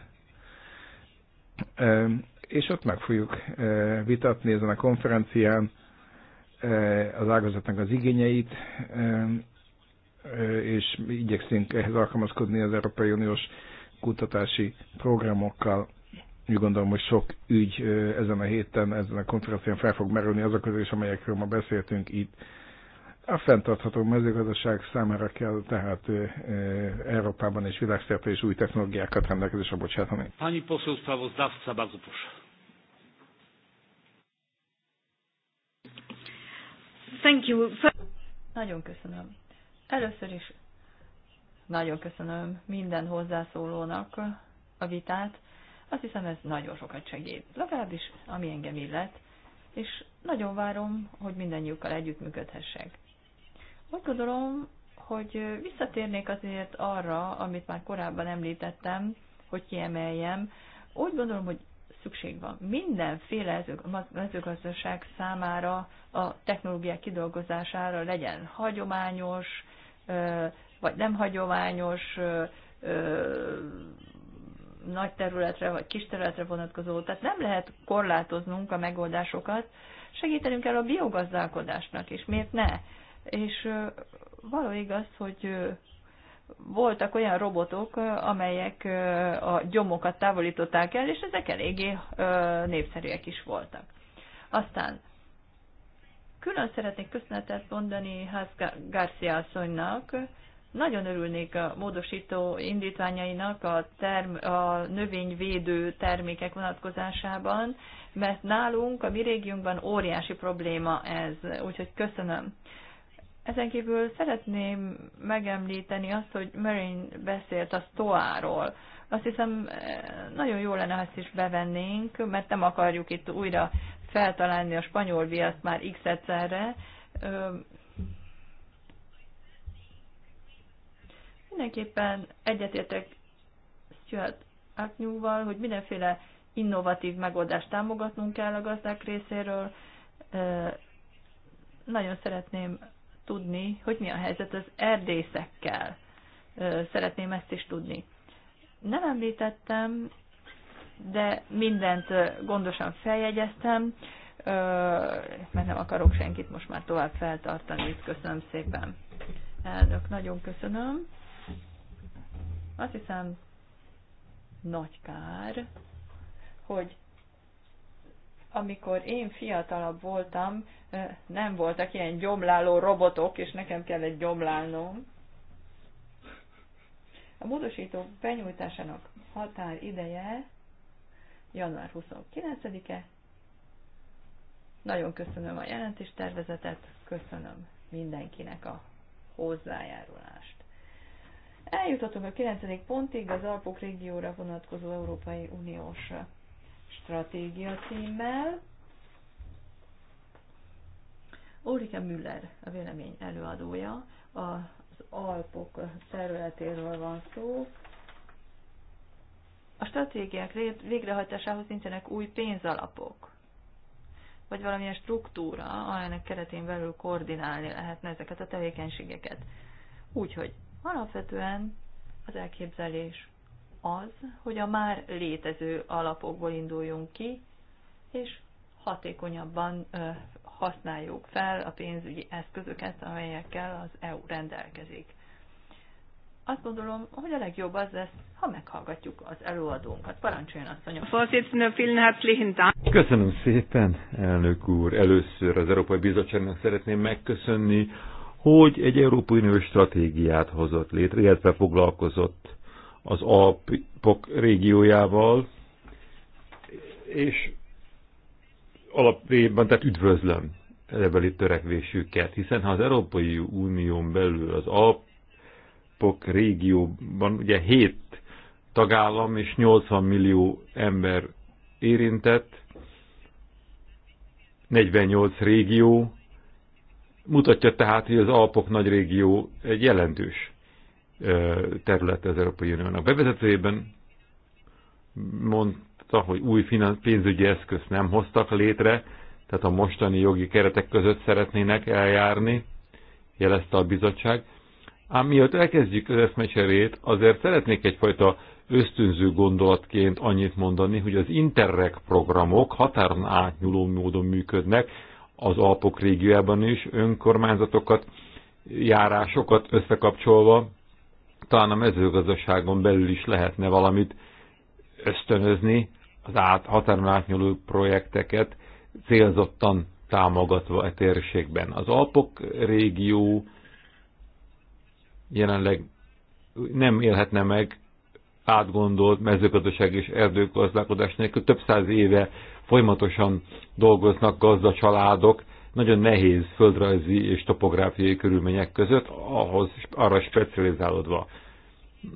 és ott meg fogjuk eh, vitatni ezen a konferencián eh, az ágazatnak az igényeit, eh, és igyekszünk ehhez alkalmazkodni az Európai Uniós kutatási programokkal. Úgy gondolom, hogy sok ügy ezen a héten, ezen a konferencián fel fog merülni azok közül is, amelyekről ma beszéltünk itt a fenntartható mezőgazdaság számára kell tehát Európában és világszerte is új technológiákat rendelkezésre bocsátani. Pani poseł sprawozdawca, bardzo proszę. Thank you. Nagyon köszönöm. Először is nagyon köszönöm minden hozzászólónak a vitát. Azt hiszem ez nagyon sokat segít, legalábbis ami engem illet, és nagyon várom, hogy mindannyiukkal együttműködhessek. Úgy gondolom, hogy visszatérnék azért arra, amit már korábban említettem, hogy kiemeljem. Úgy gondolom, hogy szükség van mindenféle mezőgazdaság számára a technológiák kidolgozására, legyen hagyományos, vagy nem hagyományos, nagy területre vagy kis területre vonatkozó, tehát nem lehet korlátoznunk a megoldásokat, segítenünk kell a biogazdálkodásnak is, miért ne? És való igaz, hogy voltak olyan robotok, amelyek a gyomokat távolították el, és ezek eléggé népszerűek is voltak. Aztán külön szeretnék köszönetet mondani Ház Garcia asszonynak. Nagyon örülnék a módosító indítványainak a, term, a növényvédő termékek vonatkozásában, mert nálunk, a mi régiónkban óriási probléma ez, úgyhogy köszönöm. Ezen kívül szeretném megemlíteni azt, hogy Marine beszélt a Stoáról. Azt hiszem, eh, nagyon jó lenne, ha ezt is bevennénk, mert nem akarjuk itt újra feltalálni a spanyol viaszt már x egyszerre. Mindenképpen egyetértek Stuart Agnew-val, hogy mindenféle innovatív megoldást támogatnunk kell a gazdák részéről. Nagyon szeretném tudni, hogy mi a helyzet az erdészekkel. Szeretném ezt is tudni. Nem említettem, de mindent gondosan feljegyeztem, mert nem akarok senkit most már tovább feltartani. köszönöm szépen. Elnök, nagyon köszönöm. Azt hiszem, nagy kár, hogy amikor én fiatalabb voltam, nem voltak ilyen gyomláló robotok, és nekem kellett gyomlálnom. A módosító benyújtásának ideje: január 29-e. Nagyon köszönöm a jelentéstervezetet, köszönöm mindenkinek a hozzájárulást. Eljutottunk a 9. pontig az Alpok régióra vonatkozó Európai Uniós stratégia címmel. Ulrike Müller, a vélemény előadója, az Alpok területéről van szó. A stratégiák végrehajtásához nincsenek új pénzalapok, vagy valamilyen struktúra, amelynek keretén belül koordinálni lehetne ezeket a tevékenységeket. Úgyhogy alapvetően az elképzelés az, hogy a már létező alapokból induljunk ki, és hatékonyabban használjuk fel a pénzügyi eszközöket, amelyekkel az EU rendelkezik. Azt gondolom, hogy a legjobb az lesz, ha meghallgatjuk az előadónkat. Parancsoljon, asszonyom! Köszönöm szépen, elnök úr! Először az Európai Bizottságnak szeretném megköszönni, hogy egy Európai Uniós stratégiát hozott létre, illetve foglalkozott az Alpok régiójával, és alapvében, tehát üdvözlöm itt törekvésüket, hiszen ha az Európai Unión belül az Alpok régióban ugye 7 tagállam és 80 millió ember érintett, 48 régió, mutatja tehát, hogy az Alpok nagy régió egy jelentős területe az Európai Uniónak. Bevezetőjében mondta, hogy új pénzügyi eszközt nem hoztak létre, tehát a mostani jogi keretek között szeretnének eljárni, jelezte a bizottság. Ám miatt elkezdjük az eszmecserét, azért szeretnék egyfajta ösztönző gondolatként annyit mondani, hogy az Interreg programok határon átnyúló módon működnek, az Alpok régiójában is önkormányzatokat, járásokat összekapcsolva, talán a mezőgazdaságon belül is lehetne valamit ösztönözni, az át, határon átnyúló projekteket célzottan támogatva a e térségben. Az Alpok régió jelenleg nem élhetne meg átgondolt mezőgazdaság és erdőgazdálkodás nélkül. Több száz éve folyamatosan dolgoznak gazda családok nagyon nehéz földrajzi és topográfiai körülmények között, ahhoz arra specializálódva.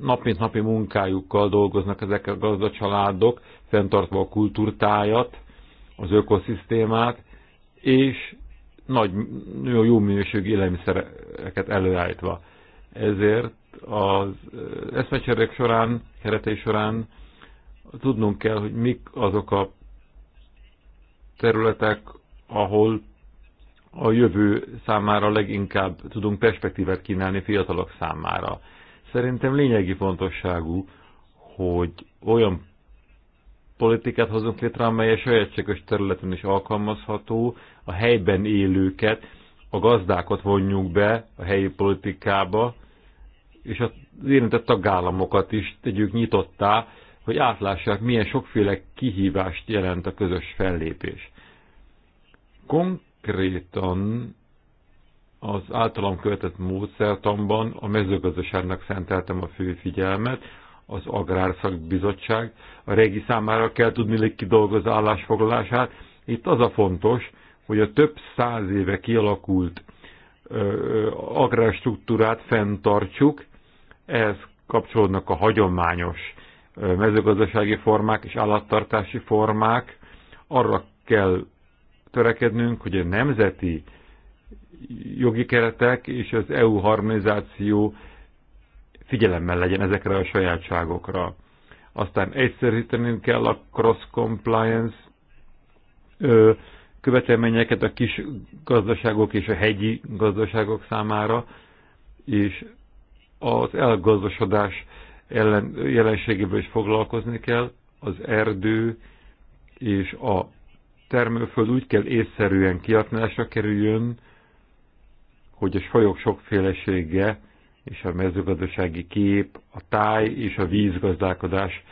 Nap mint napi munkájukkal dolgoznak ezek a gazdacsaládok, fenntartva a kultúrtájat, az ökoszisztémát, és nagy, jó, jó minőségű élelmiszereket előállítva. Ezért az eszmecserek során, keretei során tudnunk kell, hogy mik azok a területek, ahol a jövő számára leginkább tudunk perspektívát kínálni fiatalok számára. Szerintem lényegi fontosságú, hogy olyan politikát hozunk létre, amely a sajátságos területen is alkalmazható, a helyben élőket, a gazdákat vonjuk be a helyi politikába, és az érintett tagállamokat is tegyük nyitottá, hogy átlássák, milyen sokféle kihívást jelent a közös fellépés. Konk konkrétan az általam követett módszertamban a mezőgazdaságnak szenteltem a fő figyelmet, az Agrárszakbizottság a régi számára kell tudni kidolgoz állásfoglalását. Itt az a fontos, hogy a több száz éve kialakult agrárstruktúrát fenntartsuk, ehhez kapcsolódnak a hagyományos mezőgazdasági formák és állattartási formák, arra kell törekednünk, hogy a nemzeti jogi keretek és az EU harmonizáció figyelemmel legyen ezekre a sajátságokra. Aztán egyszerűsítenünk kell a cross-compliance követelményeket a kis gazdaságok és a hegyi gazdaságok számára, és az elgazdasodás ellen, jelenségéből is foglalkozni kell, az erdő és a termőföld úgy kell észszerűen kiadnásra kerüljön, hogy a fajok sokfélesége és a mezőgazdasági kép, a táj és a vízgazdálkodás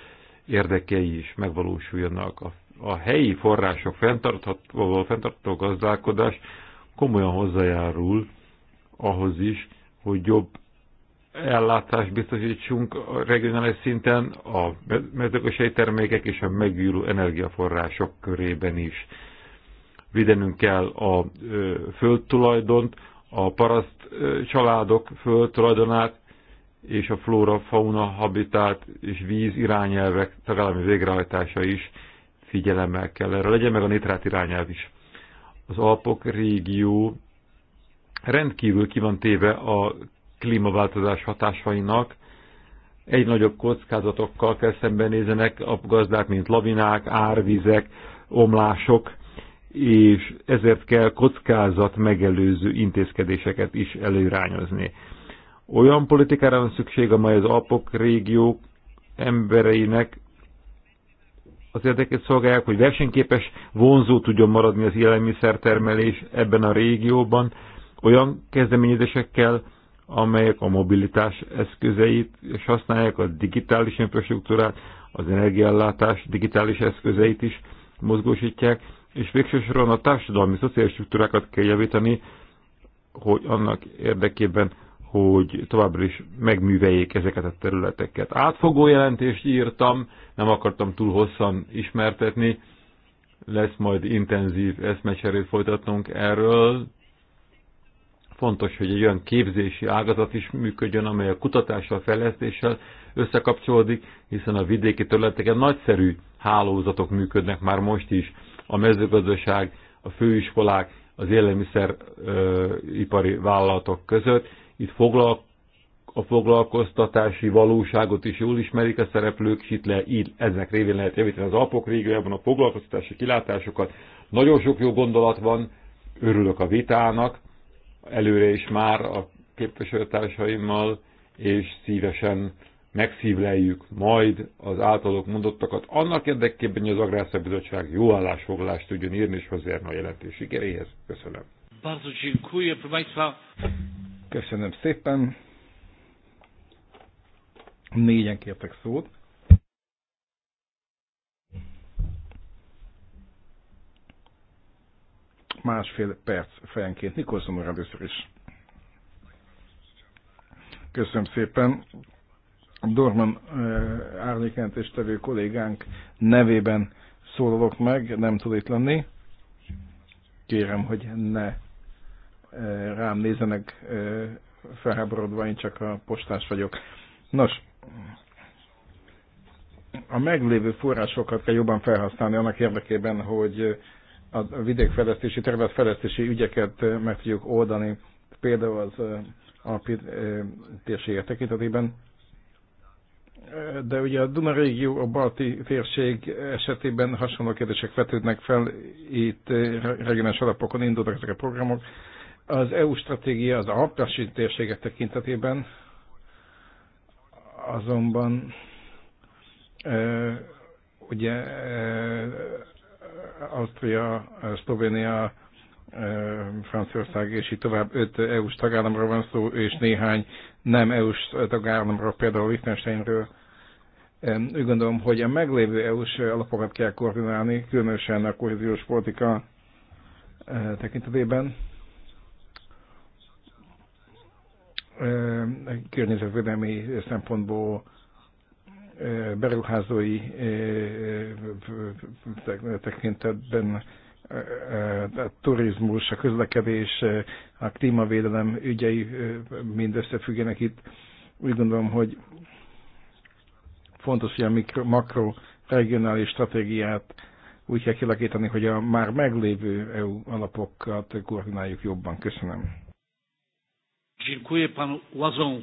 érdekei is megvalósuljanak. A, a helyi források fenntartható, fenntartható gazdálkodás komolyan hozzájárul ahhoz is, hogy jobb ellátást biztosítsunk a regionális szinten a mezőgazdasági termékek és a megújuló energiaforrások körében is. videnünk kell a földtulajdont, a paraszt családok földtulajdonát és a flóra, fauna, habitát és víz irányelvek tagállami végrehajtása is figyelemmel kell erre. Legyen meg a nitrát irányelv is. Az Alpok régió rendkívül ki van téve a klímaváltozás hatásainak, egy nagyobb kockázatokkal kell szembenézenek a gazdák, mint lavinák, árvizek, omlások, és ezért kell kockázat megelőző intézkedéseket is előrányozni. Olyan politikára van szükség, amely az Alpok régió embereinek az érdekét szolgálják, hogy versenyképes, vonzó tudjon maradni az élelmiszertermelés ebben a régióban, olyan kezdeményezésekkel, amelyek a mobilitás eszközeit és használják a digitális infrastruktúrát, az energiállátás digitális eszközeit is mozgósítják, és végső soron a társadalmi, szociális struktúrákat kell javítani, hogy annak érdekében, hogy továbbra is megműveljék ezeket a területeket. Átfogó jelentést írtam, nem akartam túl hosszan ismertetni, lesz majd intenzív eszmecserét folytatnunk erről, Fontos, hogy egy olyan képzési ágazat is működjön, amely a kutatással, fejlesztéssel összekapcsolódik, hiszen a vidéki területeken nagyszerű hálózatok működnek már most is. A mezőgazdaság, a főiskolák, az élelmiszeripari vállalatok között. Itt a foglalkoztatási valóságot is jól ismerik a szereplők, és itt le, így, ezek révén lehet javítani az Alpok régiójában a foglalkoztatási kilátásokat. Nagyon sok jó gondolat van, örülök a vitának, előre is már a képviselőtársaimmal, és szívesen megszívleljük majd az általuk mondottakat annak érdekében, hogy az Bizottság jó állásfoglalást tudjon írni és hozzájárni a jelentés sikeréhez. Köszönöm. Köszönöm szépen. Négyen kértek szót. másfél perc fejenként. Nikolson úr először is. Köszönöm szépen. Dorman eh, tevő kollégánk nevében szólalok meg, nem tud itt lenni. Kérem, hogy ne eh, rám nézenek eh, felháborodva, én csak a postás vagyok. Nos, a meglévő forrásokat kell jobban felhasználni annak érdekében, hogy a vidékfejlesztési, területfejlesztési ügyeket meg tudjuk oldani, például az alpi térségek tekintetében. De ugye a Duna régió, a balti térség esetében hasonló kérdések vetődnek fel, itt regionális alapokon indultak ezek a programok. Az EU stratégia az alpesi térségek tekintetében azonban ugye Ausztria, Szlovénia, e, Franciaország és így tovább öt EU-s tagállamra van szó, és néhány nem EU-s tagállamra, például Liechtensteinről. E, úgy gondolom, hogy a meglévő EU-s alapokat kell koordinálni, különösen a kohéziós politika e, tekintetében. Környezetvédelmi szempontból beruházói tekintetben a turizmus, a közlekedés, a klímavédelem ügyei mind összefüggenek itt. Úgy gondolom, hogy fontos, hogy a mikro, makro regionális stratégiát úgy kell kilakítani, hogy a már meglévő EU alapokat koordináljuk jobban. Köszönöm. Dziękuję panu Łazon.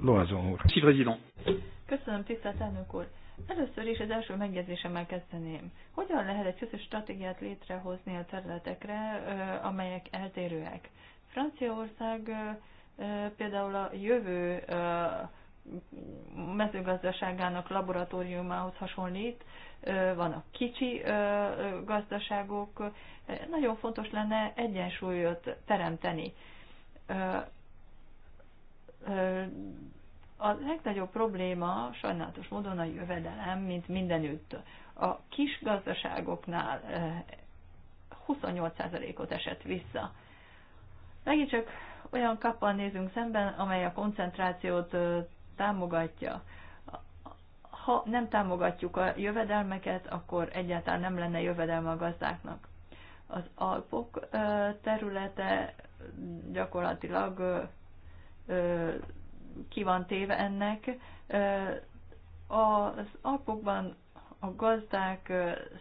Loazon úr. Köszönöm, tisztelt elnök úr. Először is az első megjegyzésemmel kezdeném. Hogyan lehet egy közös stratégiát létrehozni a területekre, amelyek eltérőek? Franciaország például a jövő mezőgazdaságának laboratóriumához hasonlít, vannak kicsi gazdaságok, nagyon fontos lenne egyensúlyot teremteni a legnagyobb probléma sajnálatos módon a jövedelem, mint mindenütt. A kis gazdaságoknál 28%-ot esett vissza. Megint csak olyan kappal nézünk szemben, amely a koncentrációt támogatja. Ha nem támogatjuk a jövedelmeket, akkor egyáltalán nem lenne jövedelme a gazdáknak. Az Alpok területe gyakorlatilag ki van téve ennek. Az alpokban a gazdák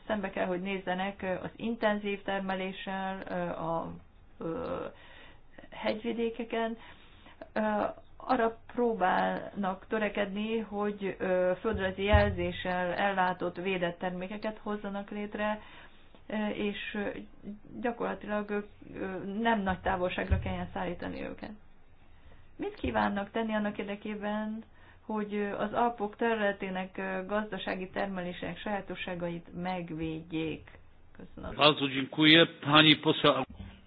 szembe kell, hogy nézzenek az intenzív termeléssel, a hegyvidékeken. Arra próbálnak törekedni, hogy földrajzi jelzéssel ellátott védett termékeket hozzanak létre, és gyakorlatilag nem nagy távolságra kelljen szállítani őket. Mit kívánnak tenni annak érdekében, hogy az Alpok területének gazdasági termelésének sajátosságait megvédjék? Köszönöm.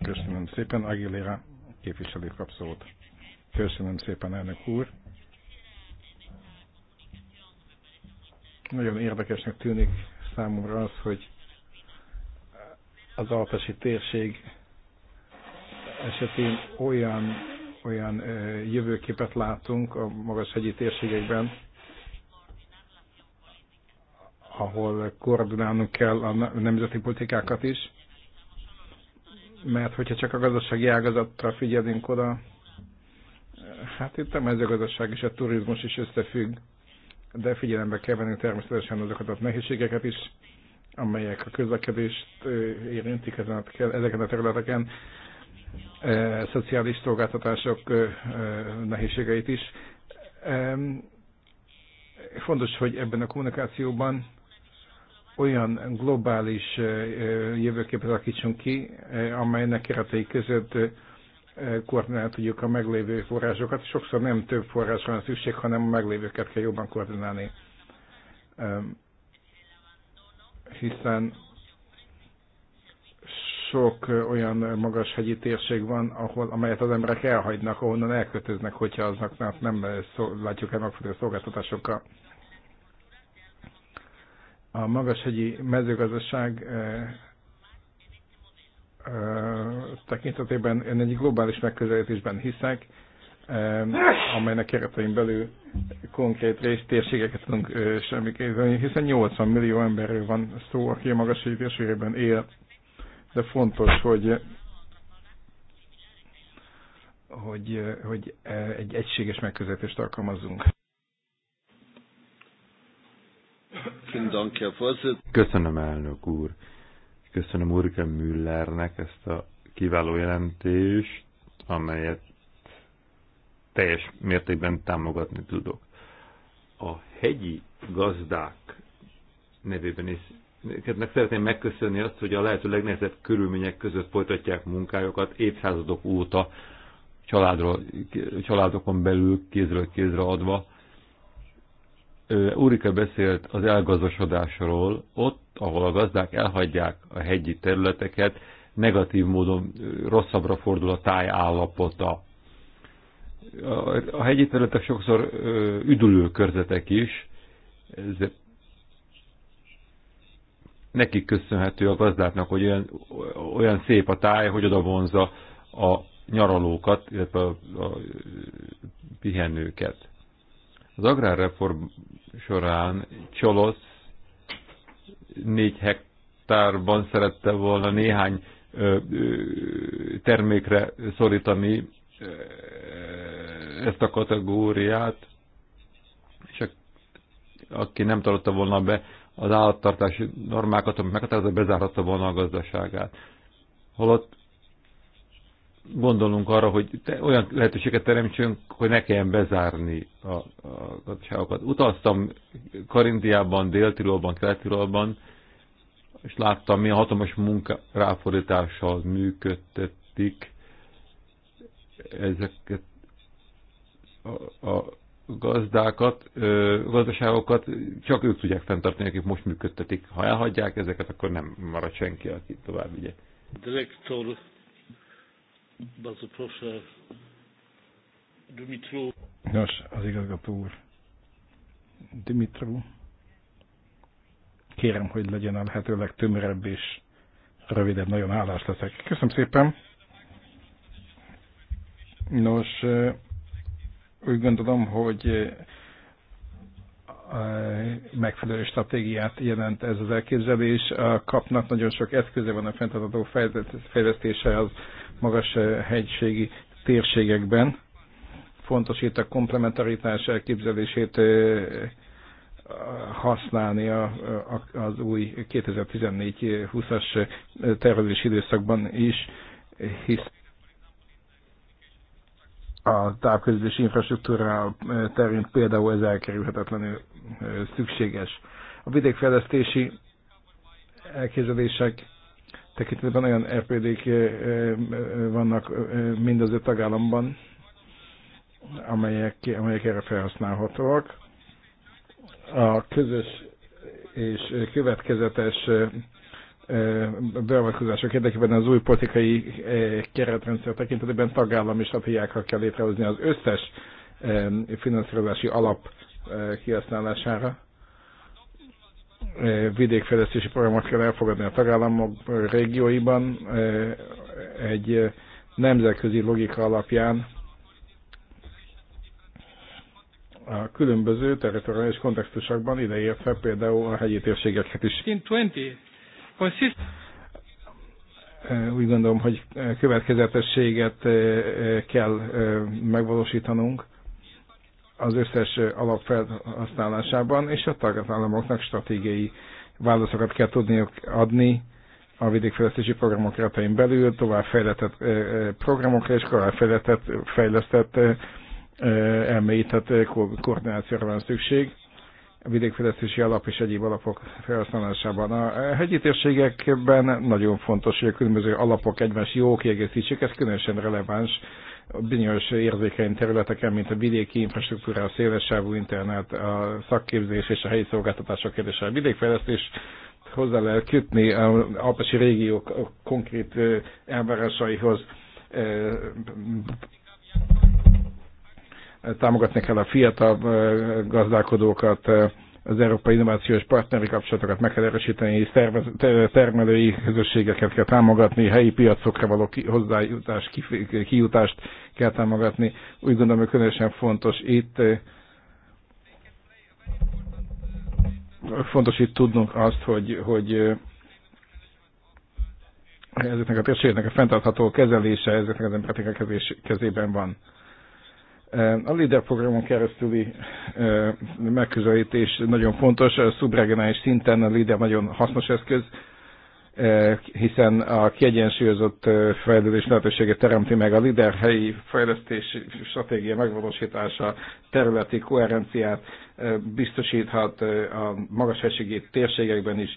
Köszönöm szépen, Aguilera képviselő kap szót. Köszönöm szépen, elnök úr. Nagyon érdekesnek tűnik számomra az, hogy az alpesi térség esetén olyan olyan jövőképet látunk a magas hegyi térségekben, ahol koordinálnunk kell a nemzeti politikákat is, mert hogyha csak a gazdasági ágazatra figyelünk oda, hát itt a mezőgazdaság és a turizmus is összefügg, de figyelembe kell venni természetesen azokat a nehézségeket is, amelyek a közlekedést érintik ezeken a területeken szociális szolgáltatások nehézségeit is. Fontos, hogy ebben a kommunikációban olyan globális jövőképet alakítsunk ki, amelynek keretei között koordinálni tudjuk a meglévő forrásokat. Sokszor nem több forrásra van szükség, hanem a meglévőket kell jobban koordinálni. Hiszen sok olyan magas hegyi térség van, ahol, amelyet az emberek elhagynak, ahonnan elkötöznek, hogyha aznak nem szó, látjuk el megfelelő szolgáltatásokkal. A magas hegyi mezőgazdaság tekintetében én egy globális megközelítésben hiszek, amelynek keretein belül konkrét résztérségeket tudunk semmiképpen, hiszen 80 millió emberről van szó, aki a magas térségében él, de fontos, hogy hogy, hogy egy egységes megközelítést alkalmazzunk. Köszönöm, elnök úr. Köszönöm Urke Müllernek ezt a kiváló jelentést, amelyet teljes mértékben támogatni tudok. A hegyi gazdák nevében is meg szeretném megköszönni azt, hogy a lehető legnehezebb körülmények között folytatják munkájukat évszázadok óta, családról, családokon belül kézről kézre adva. Úrika beszélt az elgazdasodásról, ott, ahol a gazdák elhagyják a hegyi területeket, negatív módon rosszabbra fordul a táj állapota. A hegyi területek sokszor üdülő körzetek is, ezért Nekik köszönhető a gazdáknak, hogy olyan, olyan szép a táj, hogy oda vonza a nyaralókat, illetve a, a pihenőket. Az agrárreform során Csolosz négy hektárban szerette volna néhány ö, ö, termékre szorítani ö, ezt a kategóriát, és a, aki nem tartotta volna be az állattartási normákat, amit meghatározza, bezárhatta volna a gazdaságát. Holott gondolunk arra, hogy te, olyan lehetőséget teremtsünk, hogy ne kelljen bezárni a, a gazdaságokat. Utaztam Karintiában, Dél-Tirolban, Kelet-Tirolban, és láttam, milyen hatalmas munka ráfordítással működtették ezeket a, a gazdákat, gazdaságokat csak ők tudják fenntartani, akik most működtetik. Ha elhagyják ezeket, akkor nem marad senki, aki tovább vigye. Direktor, bardzo Dimitro. Nos, az igazgató úr. Dimitro. Kérem, hogy legyen a lehető legtömörebb és rövidebb, nagyon állás leszek. Köszönöm szépen. Nos, úgy gondolom, hogy megfelelő stratégiát jelent ez az elképzelés. A kapnak nagyon sok eszköze van a fenntartató fejlesztése az magas hegységi térségekben. Fontos itt a komplementaritás elképzelését használni a, az új 2014-20-as tervezési időszakban is, hisz a távközlési infrastruktúra terén például ez elkerülhetetlenül szükséges. A vidékfejlesztési elképzelések tekintetében olyan RPD-k vannak mind az öt tagállamban, amelyek, amelyek erre felhasználhatóak. A közös és következetes beavatkozások érdekében az új politikai keretrendszer tekintetében tagállami stratégiákat kell létrehozni az összes finanszírozási alap kihasználására. Vidékfejlesztési programot kell elfogadni a tagállamok régióiban egy nemzetközi logika alapján a különböző territoriális kontextusokban ideértve például a hegyi térségeket is. In 20 consist úgy gondolom, hogy következetességet eh, eh, kell eh, megvalósítanunk az összes alapfelhasználásában, és a tagállamoknak stratégiai válaszokat kell tudniuk adni a vidékfejlesztési programok keretein belül, továbbfejletett programokra és továbbfejlesztett fejlesztett, elmélyített koordinációra van szükség vidékfejlesztési alap és egyéb alapok felhasználásában. A hegyi térségekben nagyon fontos, hogy a különböző alapok egymás jó kiegészítsék, ez különösen releváns bizonyos érzékeny területeken, mint a vidéki infrastruktúra, a szélessávú internet, a szakképzés és a helyi szolgáltatások kérdése. A vidékfejlesztés hozzá lehet kötni a alpesi régiók konkrét elvárásaihoz támogatni kell a fiatal gazdálkodókat, az európai innovációs partneri kapcsolatokat meg kell erősíteni, tervez, termelői közösségeket kell támogatni, helyi piacokra való hozzájutást kijutást kell támogatni. Úgy gondolom, hogy különösen fontos itt fontos itt tudnunk azt, hogy, hogy ezeknek a térségeknek a fenntartható kezelése ezeknek az embereknek a kezében van. A LIDER programon keresztüli megközelítés nagyon fontos, a szubregionális szinten a LIDER nagyon hasznos eszköz, hiszen a kiegyensúlyozott fejlődés lehetőséget teremti meg a LIDER helyi fejlesztés stratégia megvalósítása, területi koherenciát biztosíthat a magas térségekben is,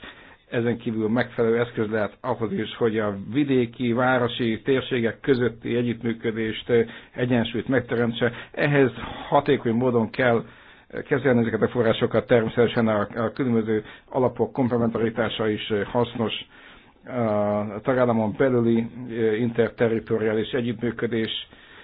ezen kívül megfelelő eszköz lehet ahhoz is, hogy a vidéki, városi térségek közötti együttműködést, eh, egyensúlyt megteremtse. Ehhez hatékony módon kell eh, kezelni ezeket a forrásokat, természetesen a, a különböző alapok komplementaritása is eh, hasznos a tagállamon belüli interterritoriális együttműködés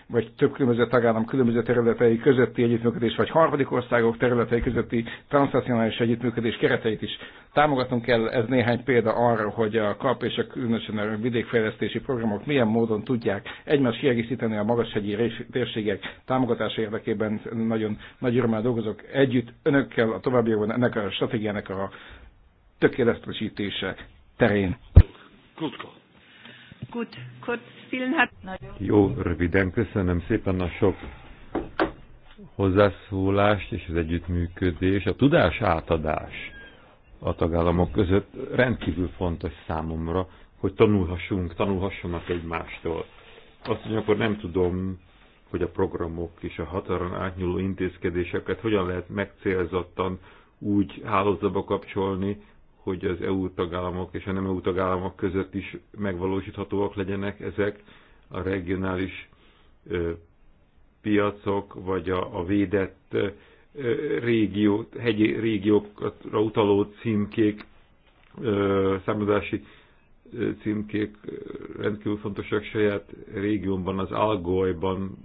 vagy több különböző tagállam különböző területei közötti együttműködés, vagy harmadik országok területei közötti transnacionális együttműködés kereteit is támogatunk kell. Ez néhány példa arra, hogy a KAP és a különösen a vidékfejlesztési programok milyen módon tudják egymást kiegészíteni a magashegyi térségek támogatása érdekében. Nagyon nagy örömmel dolgozok együtt önökkel a továbbiakban ennek a stratégiának a tökéletesítése terén. Good, Gut, kurz jó, röviden köszönöm szépen a sok hozzászólást és az együttműködés, a tudás átadás a tagállamok között rendkívül fontos számomra, hogy tanulhassunk, tanulhassanak egymástól. Azt mondja, akkor nem tudom, hogy a programok és a határon átnyúló intézkedéseket hogyan lehet megcélzottan úgy hálózatba kapcsolni, hogy az EU tagállamok és a nem EU tagállamok között is megvalósíthatóak legyenek ezek a regionális ö, piacok, vagy a, a védett ö, régió, hegyi régiókra utaló címkék, ö, számozási címkék rendkívül fontosak saját régiónban, az Algolyban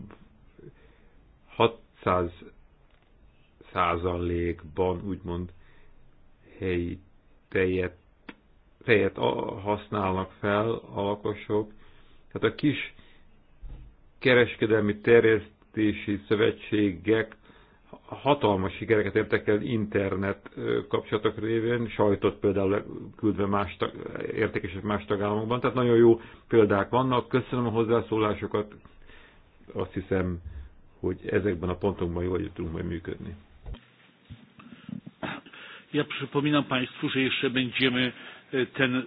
600 százalékban úgymond helyi tejet, tejet használnak fel a lakosok. Tehát a kis kereskedelmi terjesztési szövetségek hatalmas sikereket értek el internet kapcsolatok révén, sajtot például küldve más tag, értékesek más tagállamokban. Tehát nagyon jó példák vannak. Köszönöm a hozzászólásokat. Azt hiszem, hogy ezekben a pontokban jól tudunk majd működni. Ja przypominam Państwu, że jeszcze będziemy e, ten...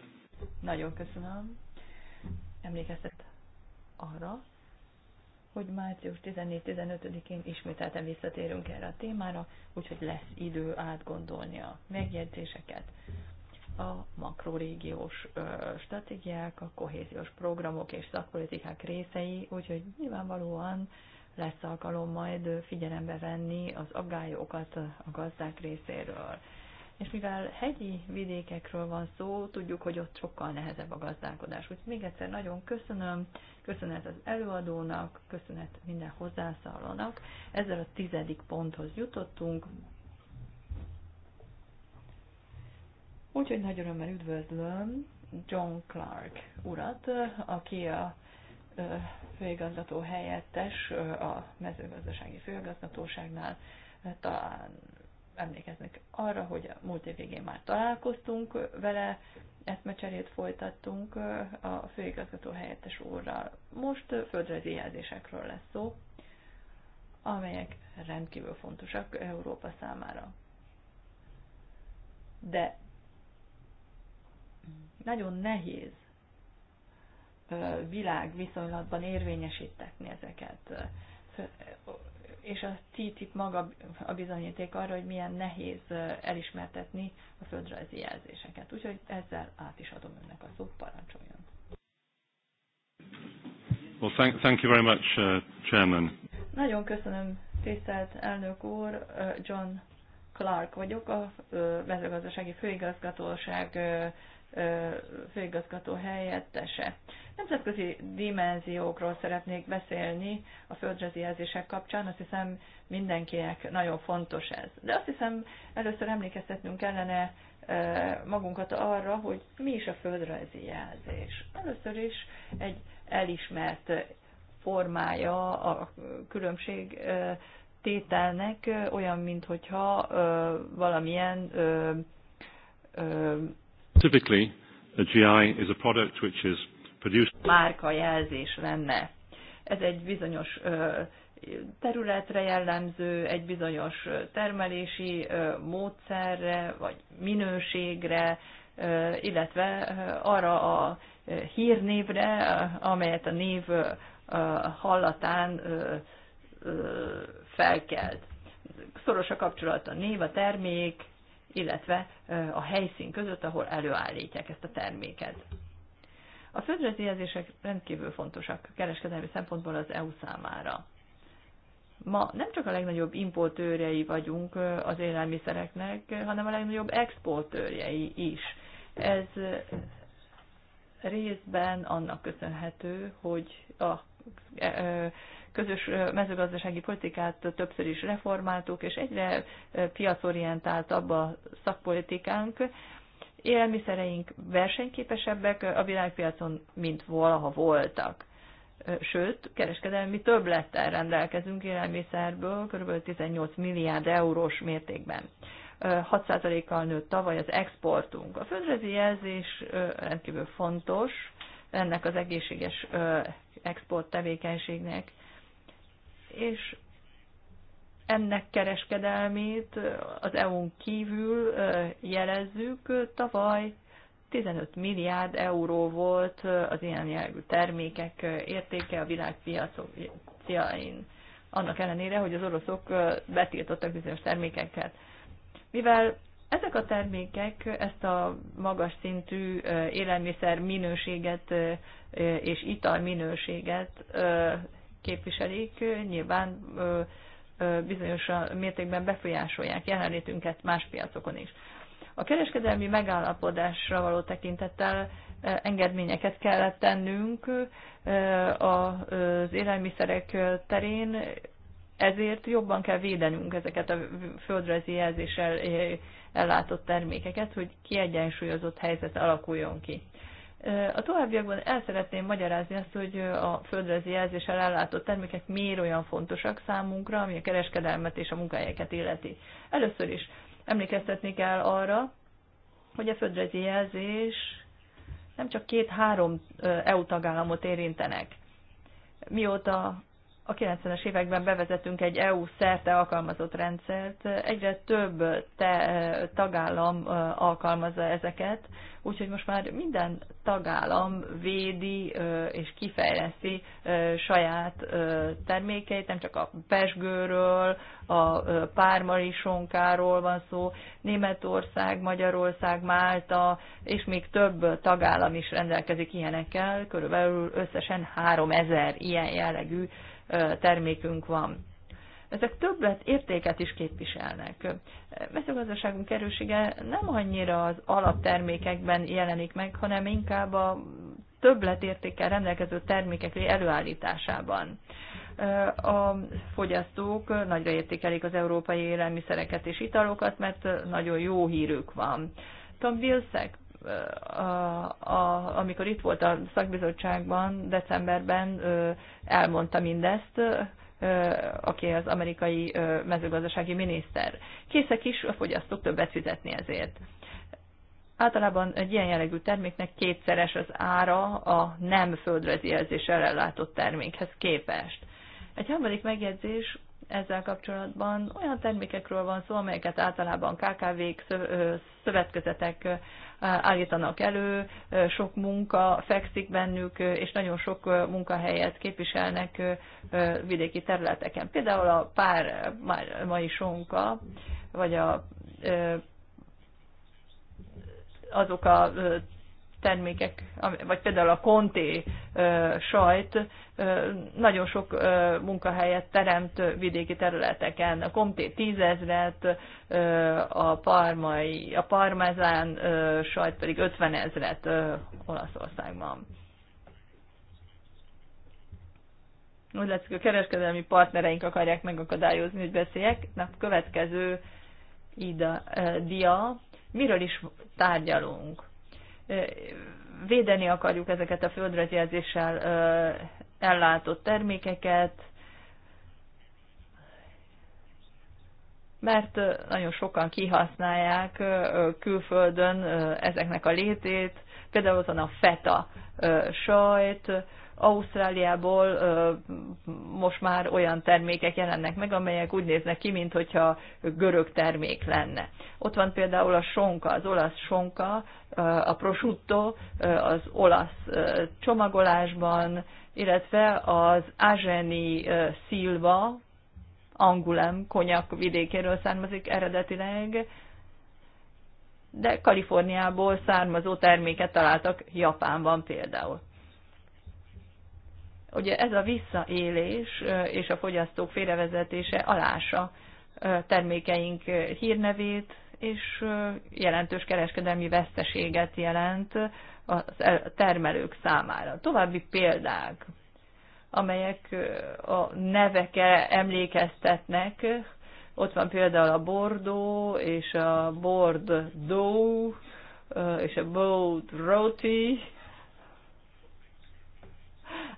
Nagyon köszönöm. Emlékeztet arra, hogy március 14-15-én ismételten visszatérünk erre a témára, úgyhogy lesz idő átgondolni a megjegyzéseket, a makrorégiós ö, stratégiák, a kohéziós programok és szakpolitikák részei, úgyhogy nyilvánvalóan lesz alkalom majd figyelembe venni az aggályokat a gazdák részéről és mivel hegyi vidékekről van szó, tudjuk, hogy ott sokkal nehezebb a gazdálkodás. Úgyhogy még egyszer nagyon köszönöm, köszönet az előadónak, köszönet minden hozzászállónak. Ezzel a tizedik ponthoz jutottunk. Úgyhogy nagy örömmel üdvözlöm John Clark urat, aki a főigazgató helyettes a mezőgazdasági főigazgatóságnál talán emlékeznek arra, hogy a múlt év végén már találkoztunk vele, eszmecserét folytattunk a főigazgató helyettes úrral. Most földrajzi jelzésekről lesz szó, amelyek rendkívül fontosak Európa számára. De nagyon nehéz világviszonylatban érvényesítetni ezeket és a TTIP maga a bizonyíték arra, hogy milyen nehéz elismertetni a földrajzi jelzéseket. Úgyhogy ezzel át is adom önnek a szót, parancsoljon. Well, thank, thank you very much, uh, Chairman. Nagyon köszönöm, tisztelt elnök úr, John Clark vagyok, a mezőgazdasági főigazgatóság főigazgató helyettese. Nemzetközi dimenziókról szeretnék beszélni a földrajzi jelzések kapcsán, azt hiszem mindenkinek nagyon fontos ez. De azt hiszem először emlékeztetnünk kellene magunkat arra, hogy mi is a földrajzi jelzés. Először is egy elismert formája a különbség tételnek olyan, mint hogyha valamilyen Specifically, a GI is a product which is produced... Márka jelzés lenne. Ez egy bizonyos területre jellemző, egy bizonyos termelési módszerre, vagy minőségre, illetve arra a hírnévre, amelyet a név hallatán felkelt. Szoros a kapcsolat a név, a termék illetve a helyszín között, ahol előállítják ezt a terméket. A földrajzi jelzések rendkívül fontosak kereskedelmi szempontból az EU számára. Ma nem csak a legnagyobb importőrei vagyunk az élelmiszereknek, hanem a legnagyobb exportőrjei is. Ez részben annak köszönhető, hogy a közös mezőgazdasági politikát többször is reformáltuk, és egyre piacorientáltabb a szakpolitikánk. Élelmiszereink versenyképesebbek a világpiacon, mint valaha voltak. Sőt, kereskedelmi többlettel rendelkezünk élelmiszerből, kb. 18 milliárd eurós mértékben. 6%-kal nőtt tavaly az exportunk. A földrajzi jelzés rendkívül fontos ennek az egészséges export tevékenységnek, és ennek kereskedelmét az EU-n kívül jelezzük. Tavaly 15 milliárd euró volt az ilyen jellegű termékek értéke a világpiacain, annak ellenére, hogy az oroszok betiltottak bizonyos termékeket. Mivel ezek a termékek ezt a magas szintű élelmiszer minőséget és ital minőséget képviselik, nyilván bizonyos mértékben befolyásolják jelenlétünket más piacokon is. A kereskedelmi megállapodásra való tekintettel engedményeket kellett tennünk az élelmiszerek terén, ezért jobban kell védenünk ezeket a földrajzi jelzéssel ellátott termékeket, hogy kiegyensúlyozott helyzet alakuljon ki. A továbbiakban el szeretném magyarázni azt, hogy a földrajzi jelzéssel ellátott termékek miért olyan fontosak számunkra, ami a kereskedelmet és a munkahelyeket illeti. Először is emlékeztetni kell arra, hogy a földrajzi jelzés nem csak két-három EU tagállamot érintenek. Mióta a 90-es években bevezetünk egy EU szerte alkalmazott rendszert, egyre több te, tagállam alkalmazza ezeket, úgyhogy most már minden tagállam védi és kifejleszi saját termékeit, nem csak a pesgőről, a pármari sonkáról van szó, Németország, Magyarország, Málta, és még több tagállam is rendelkezik ilyenekkel, körülbelül összesen 3000 ilyen jellegű termékünk van. Ezek többet értéket is képviselnek. Mezőgazdaságunk erősége nem annyira az alaptermékekben jelenik meg, hanem inkább a többlet értékkel rendelkező termékek előállításában. A fogyasztók nagyra értékelik az európai élelmiszereket és italokat, mert nagyon jó hírük van. Tom Vilszek a, a, amikor itt volt a szakbizottságban decemberben, elmondta mindezt, aki az amerikai mezőgazdasági miniszter. Készek is a fogyasztók többet fizetni ezért. Általában egy ilyen jellegű terméknek kétszeres az ára a nem földrajzi jelzéssel ellátott termékhez képest. Egy harmadik megjegyzés ezzel kapcsolatban olyan termékekről van szó, amelyeket általában KKV-k, szövetkezetek állítanak elő, sok munka fekszik bennük, és nagyon sok munkahelyet képviselnek vidéki területeken. Például a pár mai sonka, vagy a azok a termékek, vagy például a konté sajt nagyon sok munkahelyet teremt vidéki területeken. A konté tízezret, a, parmai, a parmezán sajt pedig ötvenezret Olaszországban. Úgy látszik, a kereskedelmi partnereink akarják megakadályozni, hogy beszéljek. Na, következő ida, dia. Miről is tárgyalunk? védeni akarjuk ezeket a földrajzjelzéssel ellátott termékeket, mert nagyon sokan kihasználják külföldön ezeknek a létét, például ott van a feta sajt, Ausztráliából most már olyan termékek jelennek meg, amelyek úgy néznek ki, mintha görög termék lenne. Ott van például a sonka, az olasz sonka, a prosciutto az olasz csomagolásban, illetve az Azeni szilva, Angulem konyak vidékéről származik eredetileg, de Kaliforniából származó terméket találtak Japánban például. Ugye ez a visszaélés és a fogyasztók félrevezetése alása termékeink hírnevét, és jelentős kereskedelmi veszteséget jelent a termelők számára. További példák, amelyek a nevekre emlékeztetnek, ott van például a Bordó és a Bordó és a Bold Roti,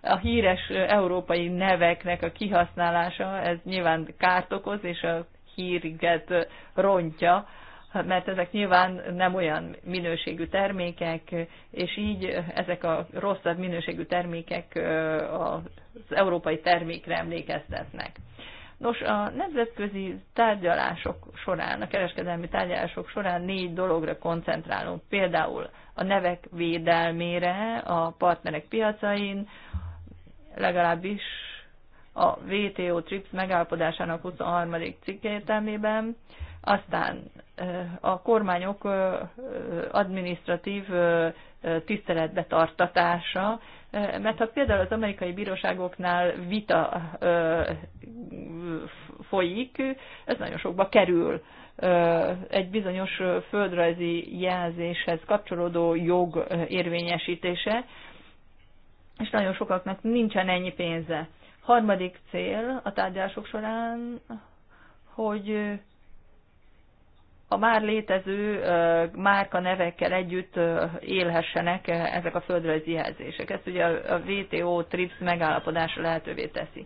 a híres európai neveknek a kihasználása, ez nyilván kárt okoz, és a híriget rontja, mert ezek nyilván nem olyan minőségű termékek, és így ezek a rosszabb minőségű termékek az európai termékre emlékeztetnek. Nos, a nemzetközi tárgyalások során, a kereskedelmi tárgyalások során négy dologra koncentrálunk. Például a nevek védelmére a partnerek piacain, legalábbis a WTO TRIPS megállapodásának 23. cikke értelmében, aztán a kormányok administratív tiszteletbe tartatása, mert ha például az amerikai bíróságoknál vita folyik, ez nagyon sokba kerül egy bizonyos földrajzi jelzéshez kapcsolódó jog érvényesítése, és nagyon sokaknak nincsen ennyi pénze. Harmadik cél a tárgyalások során, hogy a már létező márka nevekkel együtt élhessenek ezek a földrajzi jelzések. Ezt ugye a WTO TRIPS megállapodása lehetővé teszi.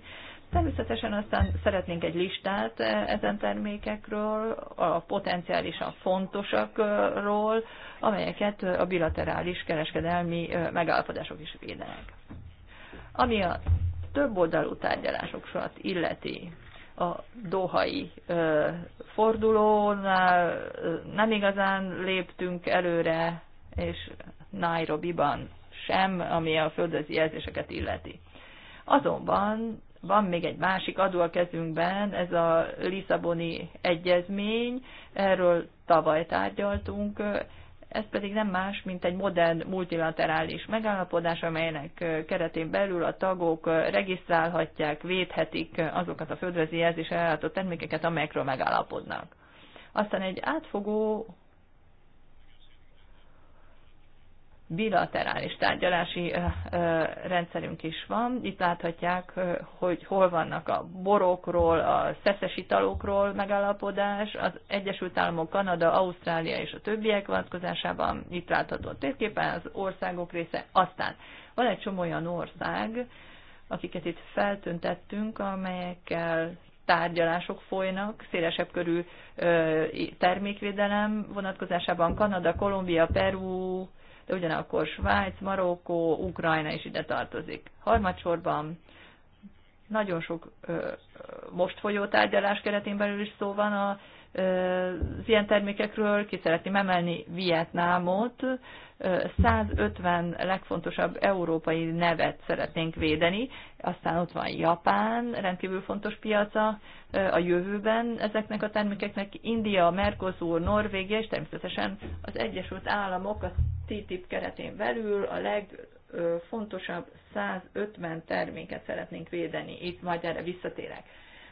Természetesen aztán szeretnénk egy listát ezen termékekről, a potenciálisan fontosakról, amelyeket a bilaterális kereskedelmi megállapodások is védenek. Ami a több oldalú tárgyalásokat illeti, a dohai ö, fordulónál nem igazán léptünk előre, és Nairobi-ban sem, ami a földrajzi jelzéseket illeti. Azonban van még egy másik adó a kezünkben, ez a Lisszaboni egyezmény, erről tavaly tárgyaltunk, ez pedig nem más, mint egy modern multilaterális megállapodás, amelynek keretén belül a tagok regisztrálhatják, védhetik azokat a földrezi jelzésre termékeket, amelyekről megállapodnak. Aztán egy átfogó bilaterális tárgyalási rendszerünk is van. Itt láthatják, hogy hol vannak a borokról, a szeszes italokról megállapodás, az Egyesült Államok, Kanada, Ausztrália és a többiek vonatkozásában itt látható térképen az országok része. Aztán van egy csomó olyan ország, akiket itt feltüntettünk, amelyekkel tárgyalások folynak, szélesebb körű termékvédelem vonatkozásában Kanada, Kolumbia, Peru, de ugyanakkor Svájc, Marokkó, Ukrajna is ide tartozik. Harmadsorban nagyon sok ö, most folyó tárgyalás keretén belül is szó van a, ö, az ilyen termékekről. Ki szeretném emelni Vietnámot. 150 legfontosabb európai nevet szeretnénk védeni. Aztán ott van Japán, rendkívül fontos piaca a jövőben ezeknek a termékeknek. India, Mercosur, Norvégia és természetesen az Egyesült Államok, a TTIP keretén belül a legfontosabb 150 terméket szeretnénk védeni. Itt majd erre visszatérek.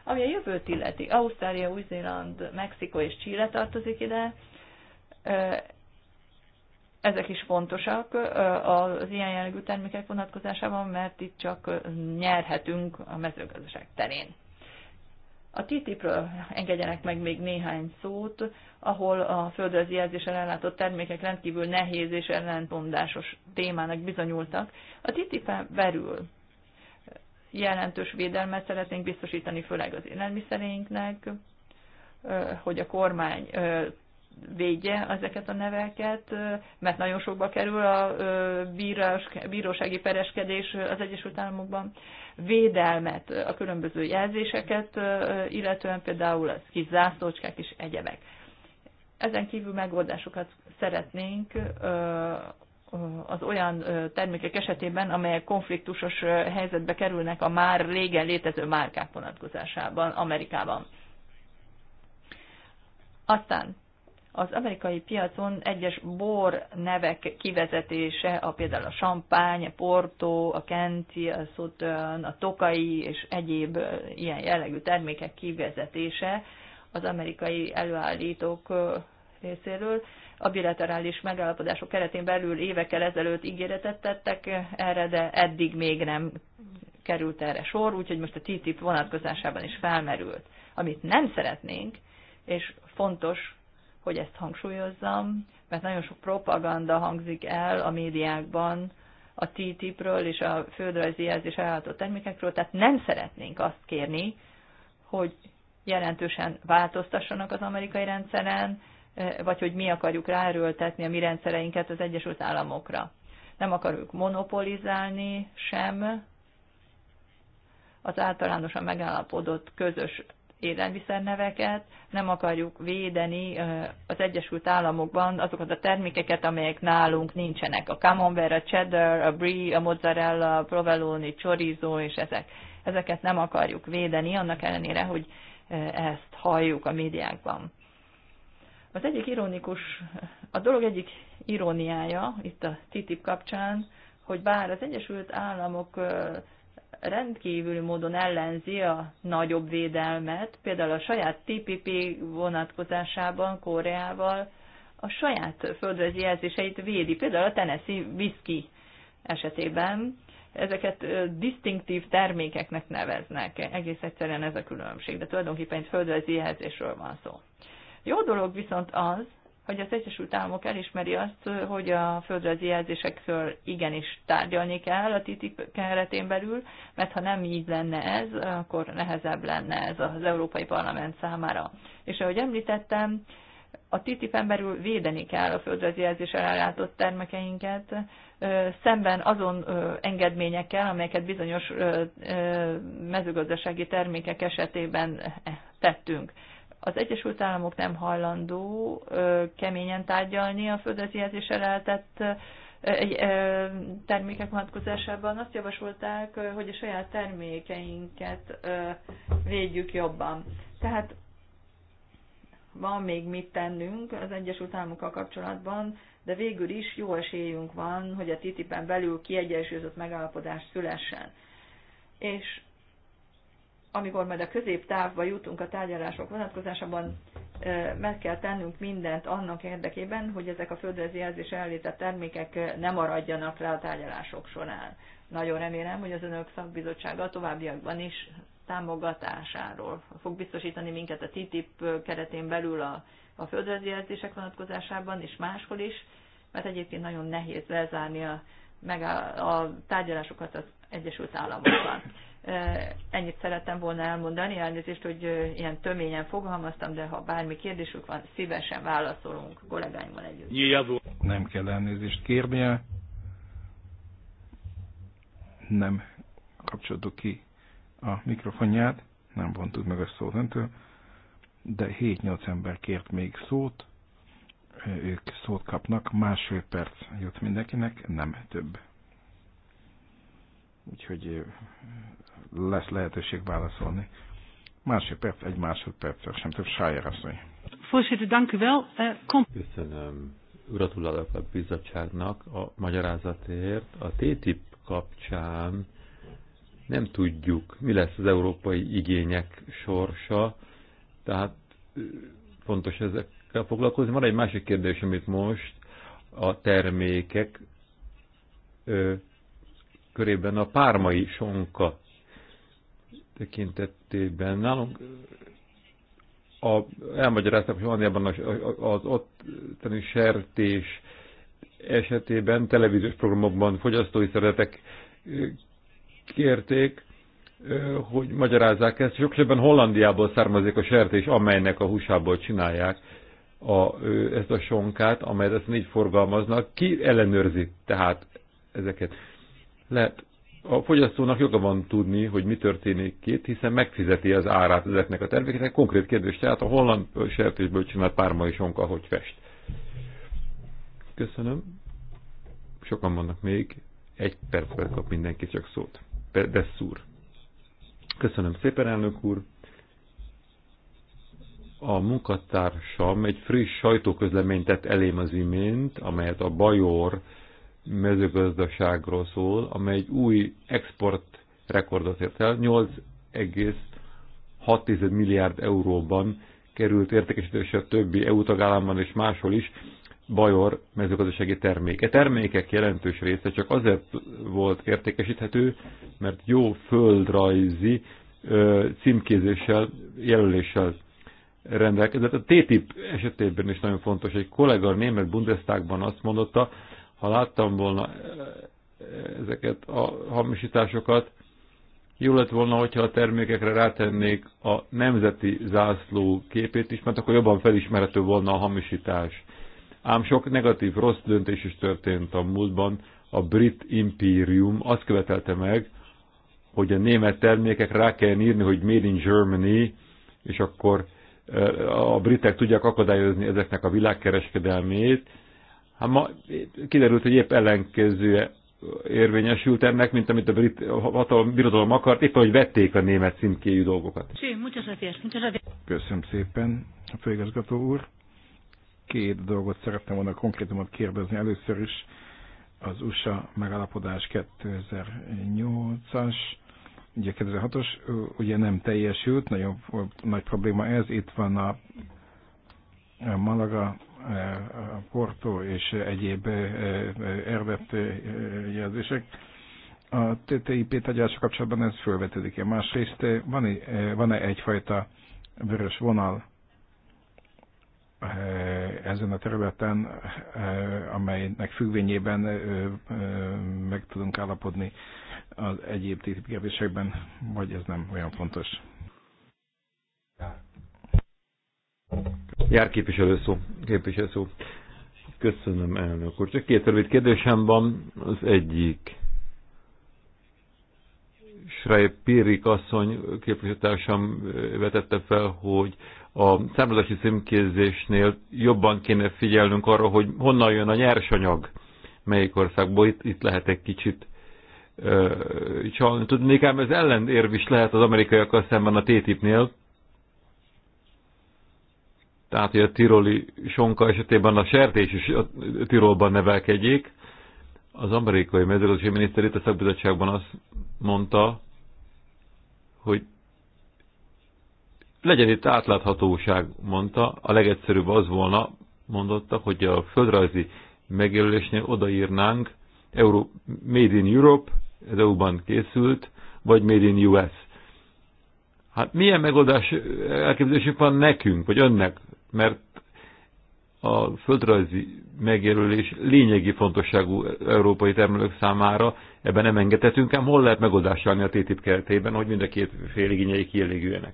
Ami a jövőt illeti, Ausztrália, Új-Zéland, Mexiko és Chile tartozik ide. Ezek is fontosak az ilyen jellegű termékek vonatkozásában, mert itt csak nyerhetünk a mezőgazdaság terén. A TTIP-ről engedjenek meg még néhány szót, ahol a földrajzi jelzéssel ellátott termékek rendkívül nehéz és ellentmondásos témának bizonyultak. A ttip e belül jelentős védelmet szeretnénk biztosítani, főleg az élelmiszereinknek, hogy a kormány védje ezeket a neveket, mert nagyon sokba kerül a bírás, bírósági pereskedés az Egyesült Államokban, védelmet, a különböző jelzéseket, illetően például a kizászlócskák és egyebek. Ezen kívül megoldásokat szeretnénk az olyan termékek esetében, amelyek konfliktusos helyzetbe kerülnek a már régen létező márkák vonatkozásában Amerikában. Aztán az amerikai piacon egyes bor nevek kivezetése, a például a champagne, a porto, a kenti, a southern, a tokai és egyéb ilyen jellegű termékek kivezetése az amerikai előállítók részéről. A bilaterális megállapodások keretén belül évekkel ezelőtt ígéretet tettek erre, de eddig még nem került erre sor, úgyhogy most a TTIP vonatkozásában is felmerült. Amit nem szeretnénk, és fontos hogy ezt hangsúlyozzam, mert nagyon sok propaganda hangzik el a médiákban a TTIP-ről és a földrajzi jelzés ajánlható termékekről, tehát nem szeretnénk azt kérni, hogy jelentősen változtassanak az amerikai rendszeren, e, vagy hogy mi akarjuk ráerőltetni a mi rendszereinket az Egyesült Államokra. Nem akarjuk monopolizálni sem az általánosan megállapodott közös élelmiszerneveket, nem akarjuk védeni az Egyesült Államokban azokat a termékeket, amelyek nálunk nincsenek. A camembert, a cheddar, a brie, a mozzarella, a provolone, chorizo és ezek. Ezeket nem akarjuk védeni, annak ellenére, hogy ezt halljuk a médiákban. Az egyik ironikus, a dolog egyik iróniája itt a TTIP kapcsán, hogy bár az Egyesült Államok rendkívüli módon ellenzi a nagyobb védelmet, például a saját TPP vonatkozásában Koreával a saját földrajzi jelzéseit védi, például a Tennessee whisky esetében, ezeket distinktív termékeknek neveznek. Egész egyszerűen ez a különbség, de tulajdonképpen itt földrajzi jelzésről van szó. Jó dolog viszont az, hogy az Egyesült Államok elismeri azt, hogy a földrajzi jelzésekről igenis tárgyalni kell a TTIP keretén belül, mert ha nem így lenne ez, akkor nehezebb lenne ez az Európai Parlament számára. És ahogy említettem, a TTIP-en belül védeni kell a földrajzi jelzéssel ellátott termékeinket, szemben azon engedményekkel, amelyeket bizonyos mezőgazdasági termékek esetében tettünk az Egyesült Államok nem hajlandó keményen tárgyalni a földrezihezésre lehetett termékek vonatkozásában. Azt javasolták, hogy a saját termékeinket védjük jobban. Tehát van még mit tennünk az Egyesült Államokkal kapcsolatban, de végül is jó esélyünk van, hogy a TTIP-en belül kiegyensúlyozott megállapodás szülessen. És amikor majd a középtávba jutunk a tárgyalások vonatkozásában, meg kell tennünk mindent annak érdekében, hogy ezek a földrajzi jelzés állított termékek ne maradjanak le a tárgyalások során. Nagyon remélem, hogy az Önök szakbizottsága a továbbiakban is támogatásáról fog biztosítani minket a TTIP keretén belül a, a földrajzi jelzések vonatkozásában, és máshol is, mert egyébként nagyon nehéz lezárni a, meg a, a tárgyalásokat az Egyesült államokban. Ennyit szerettem volna elmondani, elnézést, hogy ilyen töményen fogalmaztam, de ha bármi kérdésük van, szívesen válaszolunk kollégáimmal együtt. Nyilván. Nem kell elnézést kérnie. Nem kapcsoltuk ki a mikrofonját, nem vontuk meg a szót öntől, de 7-8 ember kért még szót, ők szót kapnak, másfél perc jut mindenkinek, nem több. Úgyhogy lesz lehetőség válaszolni. Másodperc, egy másodpercre, sem több Sájer asszony. Voorzitter, dank u wel. Eh, Köszönöm. Gratulálok a bizottságnak a magyarázatért. A TTIP kapcsán nem tudjuk, mi lesz az európai igények sorsa, tehát fontos ezekkel foglalkozni. Van egy másik kérdés, amit most a termékek ö, körében a pármai sonka tekintetében nálunk a, elmagyaráztam, hogy Hollandiában az ottani sertés esetében televíziós programokban fogyasztói szeretek kérték, hogy magyarázzák ezt. Sok esetben Hollandiából származik a sertés, amelynek a húsából csinálják a, ezt a sonkát, amelyet ezt így forgalmaznak. Ki ellenőrzi tehát ezeket? Lehet a fogyasztónak joga van tudni, hogy mi történik itt, hiszen megfizeti az árát ezeknek a termékeknek. Konkrét kérdés, tehát a holland sertésből csinált párma is onka, hogy fest. Köszönöm. Sokan vannak még. Egy percben kap mindenki csak szót. szúr. Köszönöm szépen, elnök úr. A munkatársam egy friss sajtóközleményt tett elém az imént, amelyet a Bajor mezőgazdaságról szól, amely egy új export rekordot ért el. 8,6 milliárd euróban került értékesítésre a többi EU tagállamban és máshol is bajor mezőgazdasági terméke. E termékek jelentős része csak azért volt értékesíthető, mert jó földrajzi címkézéssel, jelöléssel rendelkezett. A TTIP esetében is nagyon fontos, egy kollega a német Bundestagban azt mondotta, ha láttam volna eh, eh, ezeket a hamisításokat, jó lett volna, hogyha a termékekre rátennék a nemzeti zászló képét is, mert akkor jobban felismerhető volna a hamisítás. Ám sok negatív, rossz döntés is történt a múltban. A brit impérium azt követelte meg, hogy a német termékek rá kell írni, hogy Made in Germany, és akkor eh, a britek tudják akadályozni ezeknek a világkereskedelmét, Hát ma kiderült, hogy épp ellenkező érvényesült ennek, mint amit a brit hatalom, birodalom akart, éppen hogy vették a német címkéjű dolgokat. Köszönöm szépen, a főigazgató úr. Két dolgot szerettem volna konkrétumot kérdezni. Először is az USA megállapodás 2008-as, ugye 2006-os, ugye nem teljesült, nagyon nagy probléma ez, itt van a Malaga Porto és egyéb erdett jelzések. A TTIP tagyása kapcsolatban ez fölvetődik. -e? Másrészt van-e van -e egyfajta vörös vonal ezen a területen, amelynek függvényében meg tudunk állapodni az egyéb TTIP kérdésekben, vagy ez nem olyan fontos? Jár képviselő szó. Képviselő szó. Köszönöm, elnök úr. Csak két rövid kérdésem van. Az egyik. Srej Pirik asszony képviselőtársam vetette fel, hogy a származási címkézésnél jobban kéne figyelnünk arra, hogy honnan jön a nyersanyag, melyik országból. Itt, itt lehet egy kicsit csalni. Tudnék ám ez ellenérv is lehet az amerikaiakkal szemben a TTIP-nél, tehát hogy a tiroli sonka esetében a sertés is a Tirolban nevelkedjék. Az amerikai mezőgazdasági miniszter itt a szakbizottságban azt mondta, hogy legyen itt átláthatóság, mondta, a legegyszerűbb az volna, mondotta, hogy a földrajzi megjelölésnél odaírnánk Euro, Made in Europe, ez EU-ban készült, vagy Made in US. Hát milyen megoldás elképzelésünk van nekünk, vagy önnek, mert a földrajzi megjelölés lényegi fontosságú európai termelők számára, ebben nem engedhetünk, ám hol lehet megoldásálni a TTIP keretében, hogy mind a két fél igényei kielégüljenek.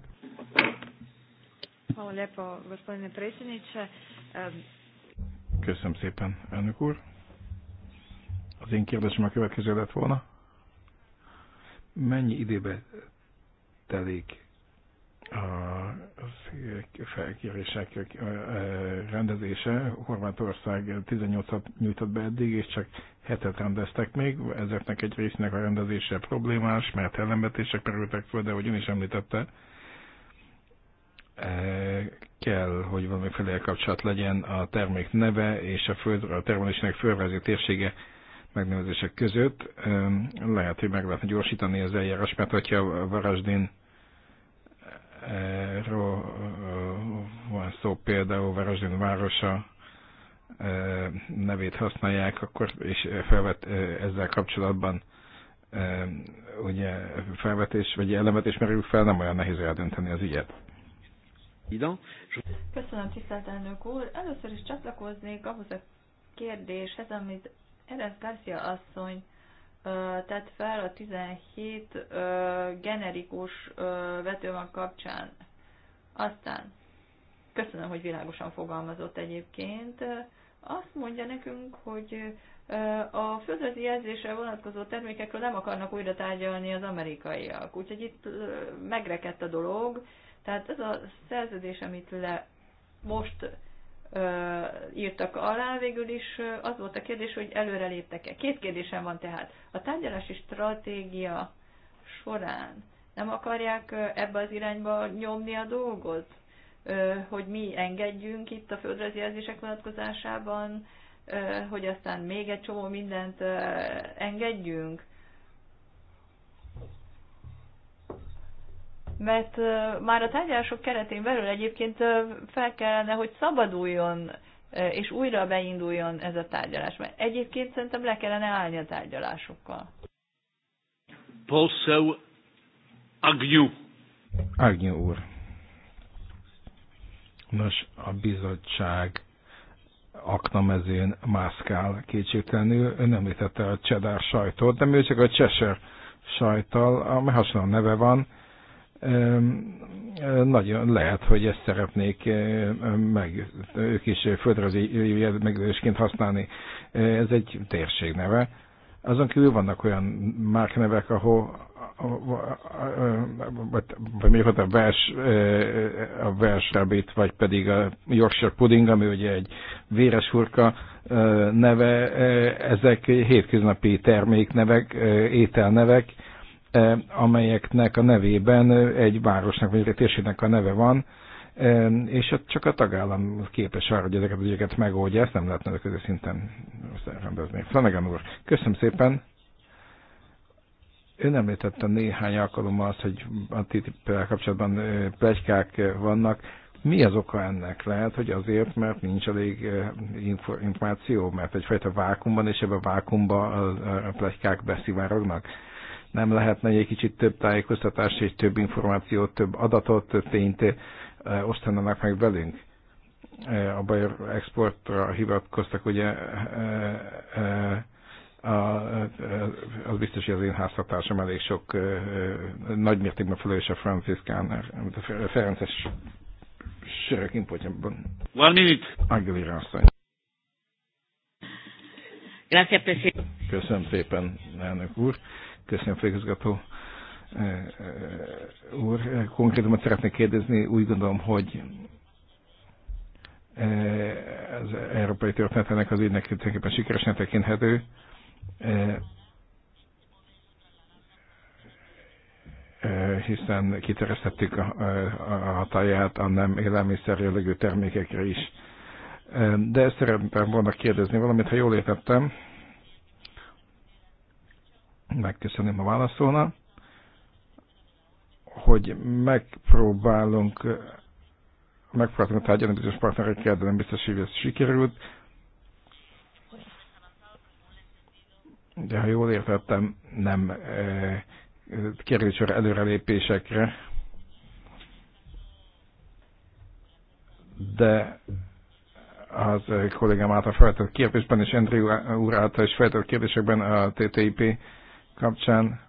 Köszönöm szépen, elnök úr. Az én kérdésem a következő lett volna. Mennyi időbe telik a felkérések rendezése. Horvátország 18-at nyújtott be eddig, és csak hetet rendeztek még. Ezeknek egy résznek a rendezése problémás, mert ellenvetések kerültek föl, de ahogy ön is említette, e, kell, hogy valami felé kapcsolat legyen a termék neve és a, föld, a termelésnek földrajzi térsége megnevezések között. Lehet, hogy meg lehetne gyorsítani az eljárás, mert hogyha Varasdén ról van szó például Verozsin városa nevét használják, akkor és felvet ezzel kapcsolatban ugye felvetés vagy is merül fel, nem olyan nehéz eldönteni az ügyet. Köszönöm, tisztelt elnök úr. Először is csatlakoznék ahhoz a kérdéshez, amit Erez Garcia asszony tett fel a 17 generikus vetőmag kapcsán. Aztán, köszönöm, hogy világosan fogalmazott egyébként, azt mondja nekünk, hogy a földrajzi jelzésre vonatkozó termékekről nem akarnak újra tárgyalni az amerikaiak. Úgyhogy itt megrekedt a dolog. Tehát ez a szerződés, amit le most írtak alá, végül is az volt a kérdés, hogy előre léptek-e. Két kérdésem van tehát. A tárgyalási stratégia során nem akarják ebbe az irányba nyomni a dolgot? Hogy mi engedjünk itt a földrajzi jelzések vonatkozásában, hogy aztán még egy csomó mindent engedjünk? mert már a tárgyalások keretén belül egyébként fel kellene, hogy szabaduljon és újra beinduljon ez a tárgyalás, mert egyébként szerintem le kellene állni a tárgyalásokkal. Poseł Agnyú. Agnyú úr. Nos, a bizottság aknamezén mászkál kétségtelenül. Ön említette a csedár sajtot, de mi csak a cseser sajtal, a hasonló neve van nagyon lehet, hogy ezt szeretnék meg, ők is földrajzi megvédésként használni. Ez egy térségneve. Azon kívül vannak olyan márknevek, ahol vagy ott a vers, a vers rabbit, vagy pedig a Yorkshire pudding, ami ugye egy véres hurka neve, ezek hétköznapi terméknevek, ételnevek, E, amelyeknek a nevében egy városnak vagy egy térségnek a neve van, e, és csak a tagállam képes arra, hogy ezeket az ügyeket megoldja, ezt nem lehetne a közös szinten rendezni. Flanagan úr, köszönöm szépen! Ön említette néhány alkalommal azt, hogy a ttip kapcsolatban e, plegykák vannak. Mi az oka ennek? Lehet, hogy azért, mert nincs elég információ, mert egyfajta vákumban, és ebben a vákumba a plegykák beszivárognak? nem lehetne egy kicsit több tájékoztatást és több információt, több adatot, több tényt eh, osztanának meg velünk? Eh, a bajor exportra hivatkoztak, ugye eh, a, az biztos, hogy az én háztartásom elég sok nagy mértékben felelős a franciszkán, a ferences sörök impotjában. One minute. Angelira asszony. Köszönöm szépen, elnök úr. Köszönöm, főigazgató eh, eh, úr. Konkrétumot szeretnék kérdezni. Úgy gondolom, hogy eh, az európai történetenek az ügynek tulajdonképpen sikeresen tekinthető. hiszen kiteresztettük a, hatáját a nem élelmiszer jellegű termékekre is. De szeretném volna kérdezni valamit, ha jól értettem, Megköszönöm, a válaszolna, hogy megpróbálunk megpróbáltunk tárgyalni bizonyos partnerekkel, de nem biztos, hogy ez sikerült. De ha jól értettem, nem e, került sor előrelépésekre, de az eh, kollégám által feltett kérdésben, és Andrew úr által is feltett kérdésekben a TTIP kapcsán.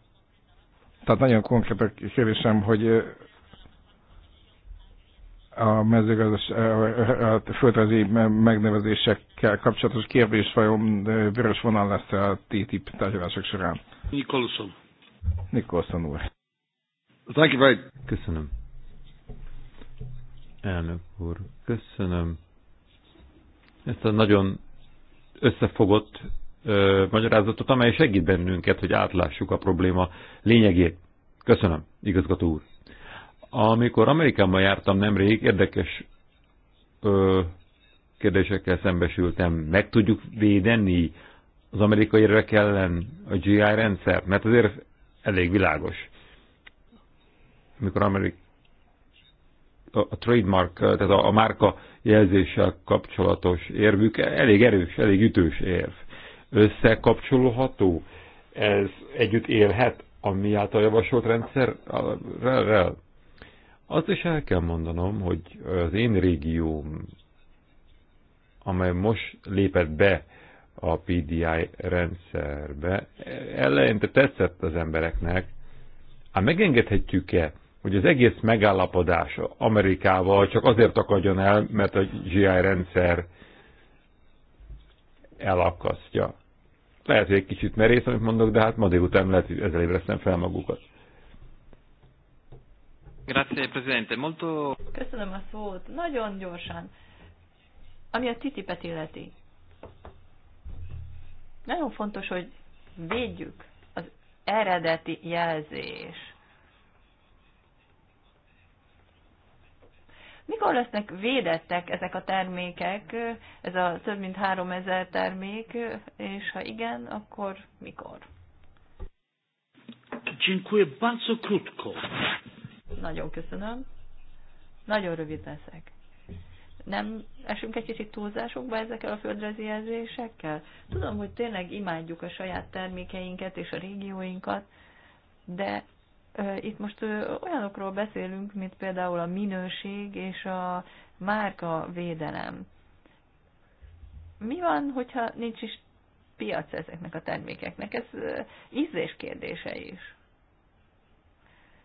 Tehát nagyon konkrét a kérdésem, hogy a mezőgazdaság, a földrajzi megnevezésekkel kapcsolatos kérdés vajon vörös vonal lesz a TTIP tárgyalások során? Nikolson. Nikolson úr. Thank you very... Köszönöm. Elnök úr, köszönöm. Ezt a nagyon összefogott ö, magyarázatot, amely segít bennünket, hogy átlássuk a probléma lényegét. Köszönöm, igazgató úr. Amikor Amerikában jártam nemrég, érdekes ö, kérdésekkel szembesültem. Meg tudjuk védeni az amerikai érvek ellen a GI rendszert? Mert azért elég világos. Amikor Amerik a, a trademark, tehát a, a márka jelzéssel kapcsolatos érvük elég erős, elég ütős érv összekapcsolható? Ez együtt élhet a mi által javasolt rendszerrel? Azt is el kell mondanom, hogy az én régióm, amely most lépett be a PDI rendszerbe, eleinte tetszett az embereknek, Hát megengedhetjük-e, hogy az egész megállapodás Amerikával csak azért akadjon el, mert a GI rendszer elakasztja. Lehet, hogy egy kicsit merész, amit mondok, de hát ma délután lehet, hogy ezzel ébresztem fel magukat. Grazie, Presidente. Molto... Köszönöm a szót. Nagyon gyorsan. Ami a titipet illeti. Nagyon fontos, hogy védjük az eredeti jelzés Mikor lesznek védettek ezek a termékek, ez a több mint 3000 termék, és ha igen, akkor mikor? Dziękuję bardzo krótko. Nagyon köszönöm. Nagyon rövid leszek. Nem esünk egy kicsit túlzásokba ezekkel a földrezi jelzésekkel? Tudom, hogy tényleg imádjuk a saját termékeinket és a régióinkat, de itt most olyanokról beszélünk, mint például a minőség és a márka védelem. Mi van, hogyha nincs is piac ezeknek a termékeknek? Ez ízlés kérdése is.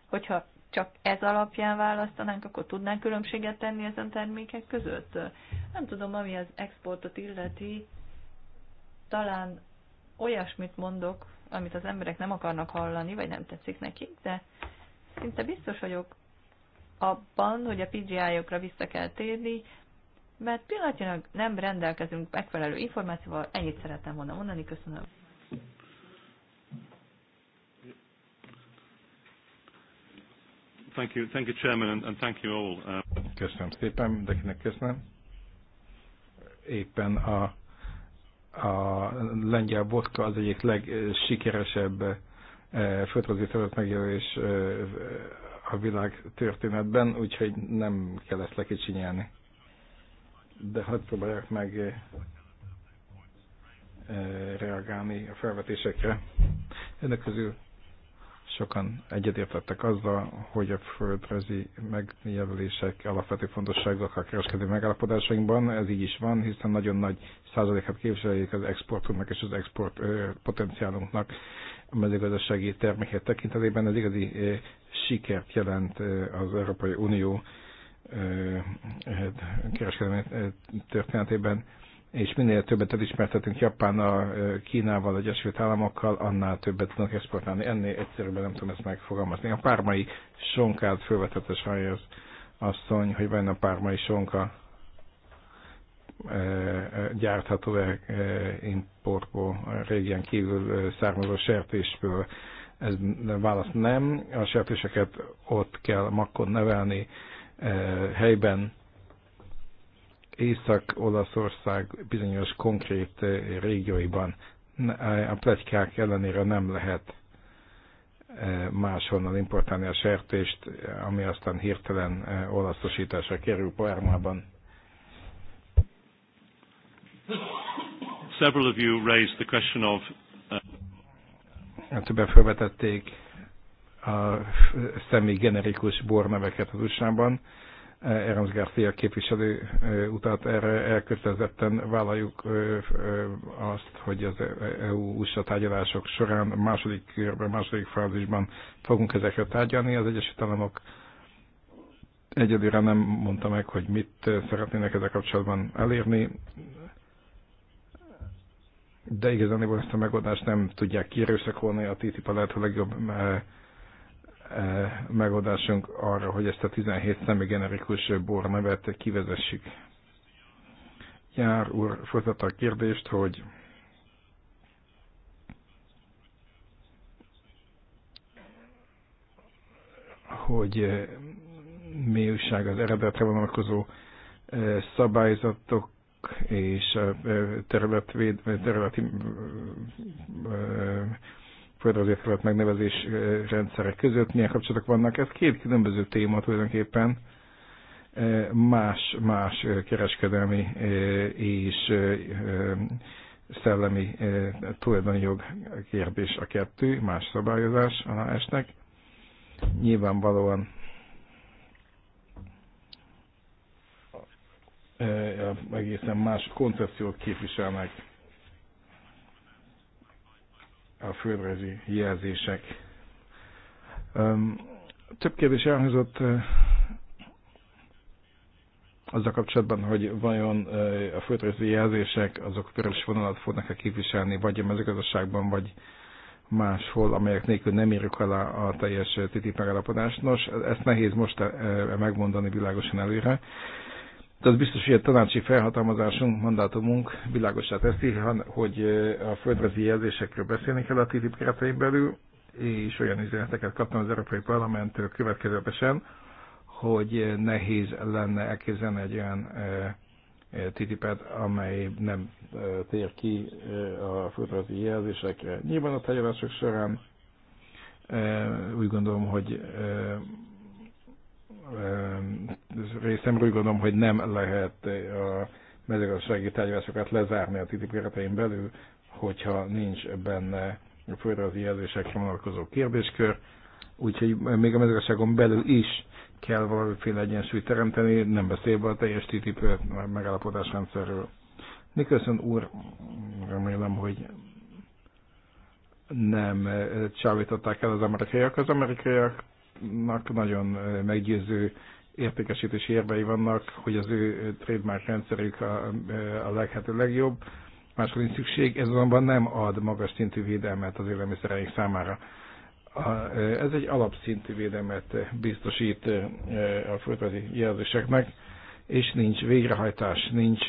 Hogyha csak ez alapján választanánk, akkor tudnánk különbséget tenni ezen termékek között? Nem tudom, ami az exportot illeti, talán olyasmit mondok, amit az emberek nem akarnak hallani, vagy nem tetszik nekik, de szinte biztos vagyok abban, hogy a PGI-okra vissza kell térni, mert pillanatnyilag nem rendelkezünk megfelelő információval, ennyit szeretem volna mondani, köszönöm. Thank you, thank you Chairman, and thank you all. Uh, köszönöm szépen, mindenkinek köszönöm. Éppen a a lengyel vodka az egyik legsikeresebb eh, földrajzi terület megjelölés eh, a világ történetben, úgyhogy nem kell ezt lekicsinyelni. De hadd próbálják meg eh, reagálni a felvetésekre. Ennek közül Sokan egyetértettek azzal, hogy a földrezi megjelölések alapvető fontosságúak a kereskedő megállapodásainkban. Ez így is van, hiszen nagyon nagy százalékát képviseljék az exportunknak és az export potenciálunknak a mezőgazdasági termékek tekintetében. Ez igazi sikert jelent az Európai Unió kereskedelmi történetében és minél többet elismertetünk Japánnal, Kínával, vagy Egyesült Államokkal, annál többet tudnak exportálni. Ennél egyszerűbben nem tudom ezt megfogalmazni. A pármai sonkát felvetette sajnos asszony, hogy vajon a pármai sonka gyártható-e importból, régen kívül származó sertésből. Ez válasz nem. A sertéseket ott kell makkon nevelni helyben, Észak-Olaszország bizonyos konkrét régióiban. A pletykák ellenére nem lehet e, máshonnan importálni a sertést, ami aztán hirtelen e, olaszosításra kerül Parmában. Several of you raised the question of uh, többen felvetették a szemi generikus borneveket az USA-ban. Erens Garcia képviselő utat erre, elkötelezetten vállaljuk azt, hogy az EU-USA tárgyalások során második körben, második fázisban fogunk ezekre tárgyalni. Az Egyesült Államok egyedülre nem mondta meg, hogy mit szeretnének ezzel kapcsolatban elérni, de igazán ezt a megoldást nem tudják kierőszakolni, a TTIP a lehető legjobb Eh, megoldásunk arra, hogy ezt a 17 személy generikus bornevet kivezessük. Jár úr folytatta a kérdést, hogy hogy eh, mi újság az eredetre vonatkozó eh, szabályzatok és területvéd, területi földrajzi terület megnevezés rendszerek között, milyen kapcsolatok vannak. Ez két különböző téma tulajdonképpen, más-más kereskedelmi és szellemi tulajdonjog kérdés a kettő, más szabályozás a esnek. Nyilvánvalóan egészen más koncepciót képviselnek a földrajzi jelzések. Több kérdés elhangzott azzal kapcsolatban, hogy vajon a földrajzi jelzések azok vörös vonalat fognak-e képviselni, vagy a mezőgazdaságban, vagy máshol, amelyek nélkül nem írjuk alá a teljes TTIP megállapodást. Nos, ezt nehéz most megmondani világosan előre. Tehát biztos, hogy a tanácsi felhatalmazásunk, mandátumunk világosá teszi, hogy a földrezi jelzésekről beszélni kell a TTIP keretein belül, és olyan üzeneteket kaptam az Európai Parlamenttől következetesen, hogy nehéz lenne elképzelni egy olyan TTIP-et, amely nem tér ki a földrezi jelzésekre. Nyilván a tárgyalások során úgy gondolom, hogy részemről gondolom, hogy nem lehet a mezőgazdasági tárgyalásokat lezárni a TTIP keretein belül, hogyha nincs benne a földrajzi jelzésekre vonatkozó kérdéskör, úgyhogy még a mezőgazdaságon belül is kell valamiféle egyensúlyt teremteni, nem beszélve a teljes TTIP megállapodás rendszerről. Nicholson úr, remélem, hogy nem csávították el az amerikaiak. Az amerikaiak nagyon meggyőző értékesítési érvei vannak, hogy az ő trademark rendszerük a, a leghető legjobb, máshol nincs szükség, ez azonban nem ad magas szintű védelmet az élelmiszereink számára. A, ez egy alapszintű védelmet biztosít a földrajzi jelzéseknek, és nincs végrehajtás, nincs,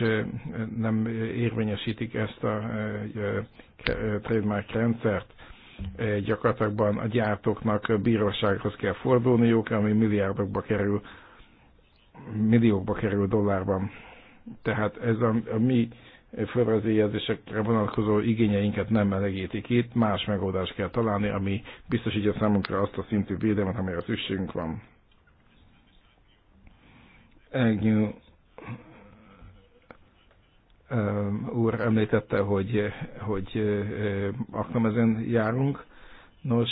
nem érvényesítik ezt a trademark rendszert. Eh, gyakorlatban a gyártóknak bírósághoz kell fordulniuk, ami milliárdokba kerül, milliókba kerül dollárban. Tehát ez a, a mi fölvezélyezésekre vonatkozó igényeinket nem elegítik itt, más megoldást kell találni, ami biztosítja számunkra azt a szintű védelmet, amire szükségünk van. Agnew úr említette, hogy, hogy aknamezen járunk. Nos,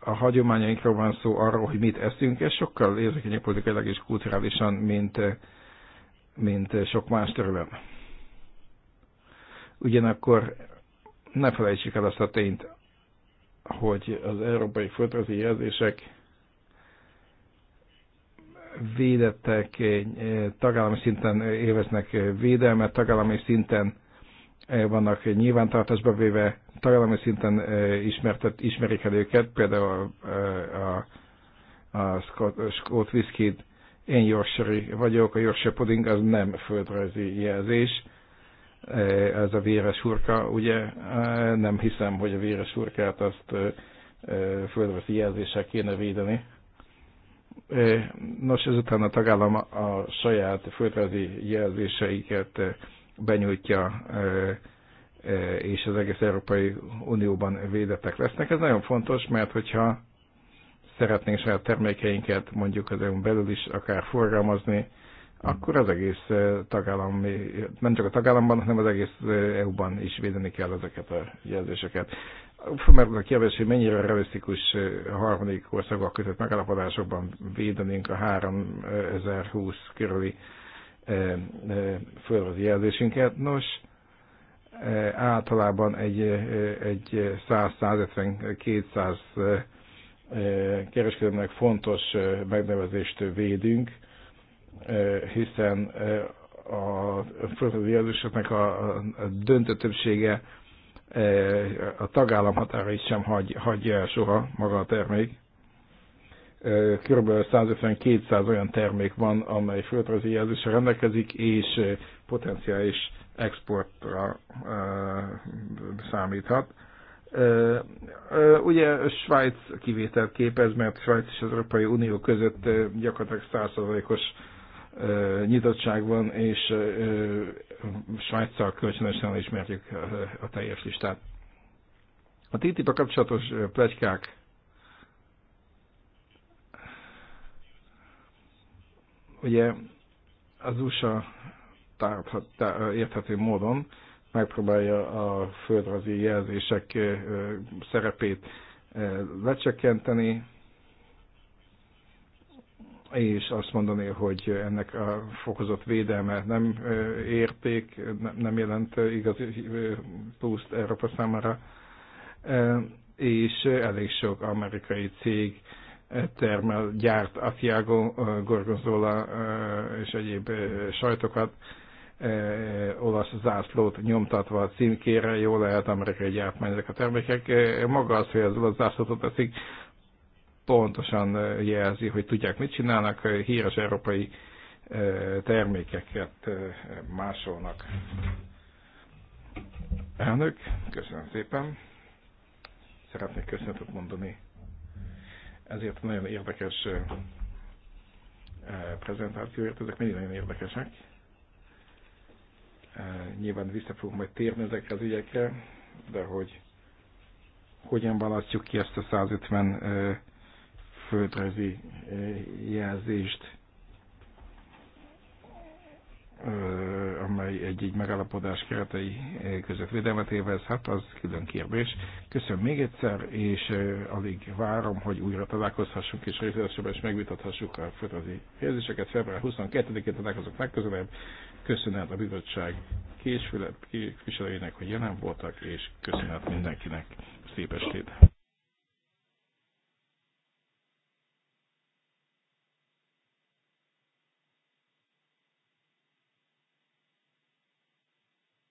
a hagyományainkról van szó arról, hogy mit eszünk, és sokkal érzékenyebb politikailag és kulturálisan, mint, mint sok más terület. Ugyanakkor ne felejtsük el azt a tényt, hogy az európai földrajzi jelzések védettek eh, tagállami szinten élveznek eh, védelmet, tagállami szinten eh, vannak nyilvántartásba véve, tagállami szinten ismertet, ismerik el őket, például a, a, a Scott, Scott Whiskey-t, én Yorkshire vagyok, a Yorkshire pudding az nem földrajzi jelzés, ez a véres hurka, ugye nem hiszem, hogy a véres hurkát azt földrajzi jelzéssel kéne védeni. Nos, ezután a tagállam a saját földrajzi jelzéseiket benyújtja, és az egész Európai Unióban védetek lesznek. Ez nagyon fontos, mert hogyha szeretnénk saját termékeinket mondjuk az EU-n belül is akár forgalmazni, akkor az egész tagállam, nem csak a tagállamban, hanem az egész EU-ban is védeni kell ezeket a jelzéseket felmerül a kérdés, hogy mennyire realisztikus harmadik országok között megállapodásokban védenénk a 3020 körüli földrajzi jelzésünket. Nos, általában egy, egy 100-150-200 kereskedőnek fontos megnevezést védünk, hiszen a földrajzi jelzéseknek a döntő többsége a tagállam határait sem hagy, hagyja el soha maga a termék. Körülbelül 150-200 olyan termék van, amely földrajzi jelzésre rendelkezik, és potenciális exportra számíthat. Ugye Svájc kivételt képez, mert Svájc és az Európai Unió között gyakorlatilag 100%-os nyitottság van, és Svájccal kölcsönösen ismerjük eh, a teljes listát. A TTIP-a kapcsolatos eh, plegykák ugye az USA érthető módon megpróbálja a földrajzi jelzések eh, szerepét lecsökkenteni, és azt mondani, hogy ennek a fokozott védelme nem érték, nem jelent igazi pluszt Európa számára, és elég sok amerikai cég termel, gyárt Asiago, Gorgonzola és egyéb sajtokat, olasz zászlót nyomtatva a címkére, jó lehet amerikai gyártmány ezek a termékek. Maga az, hogy ezzel a zászlót teszik, pontosan jelzi, hogy tudják, mit csinálnak, híres európai termékeket másolnak. Elnök, köszönöm szépen. Szeretnék köszönetet mondani ezért nagyon érdekes prezentációért, ezek mindig nagyon érdekesek. Nyilván vissza fogunk majd térni ezekre az ügyekre, de hogy hogyan választjuk ki ezt a 150 földrajzi eh, jelzést, eh, amely egy-egy megállapodás keretei eh, között védelmet élvez, hát az külön kérdés. Köszönöm még egyszer, és alig várom, hogy újra találkozhassunk, és részletesebben is megvitathassuk a földrajzi jelzéseket. Február 22-én találkozunk legközelebb. Köszönet a bizottság képviselőjének, hogy jelen voltak, és köszönet mindenkinek. Szép estét!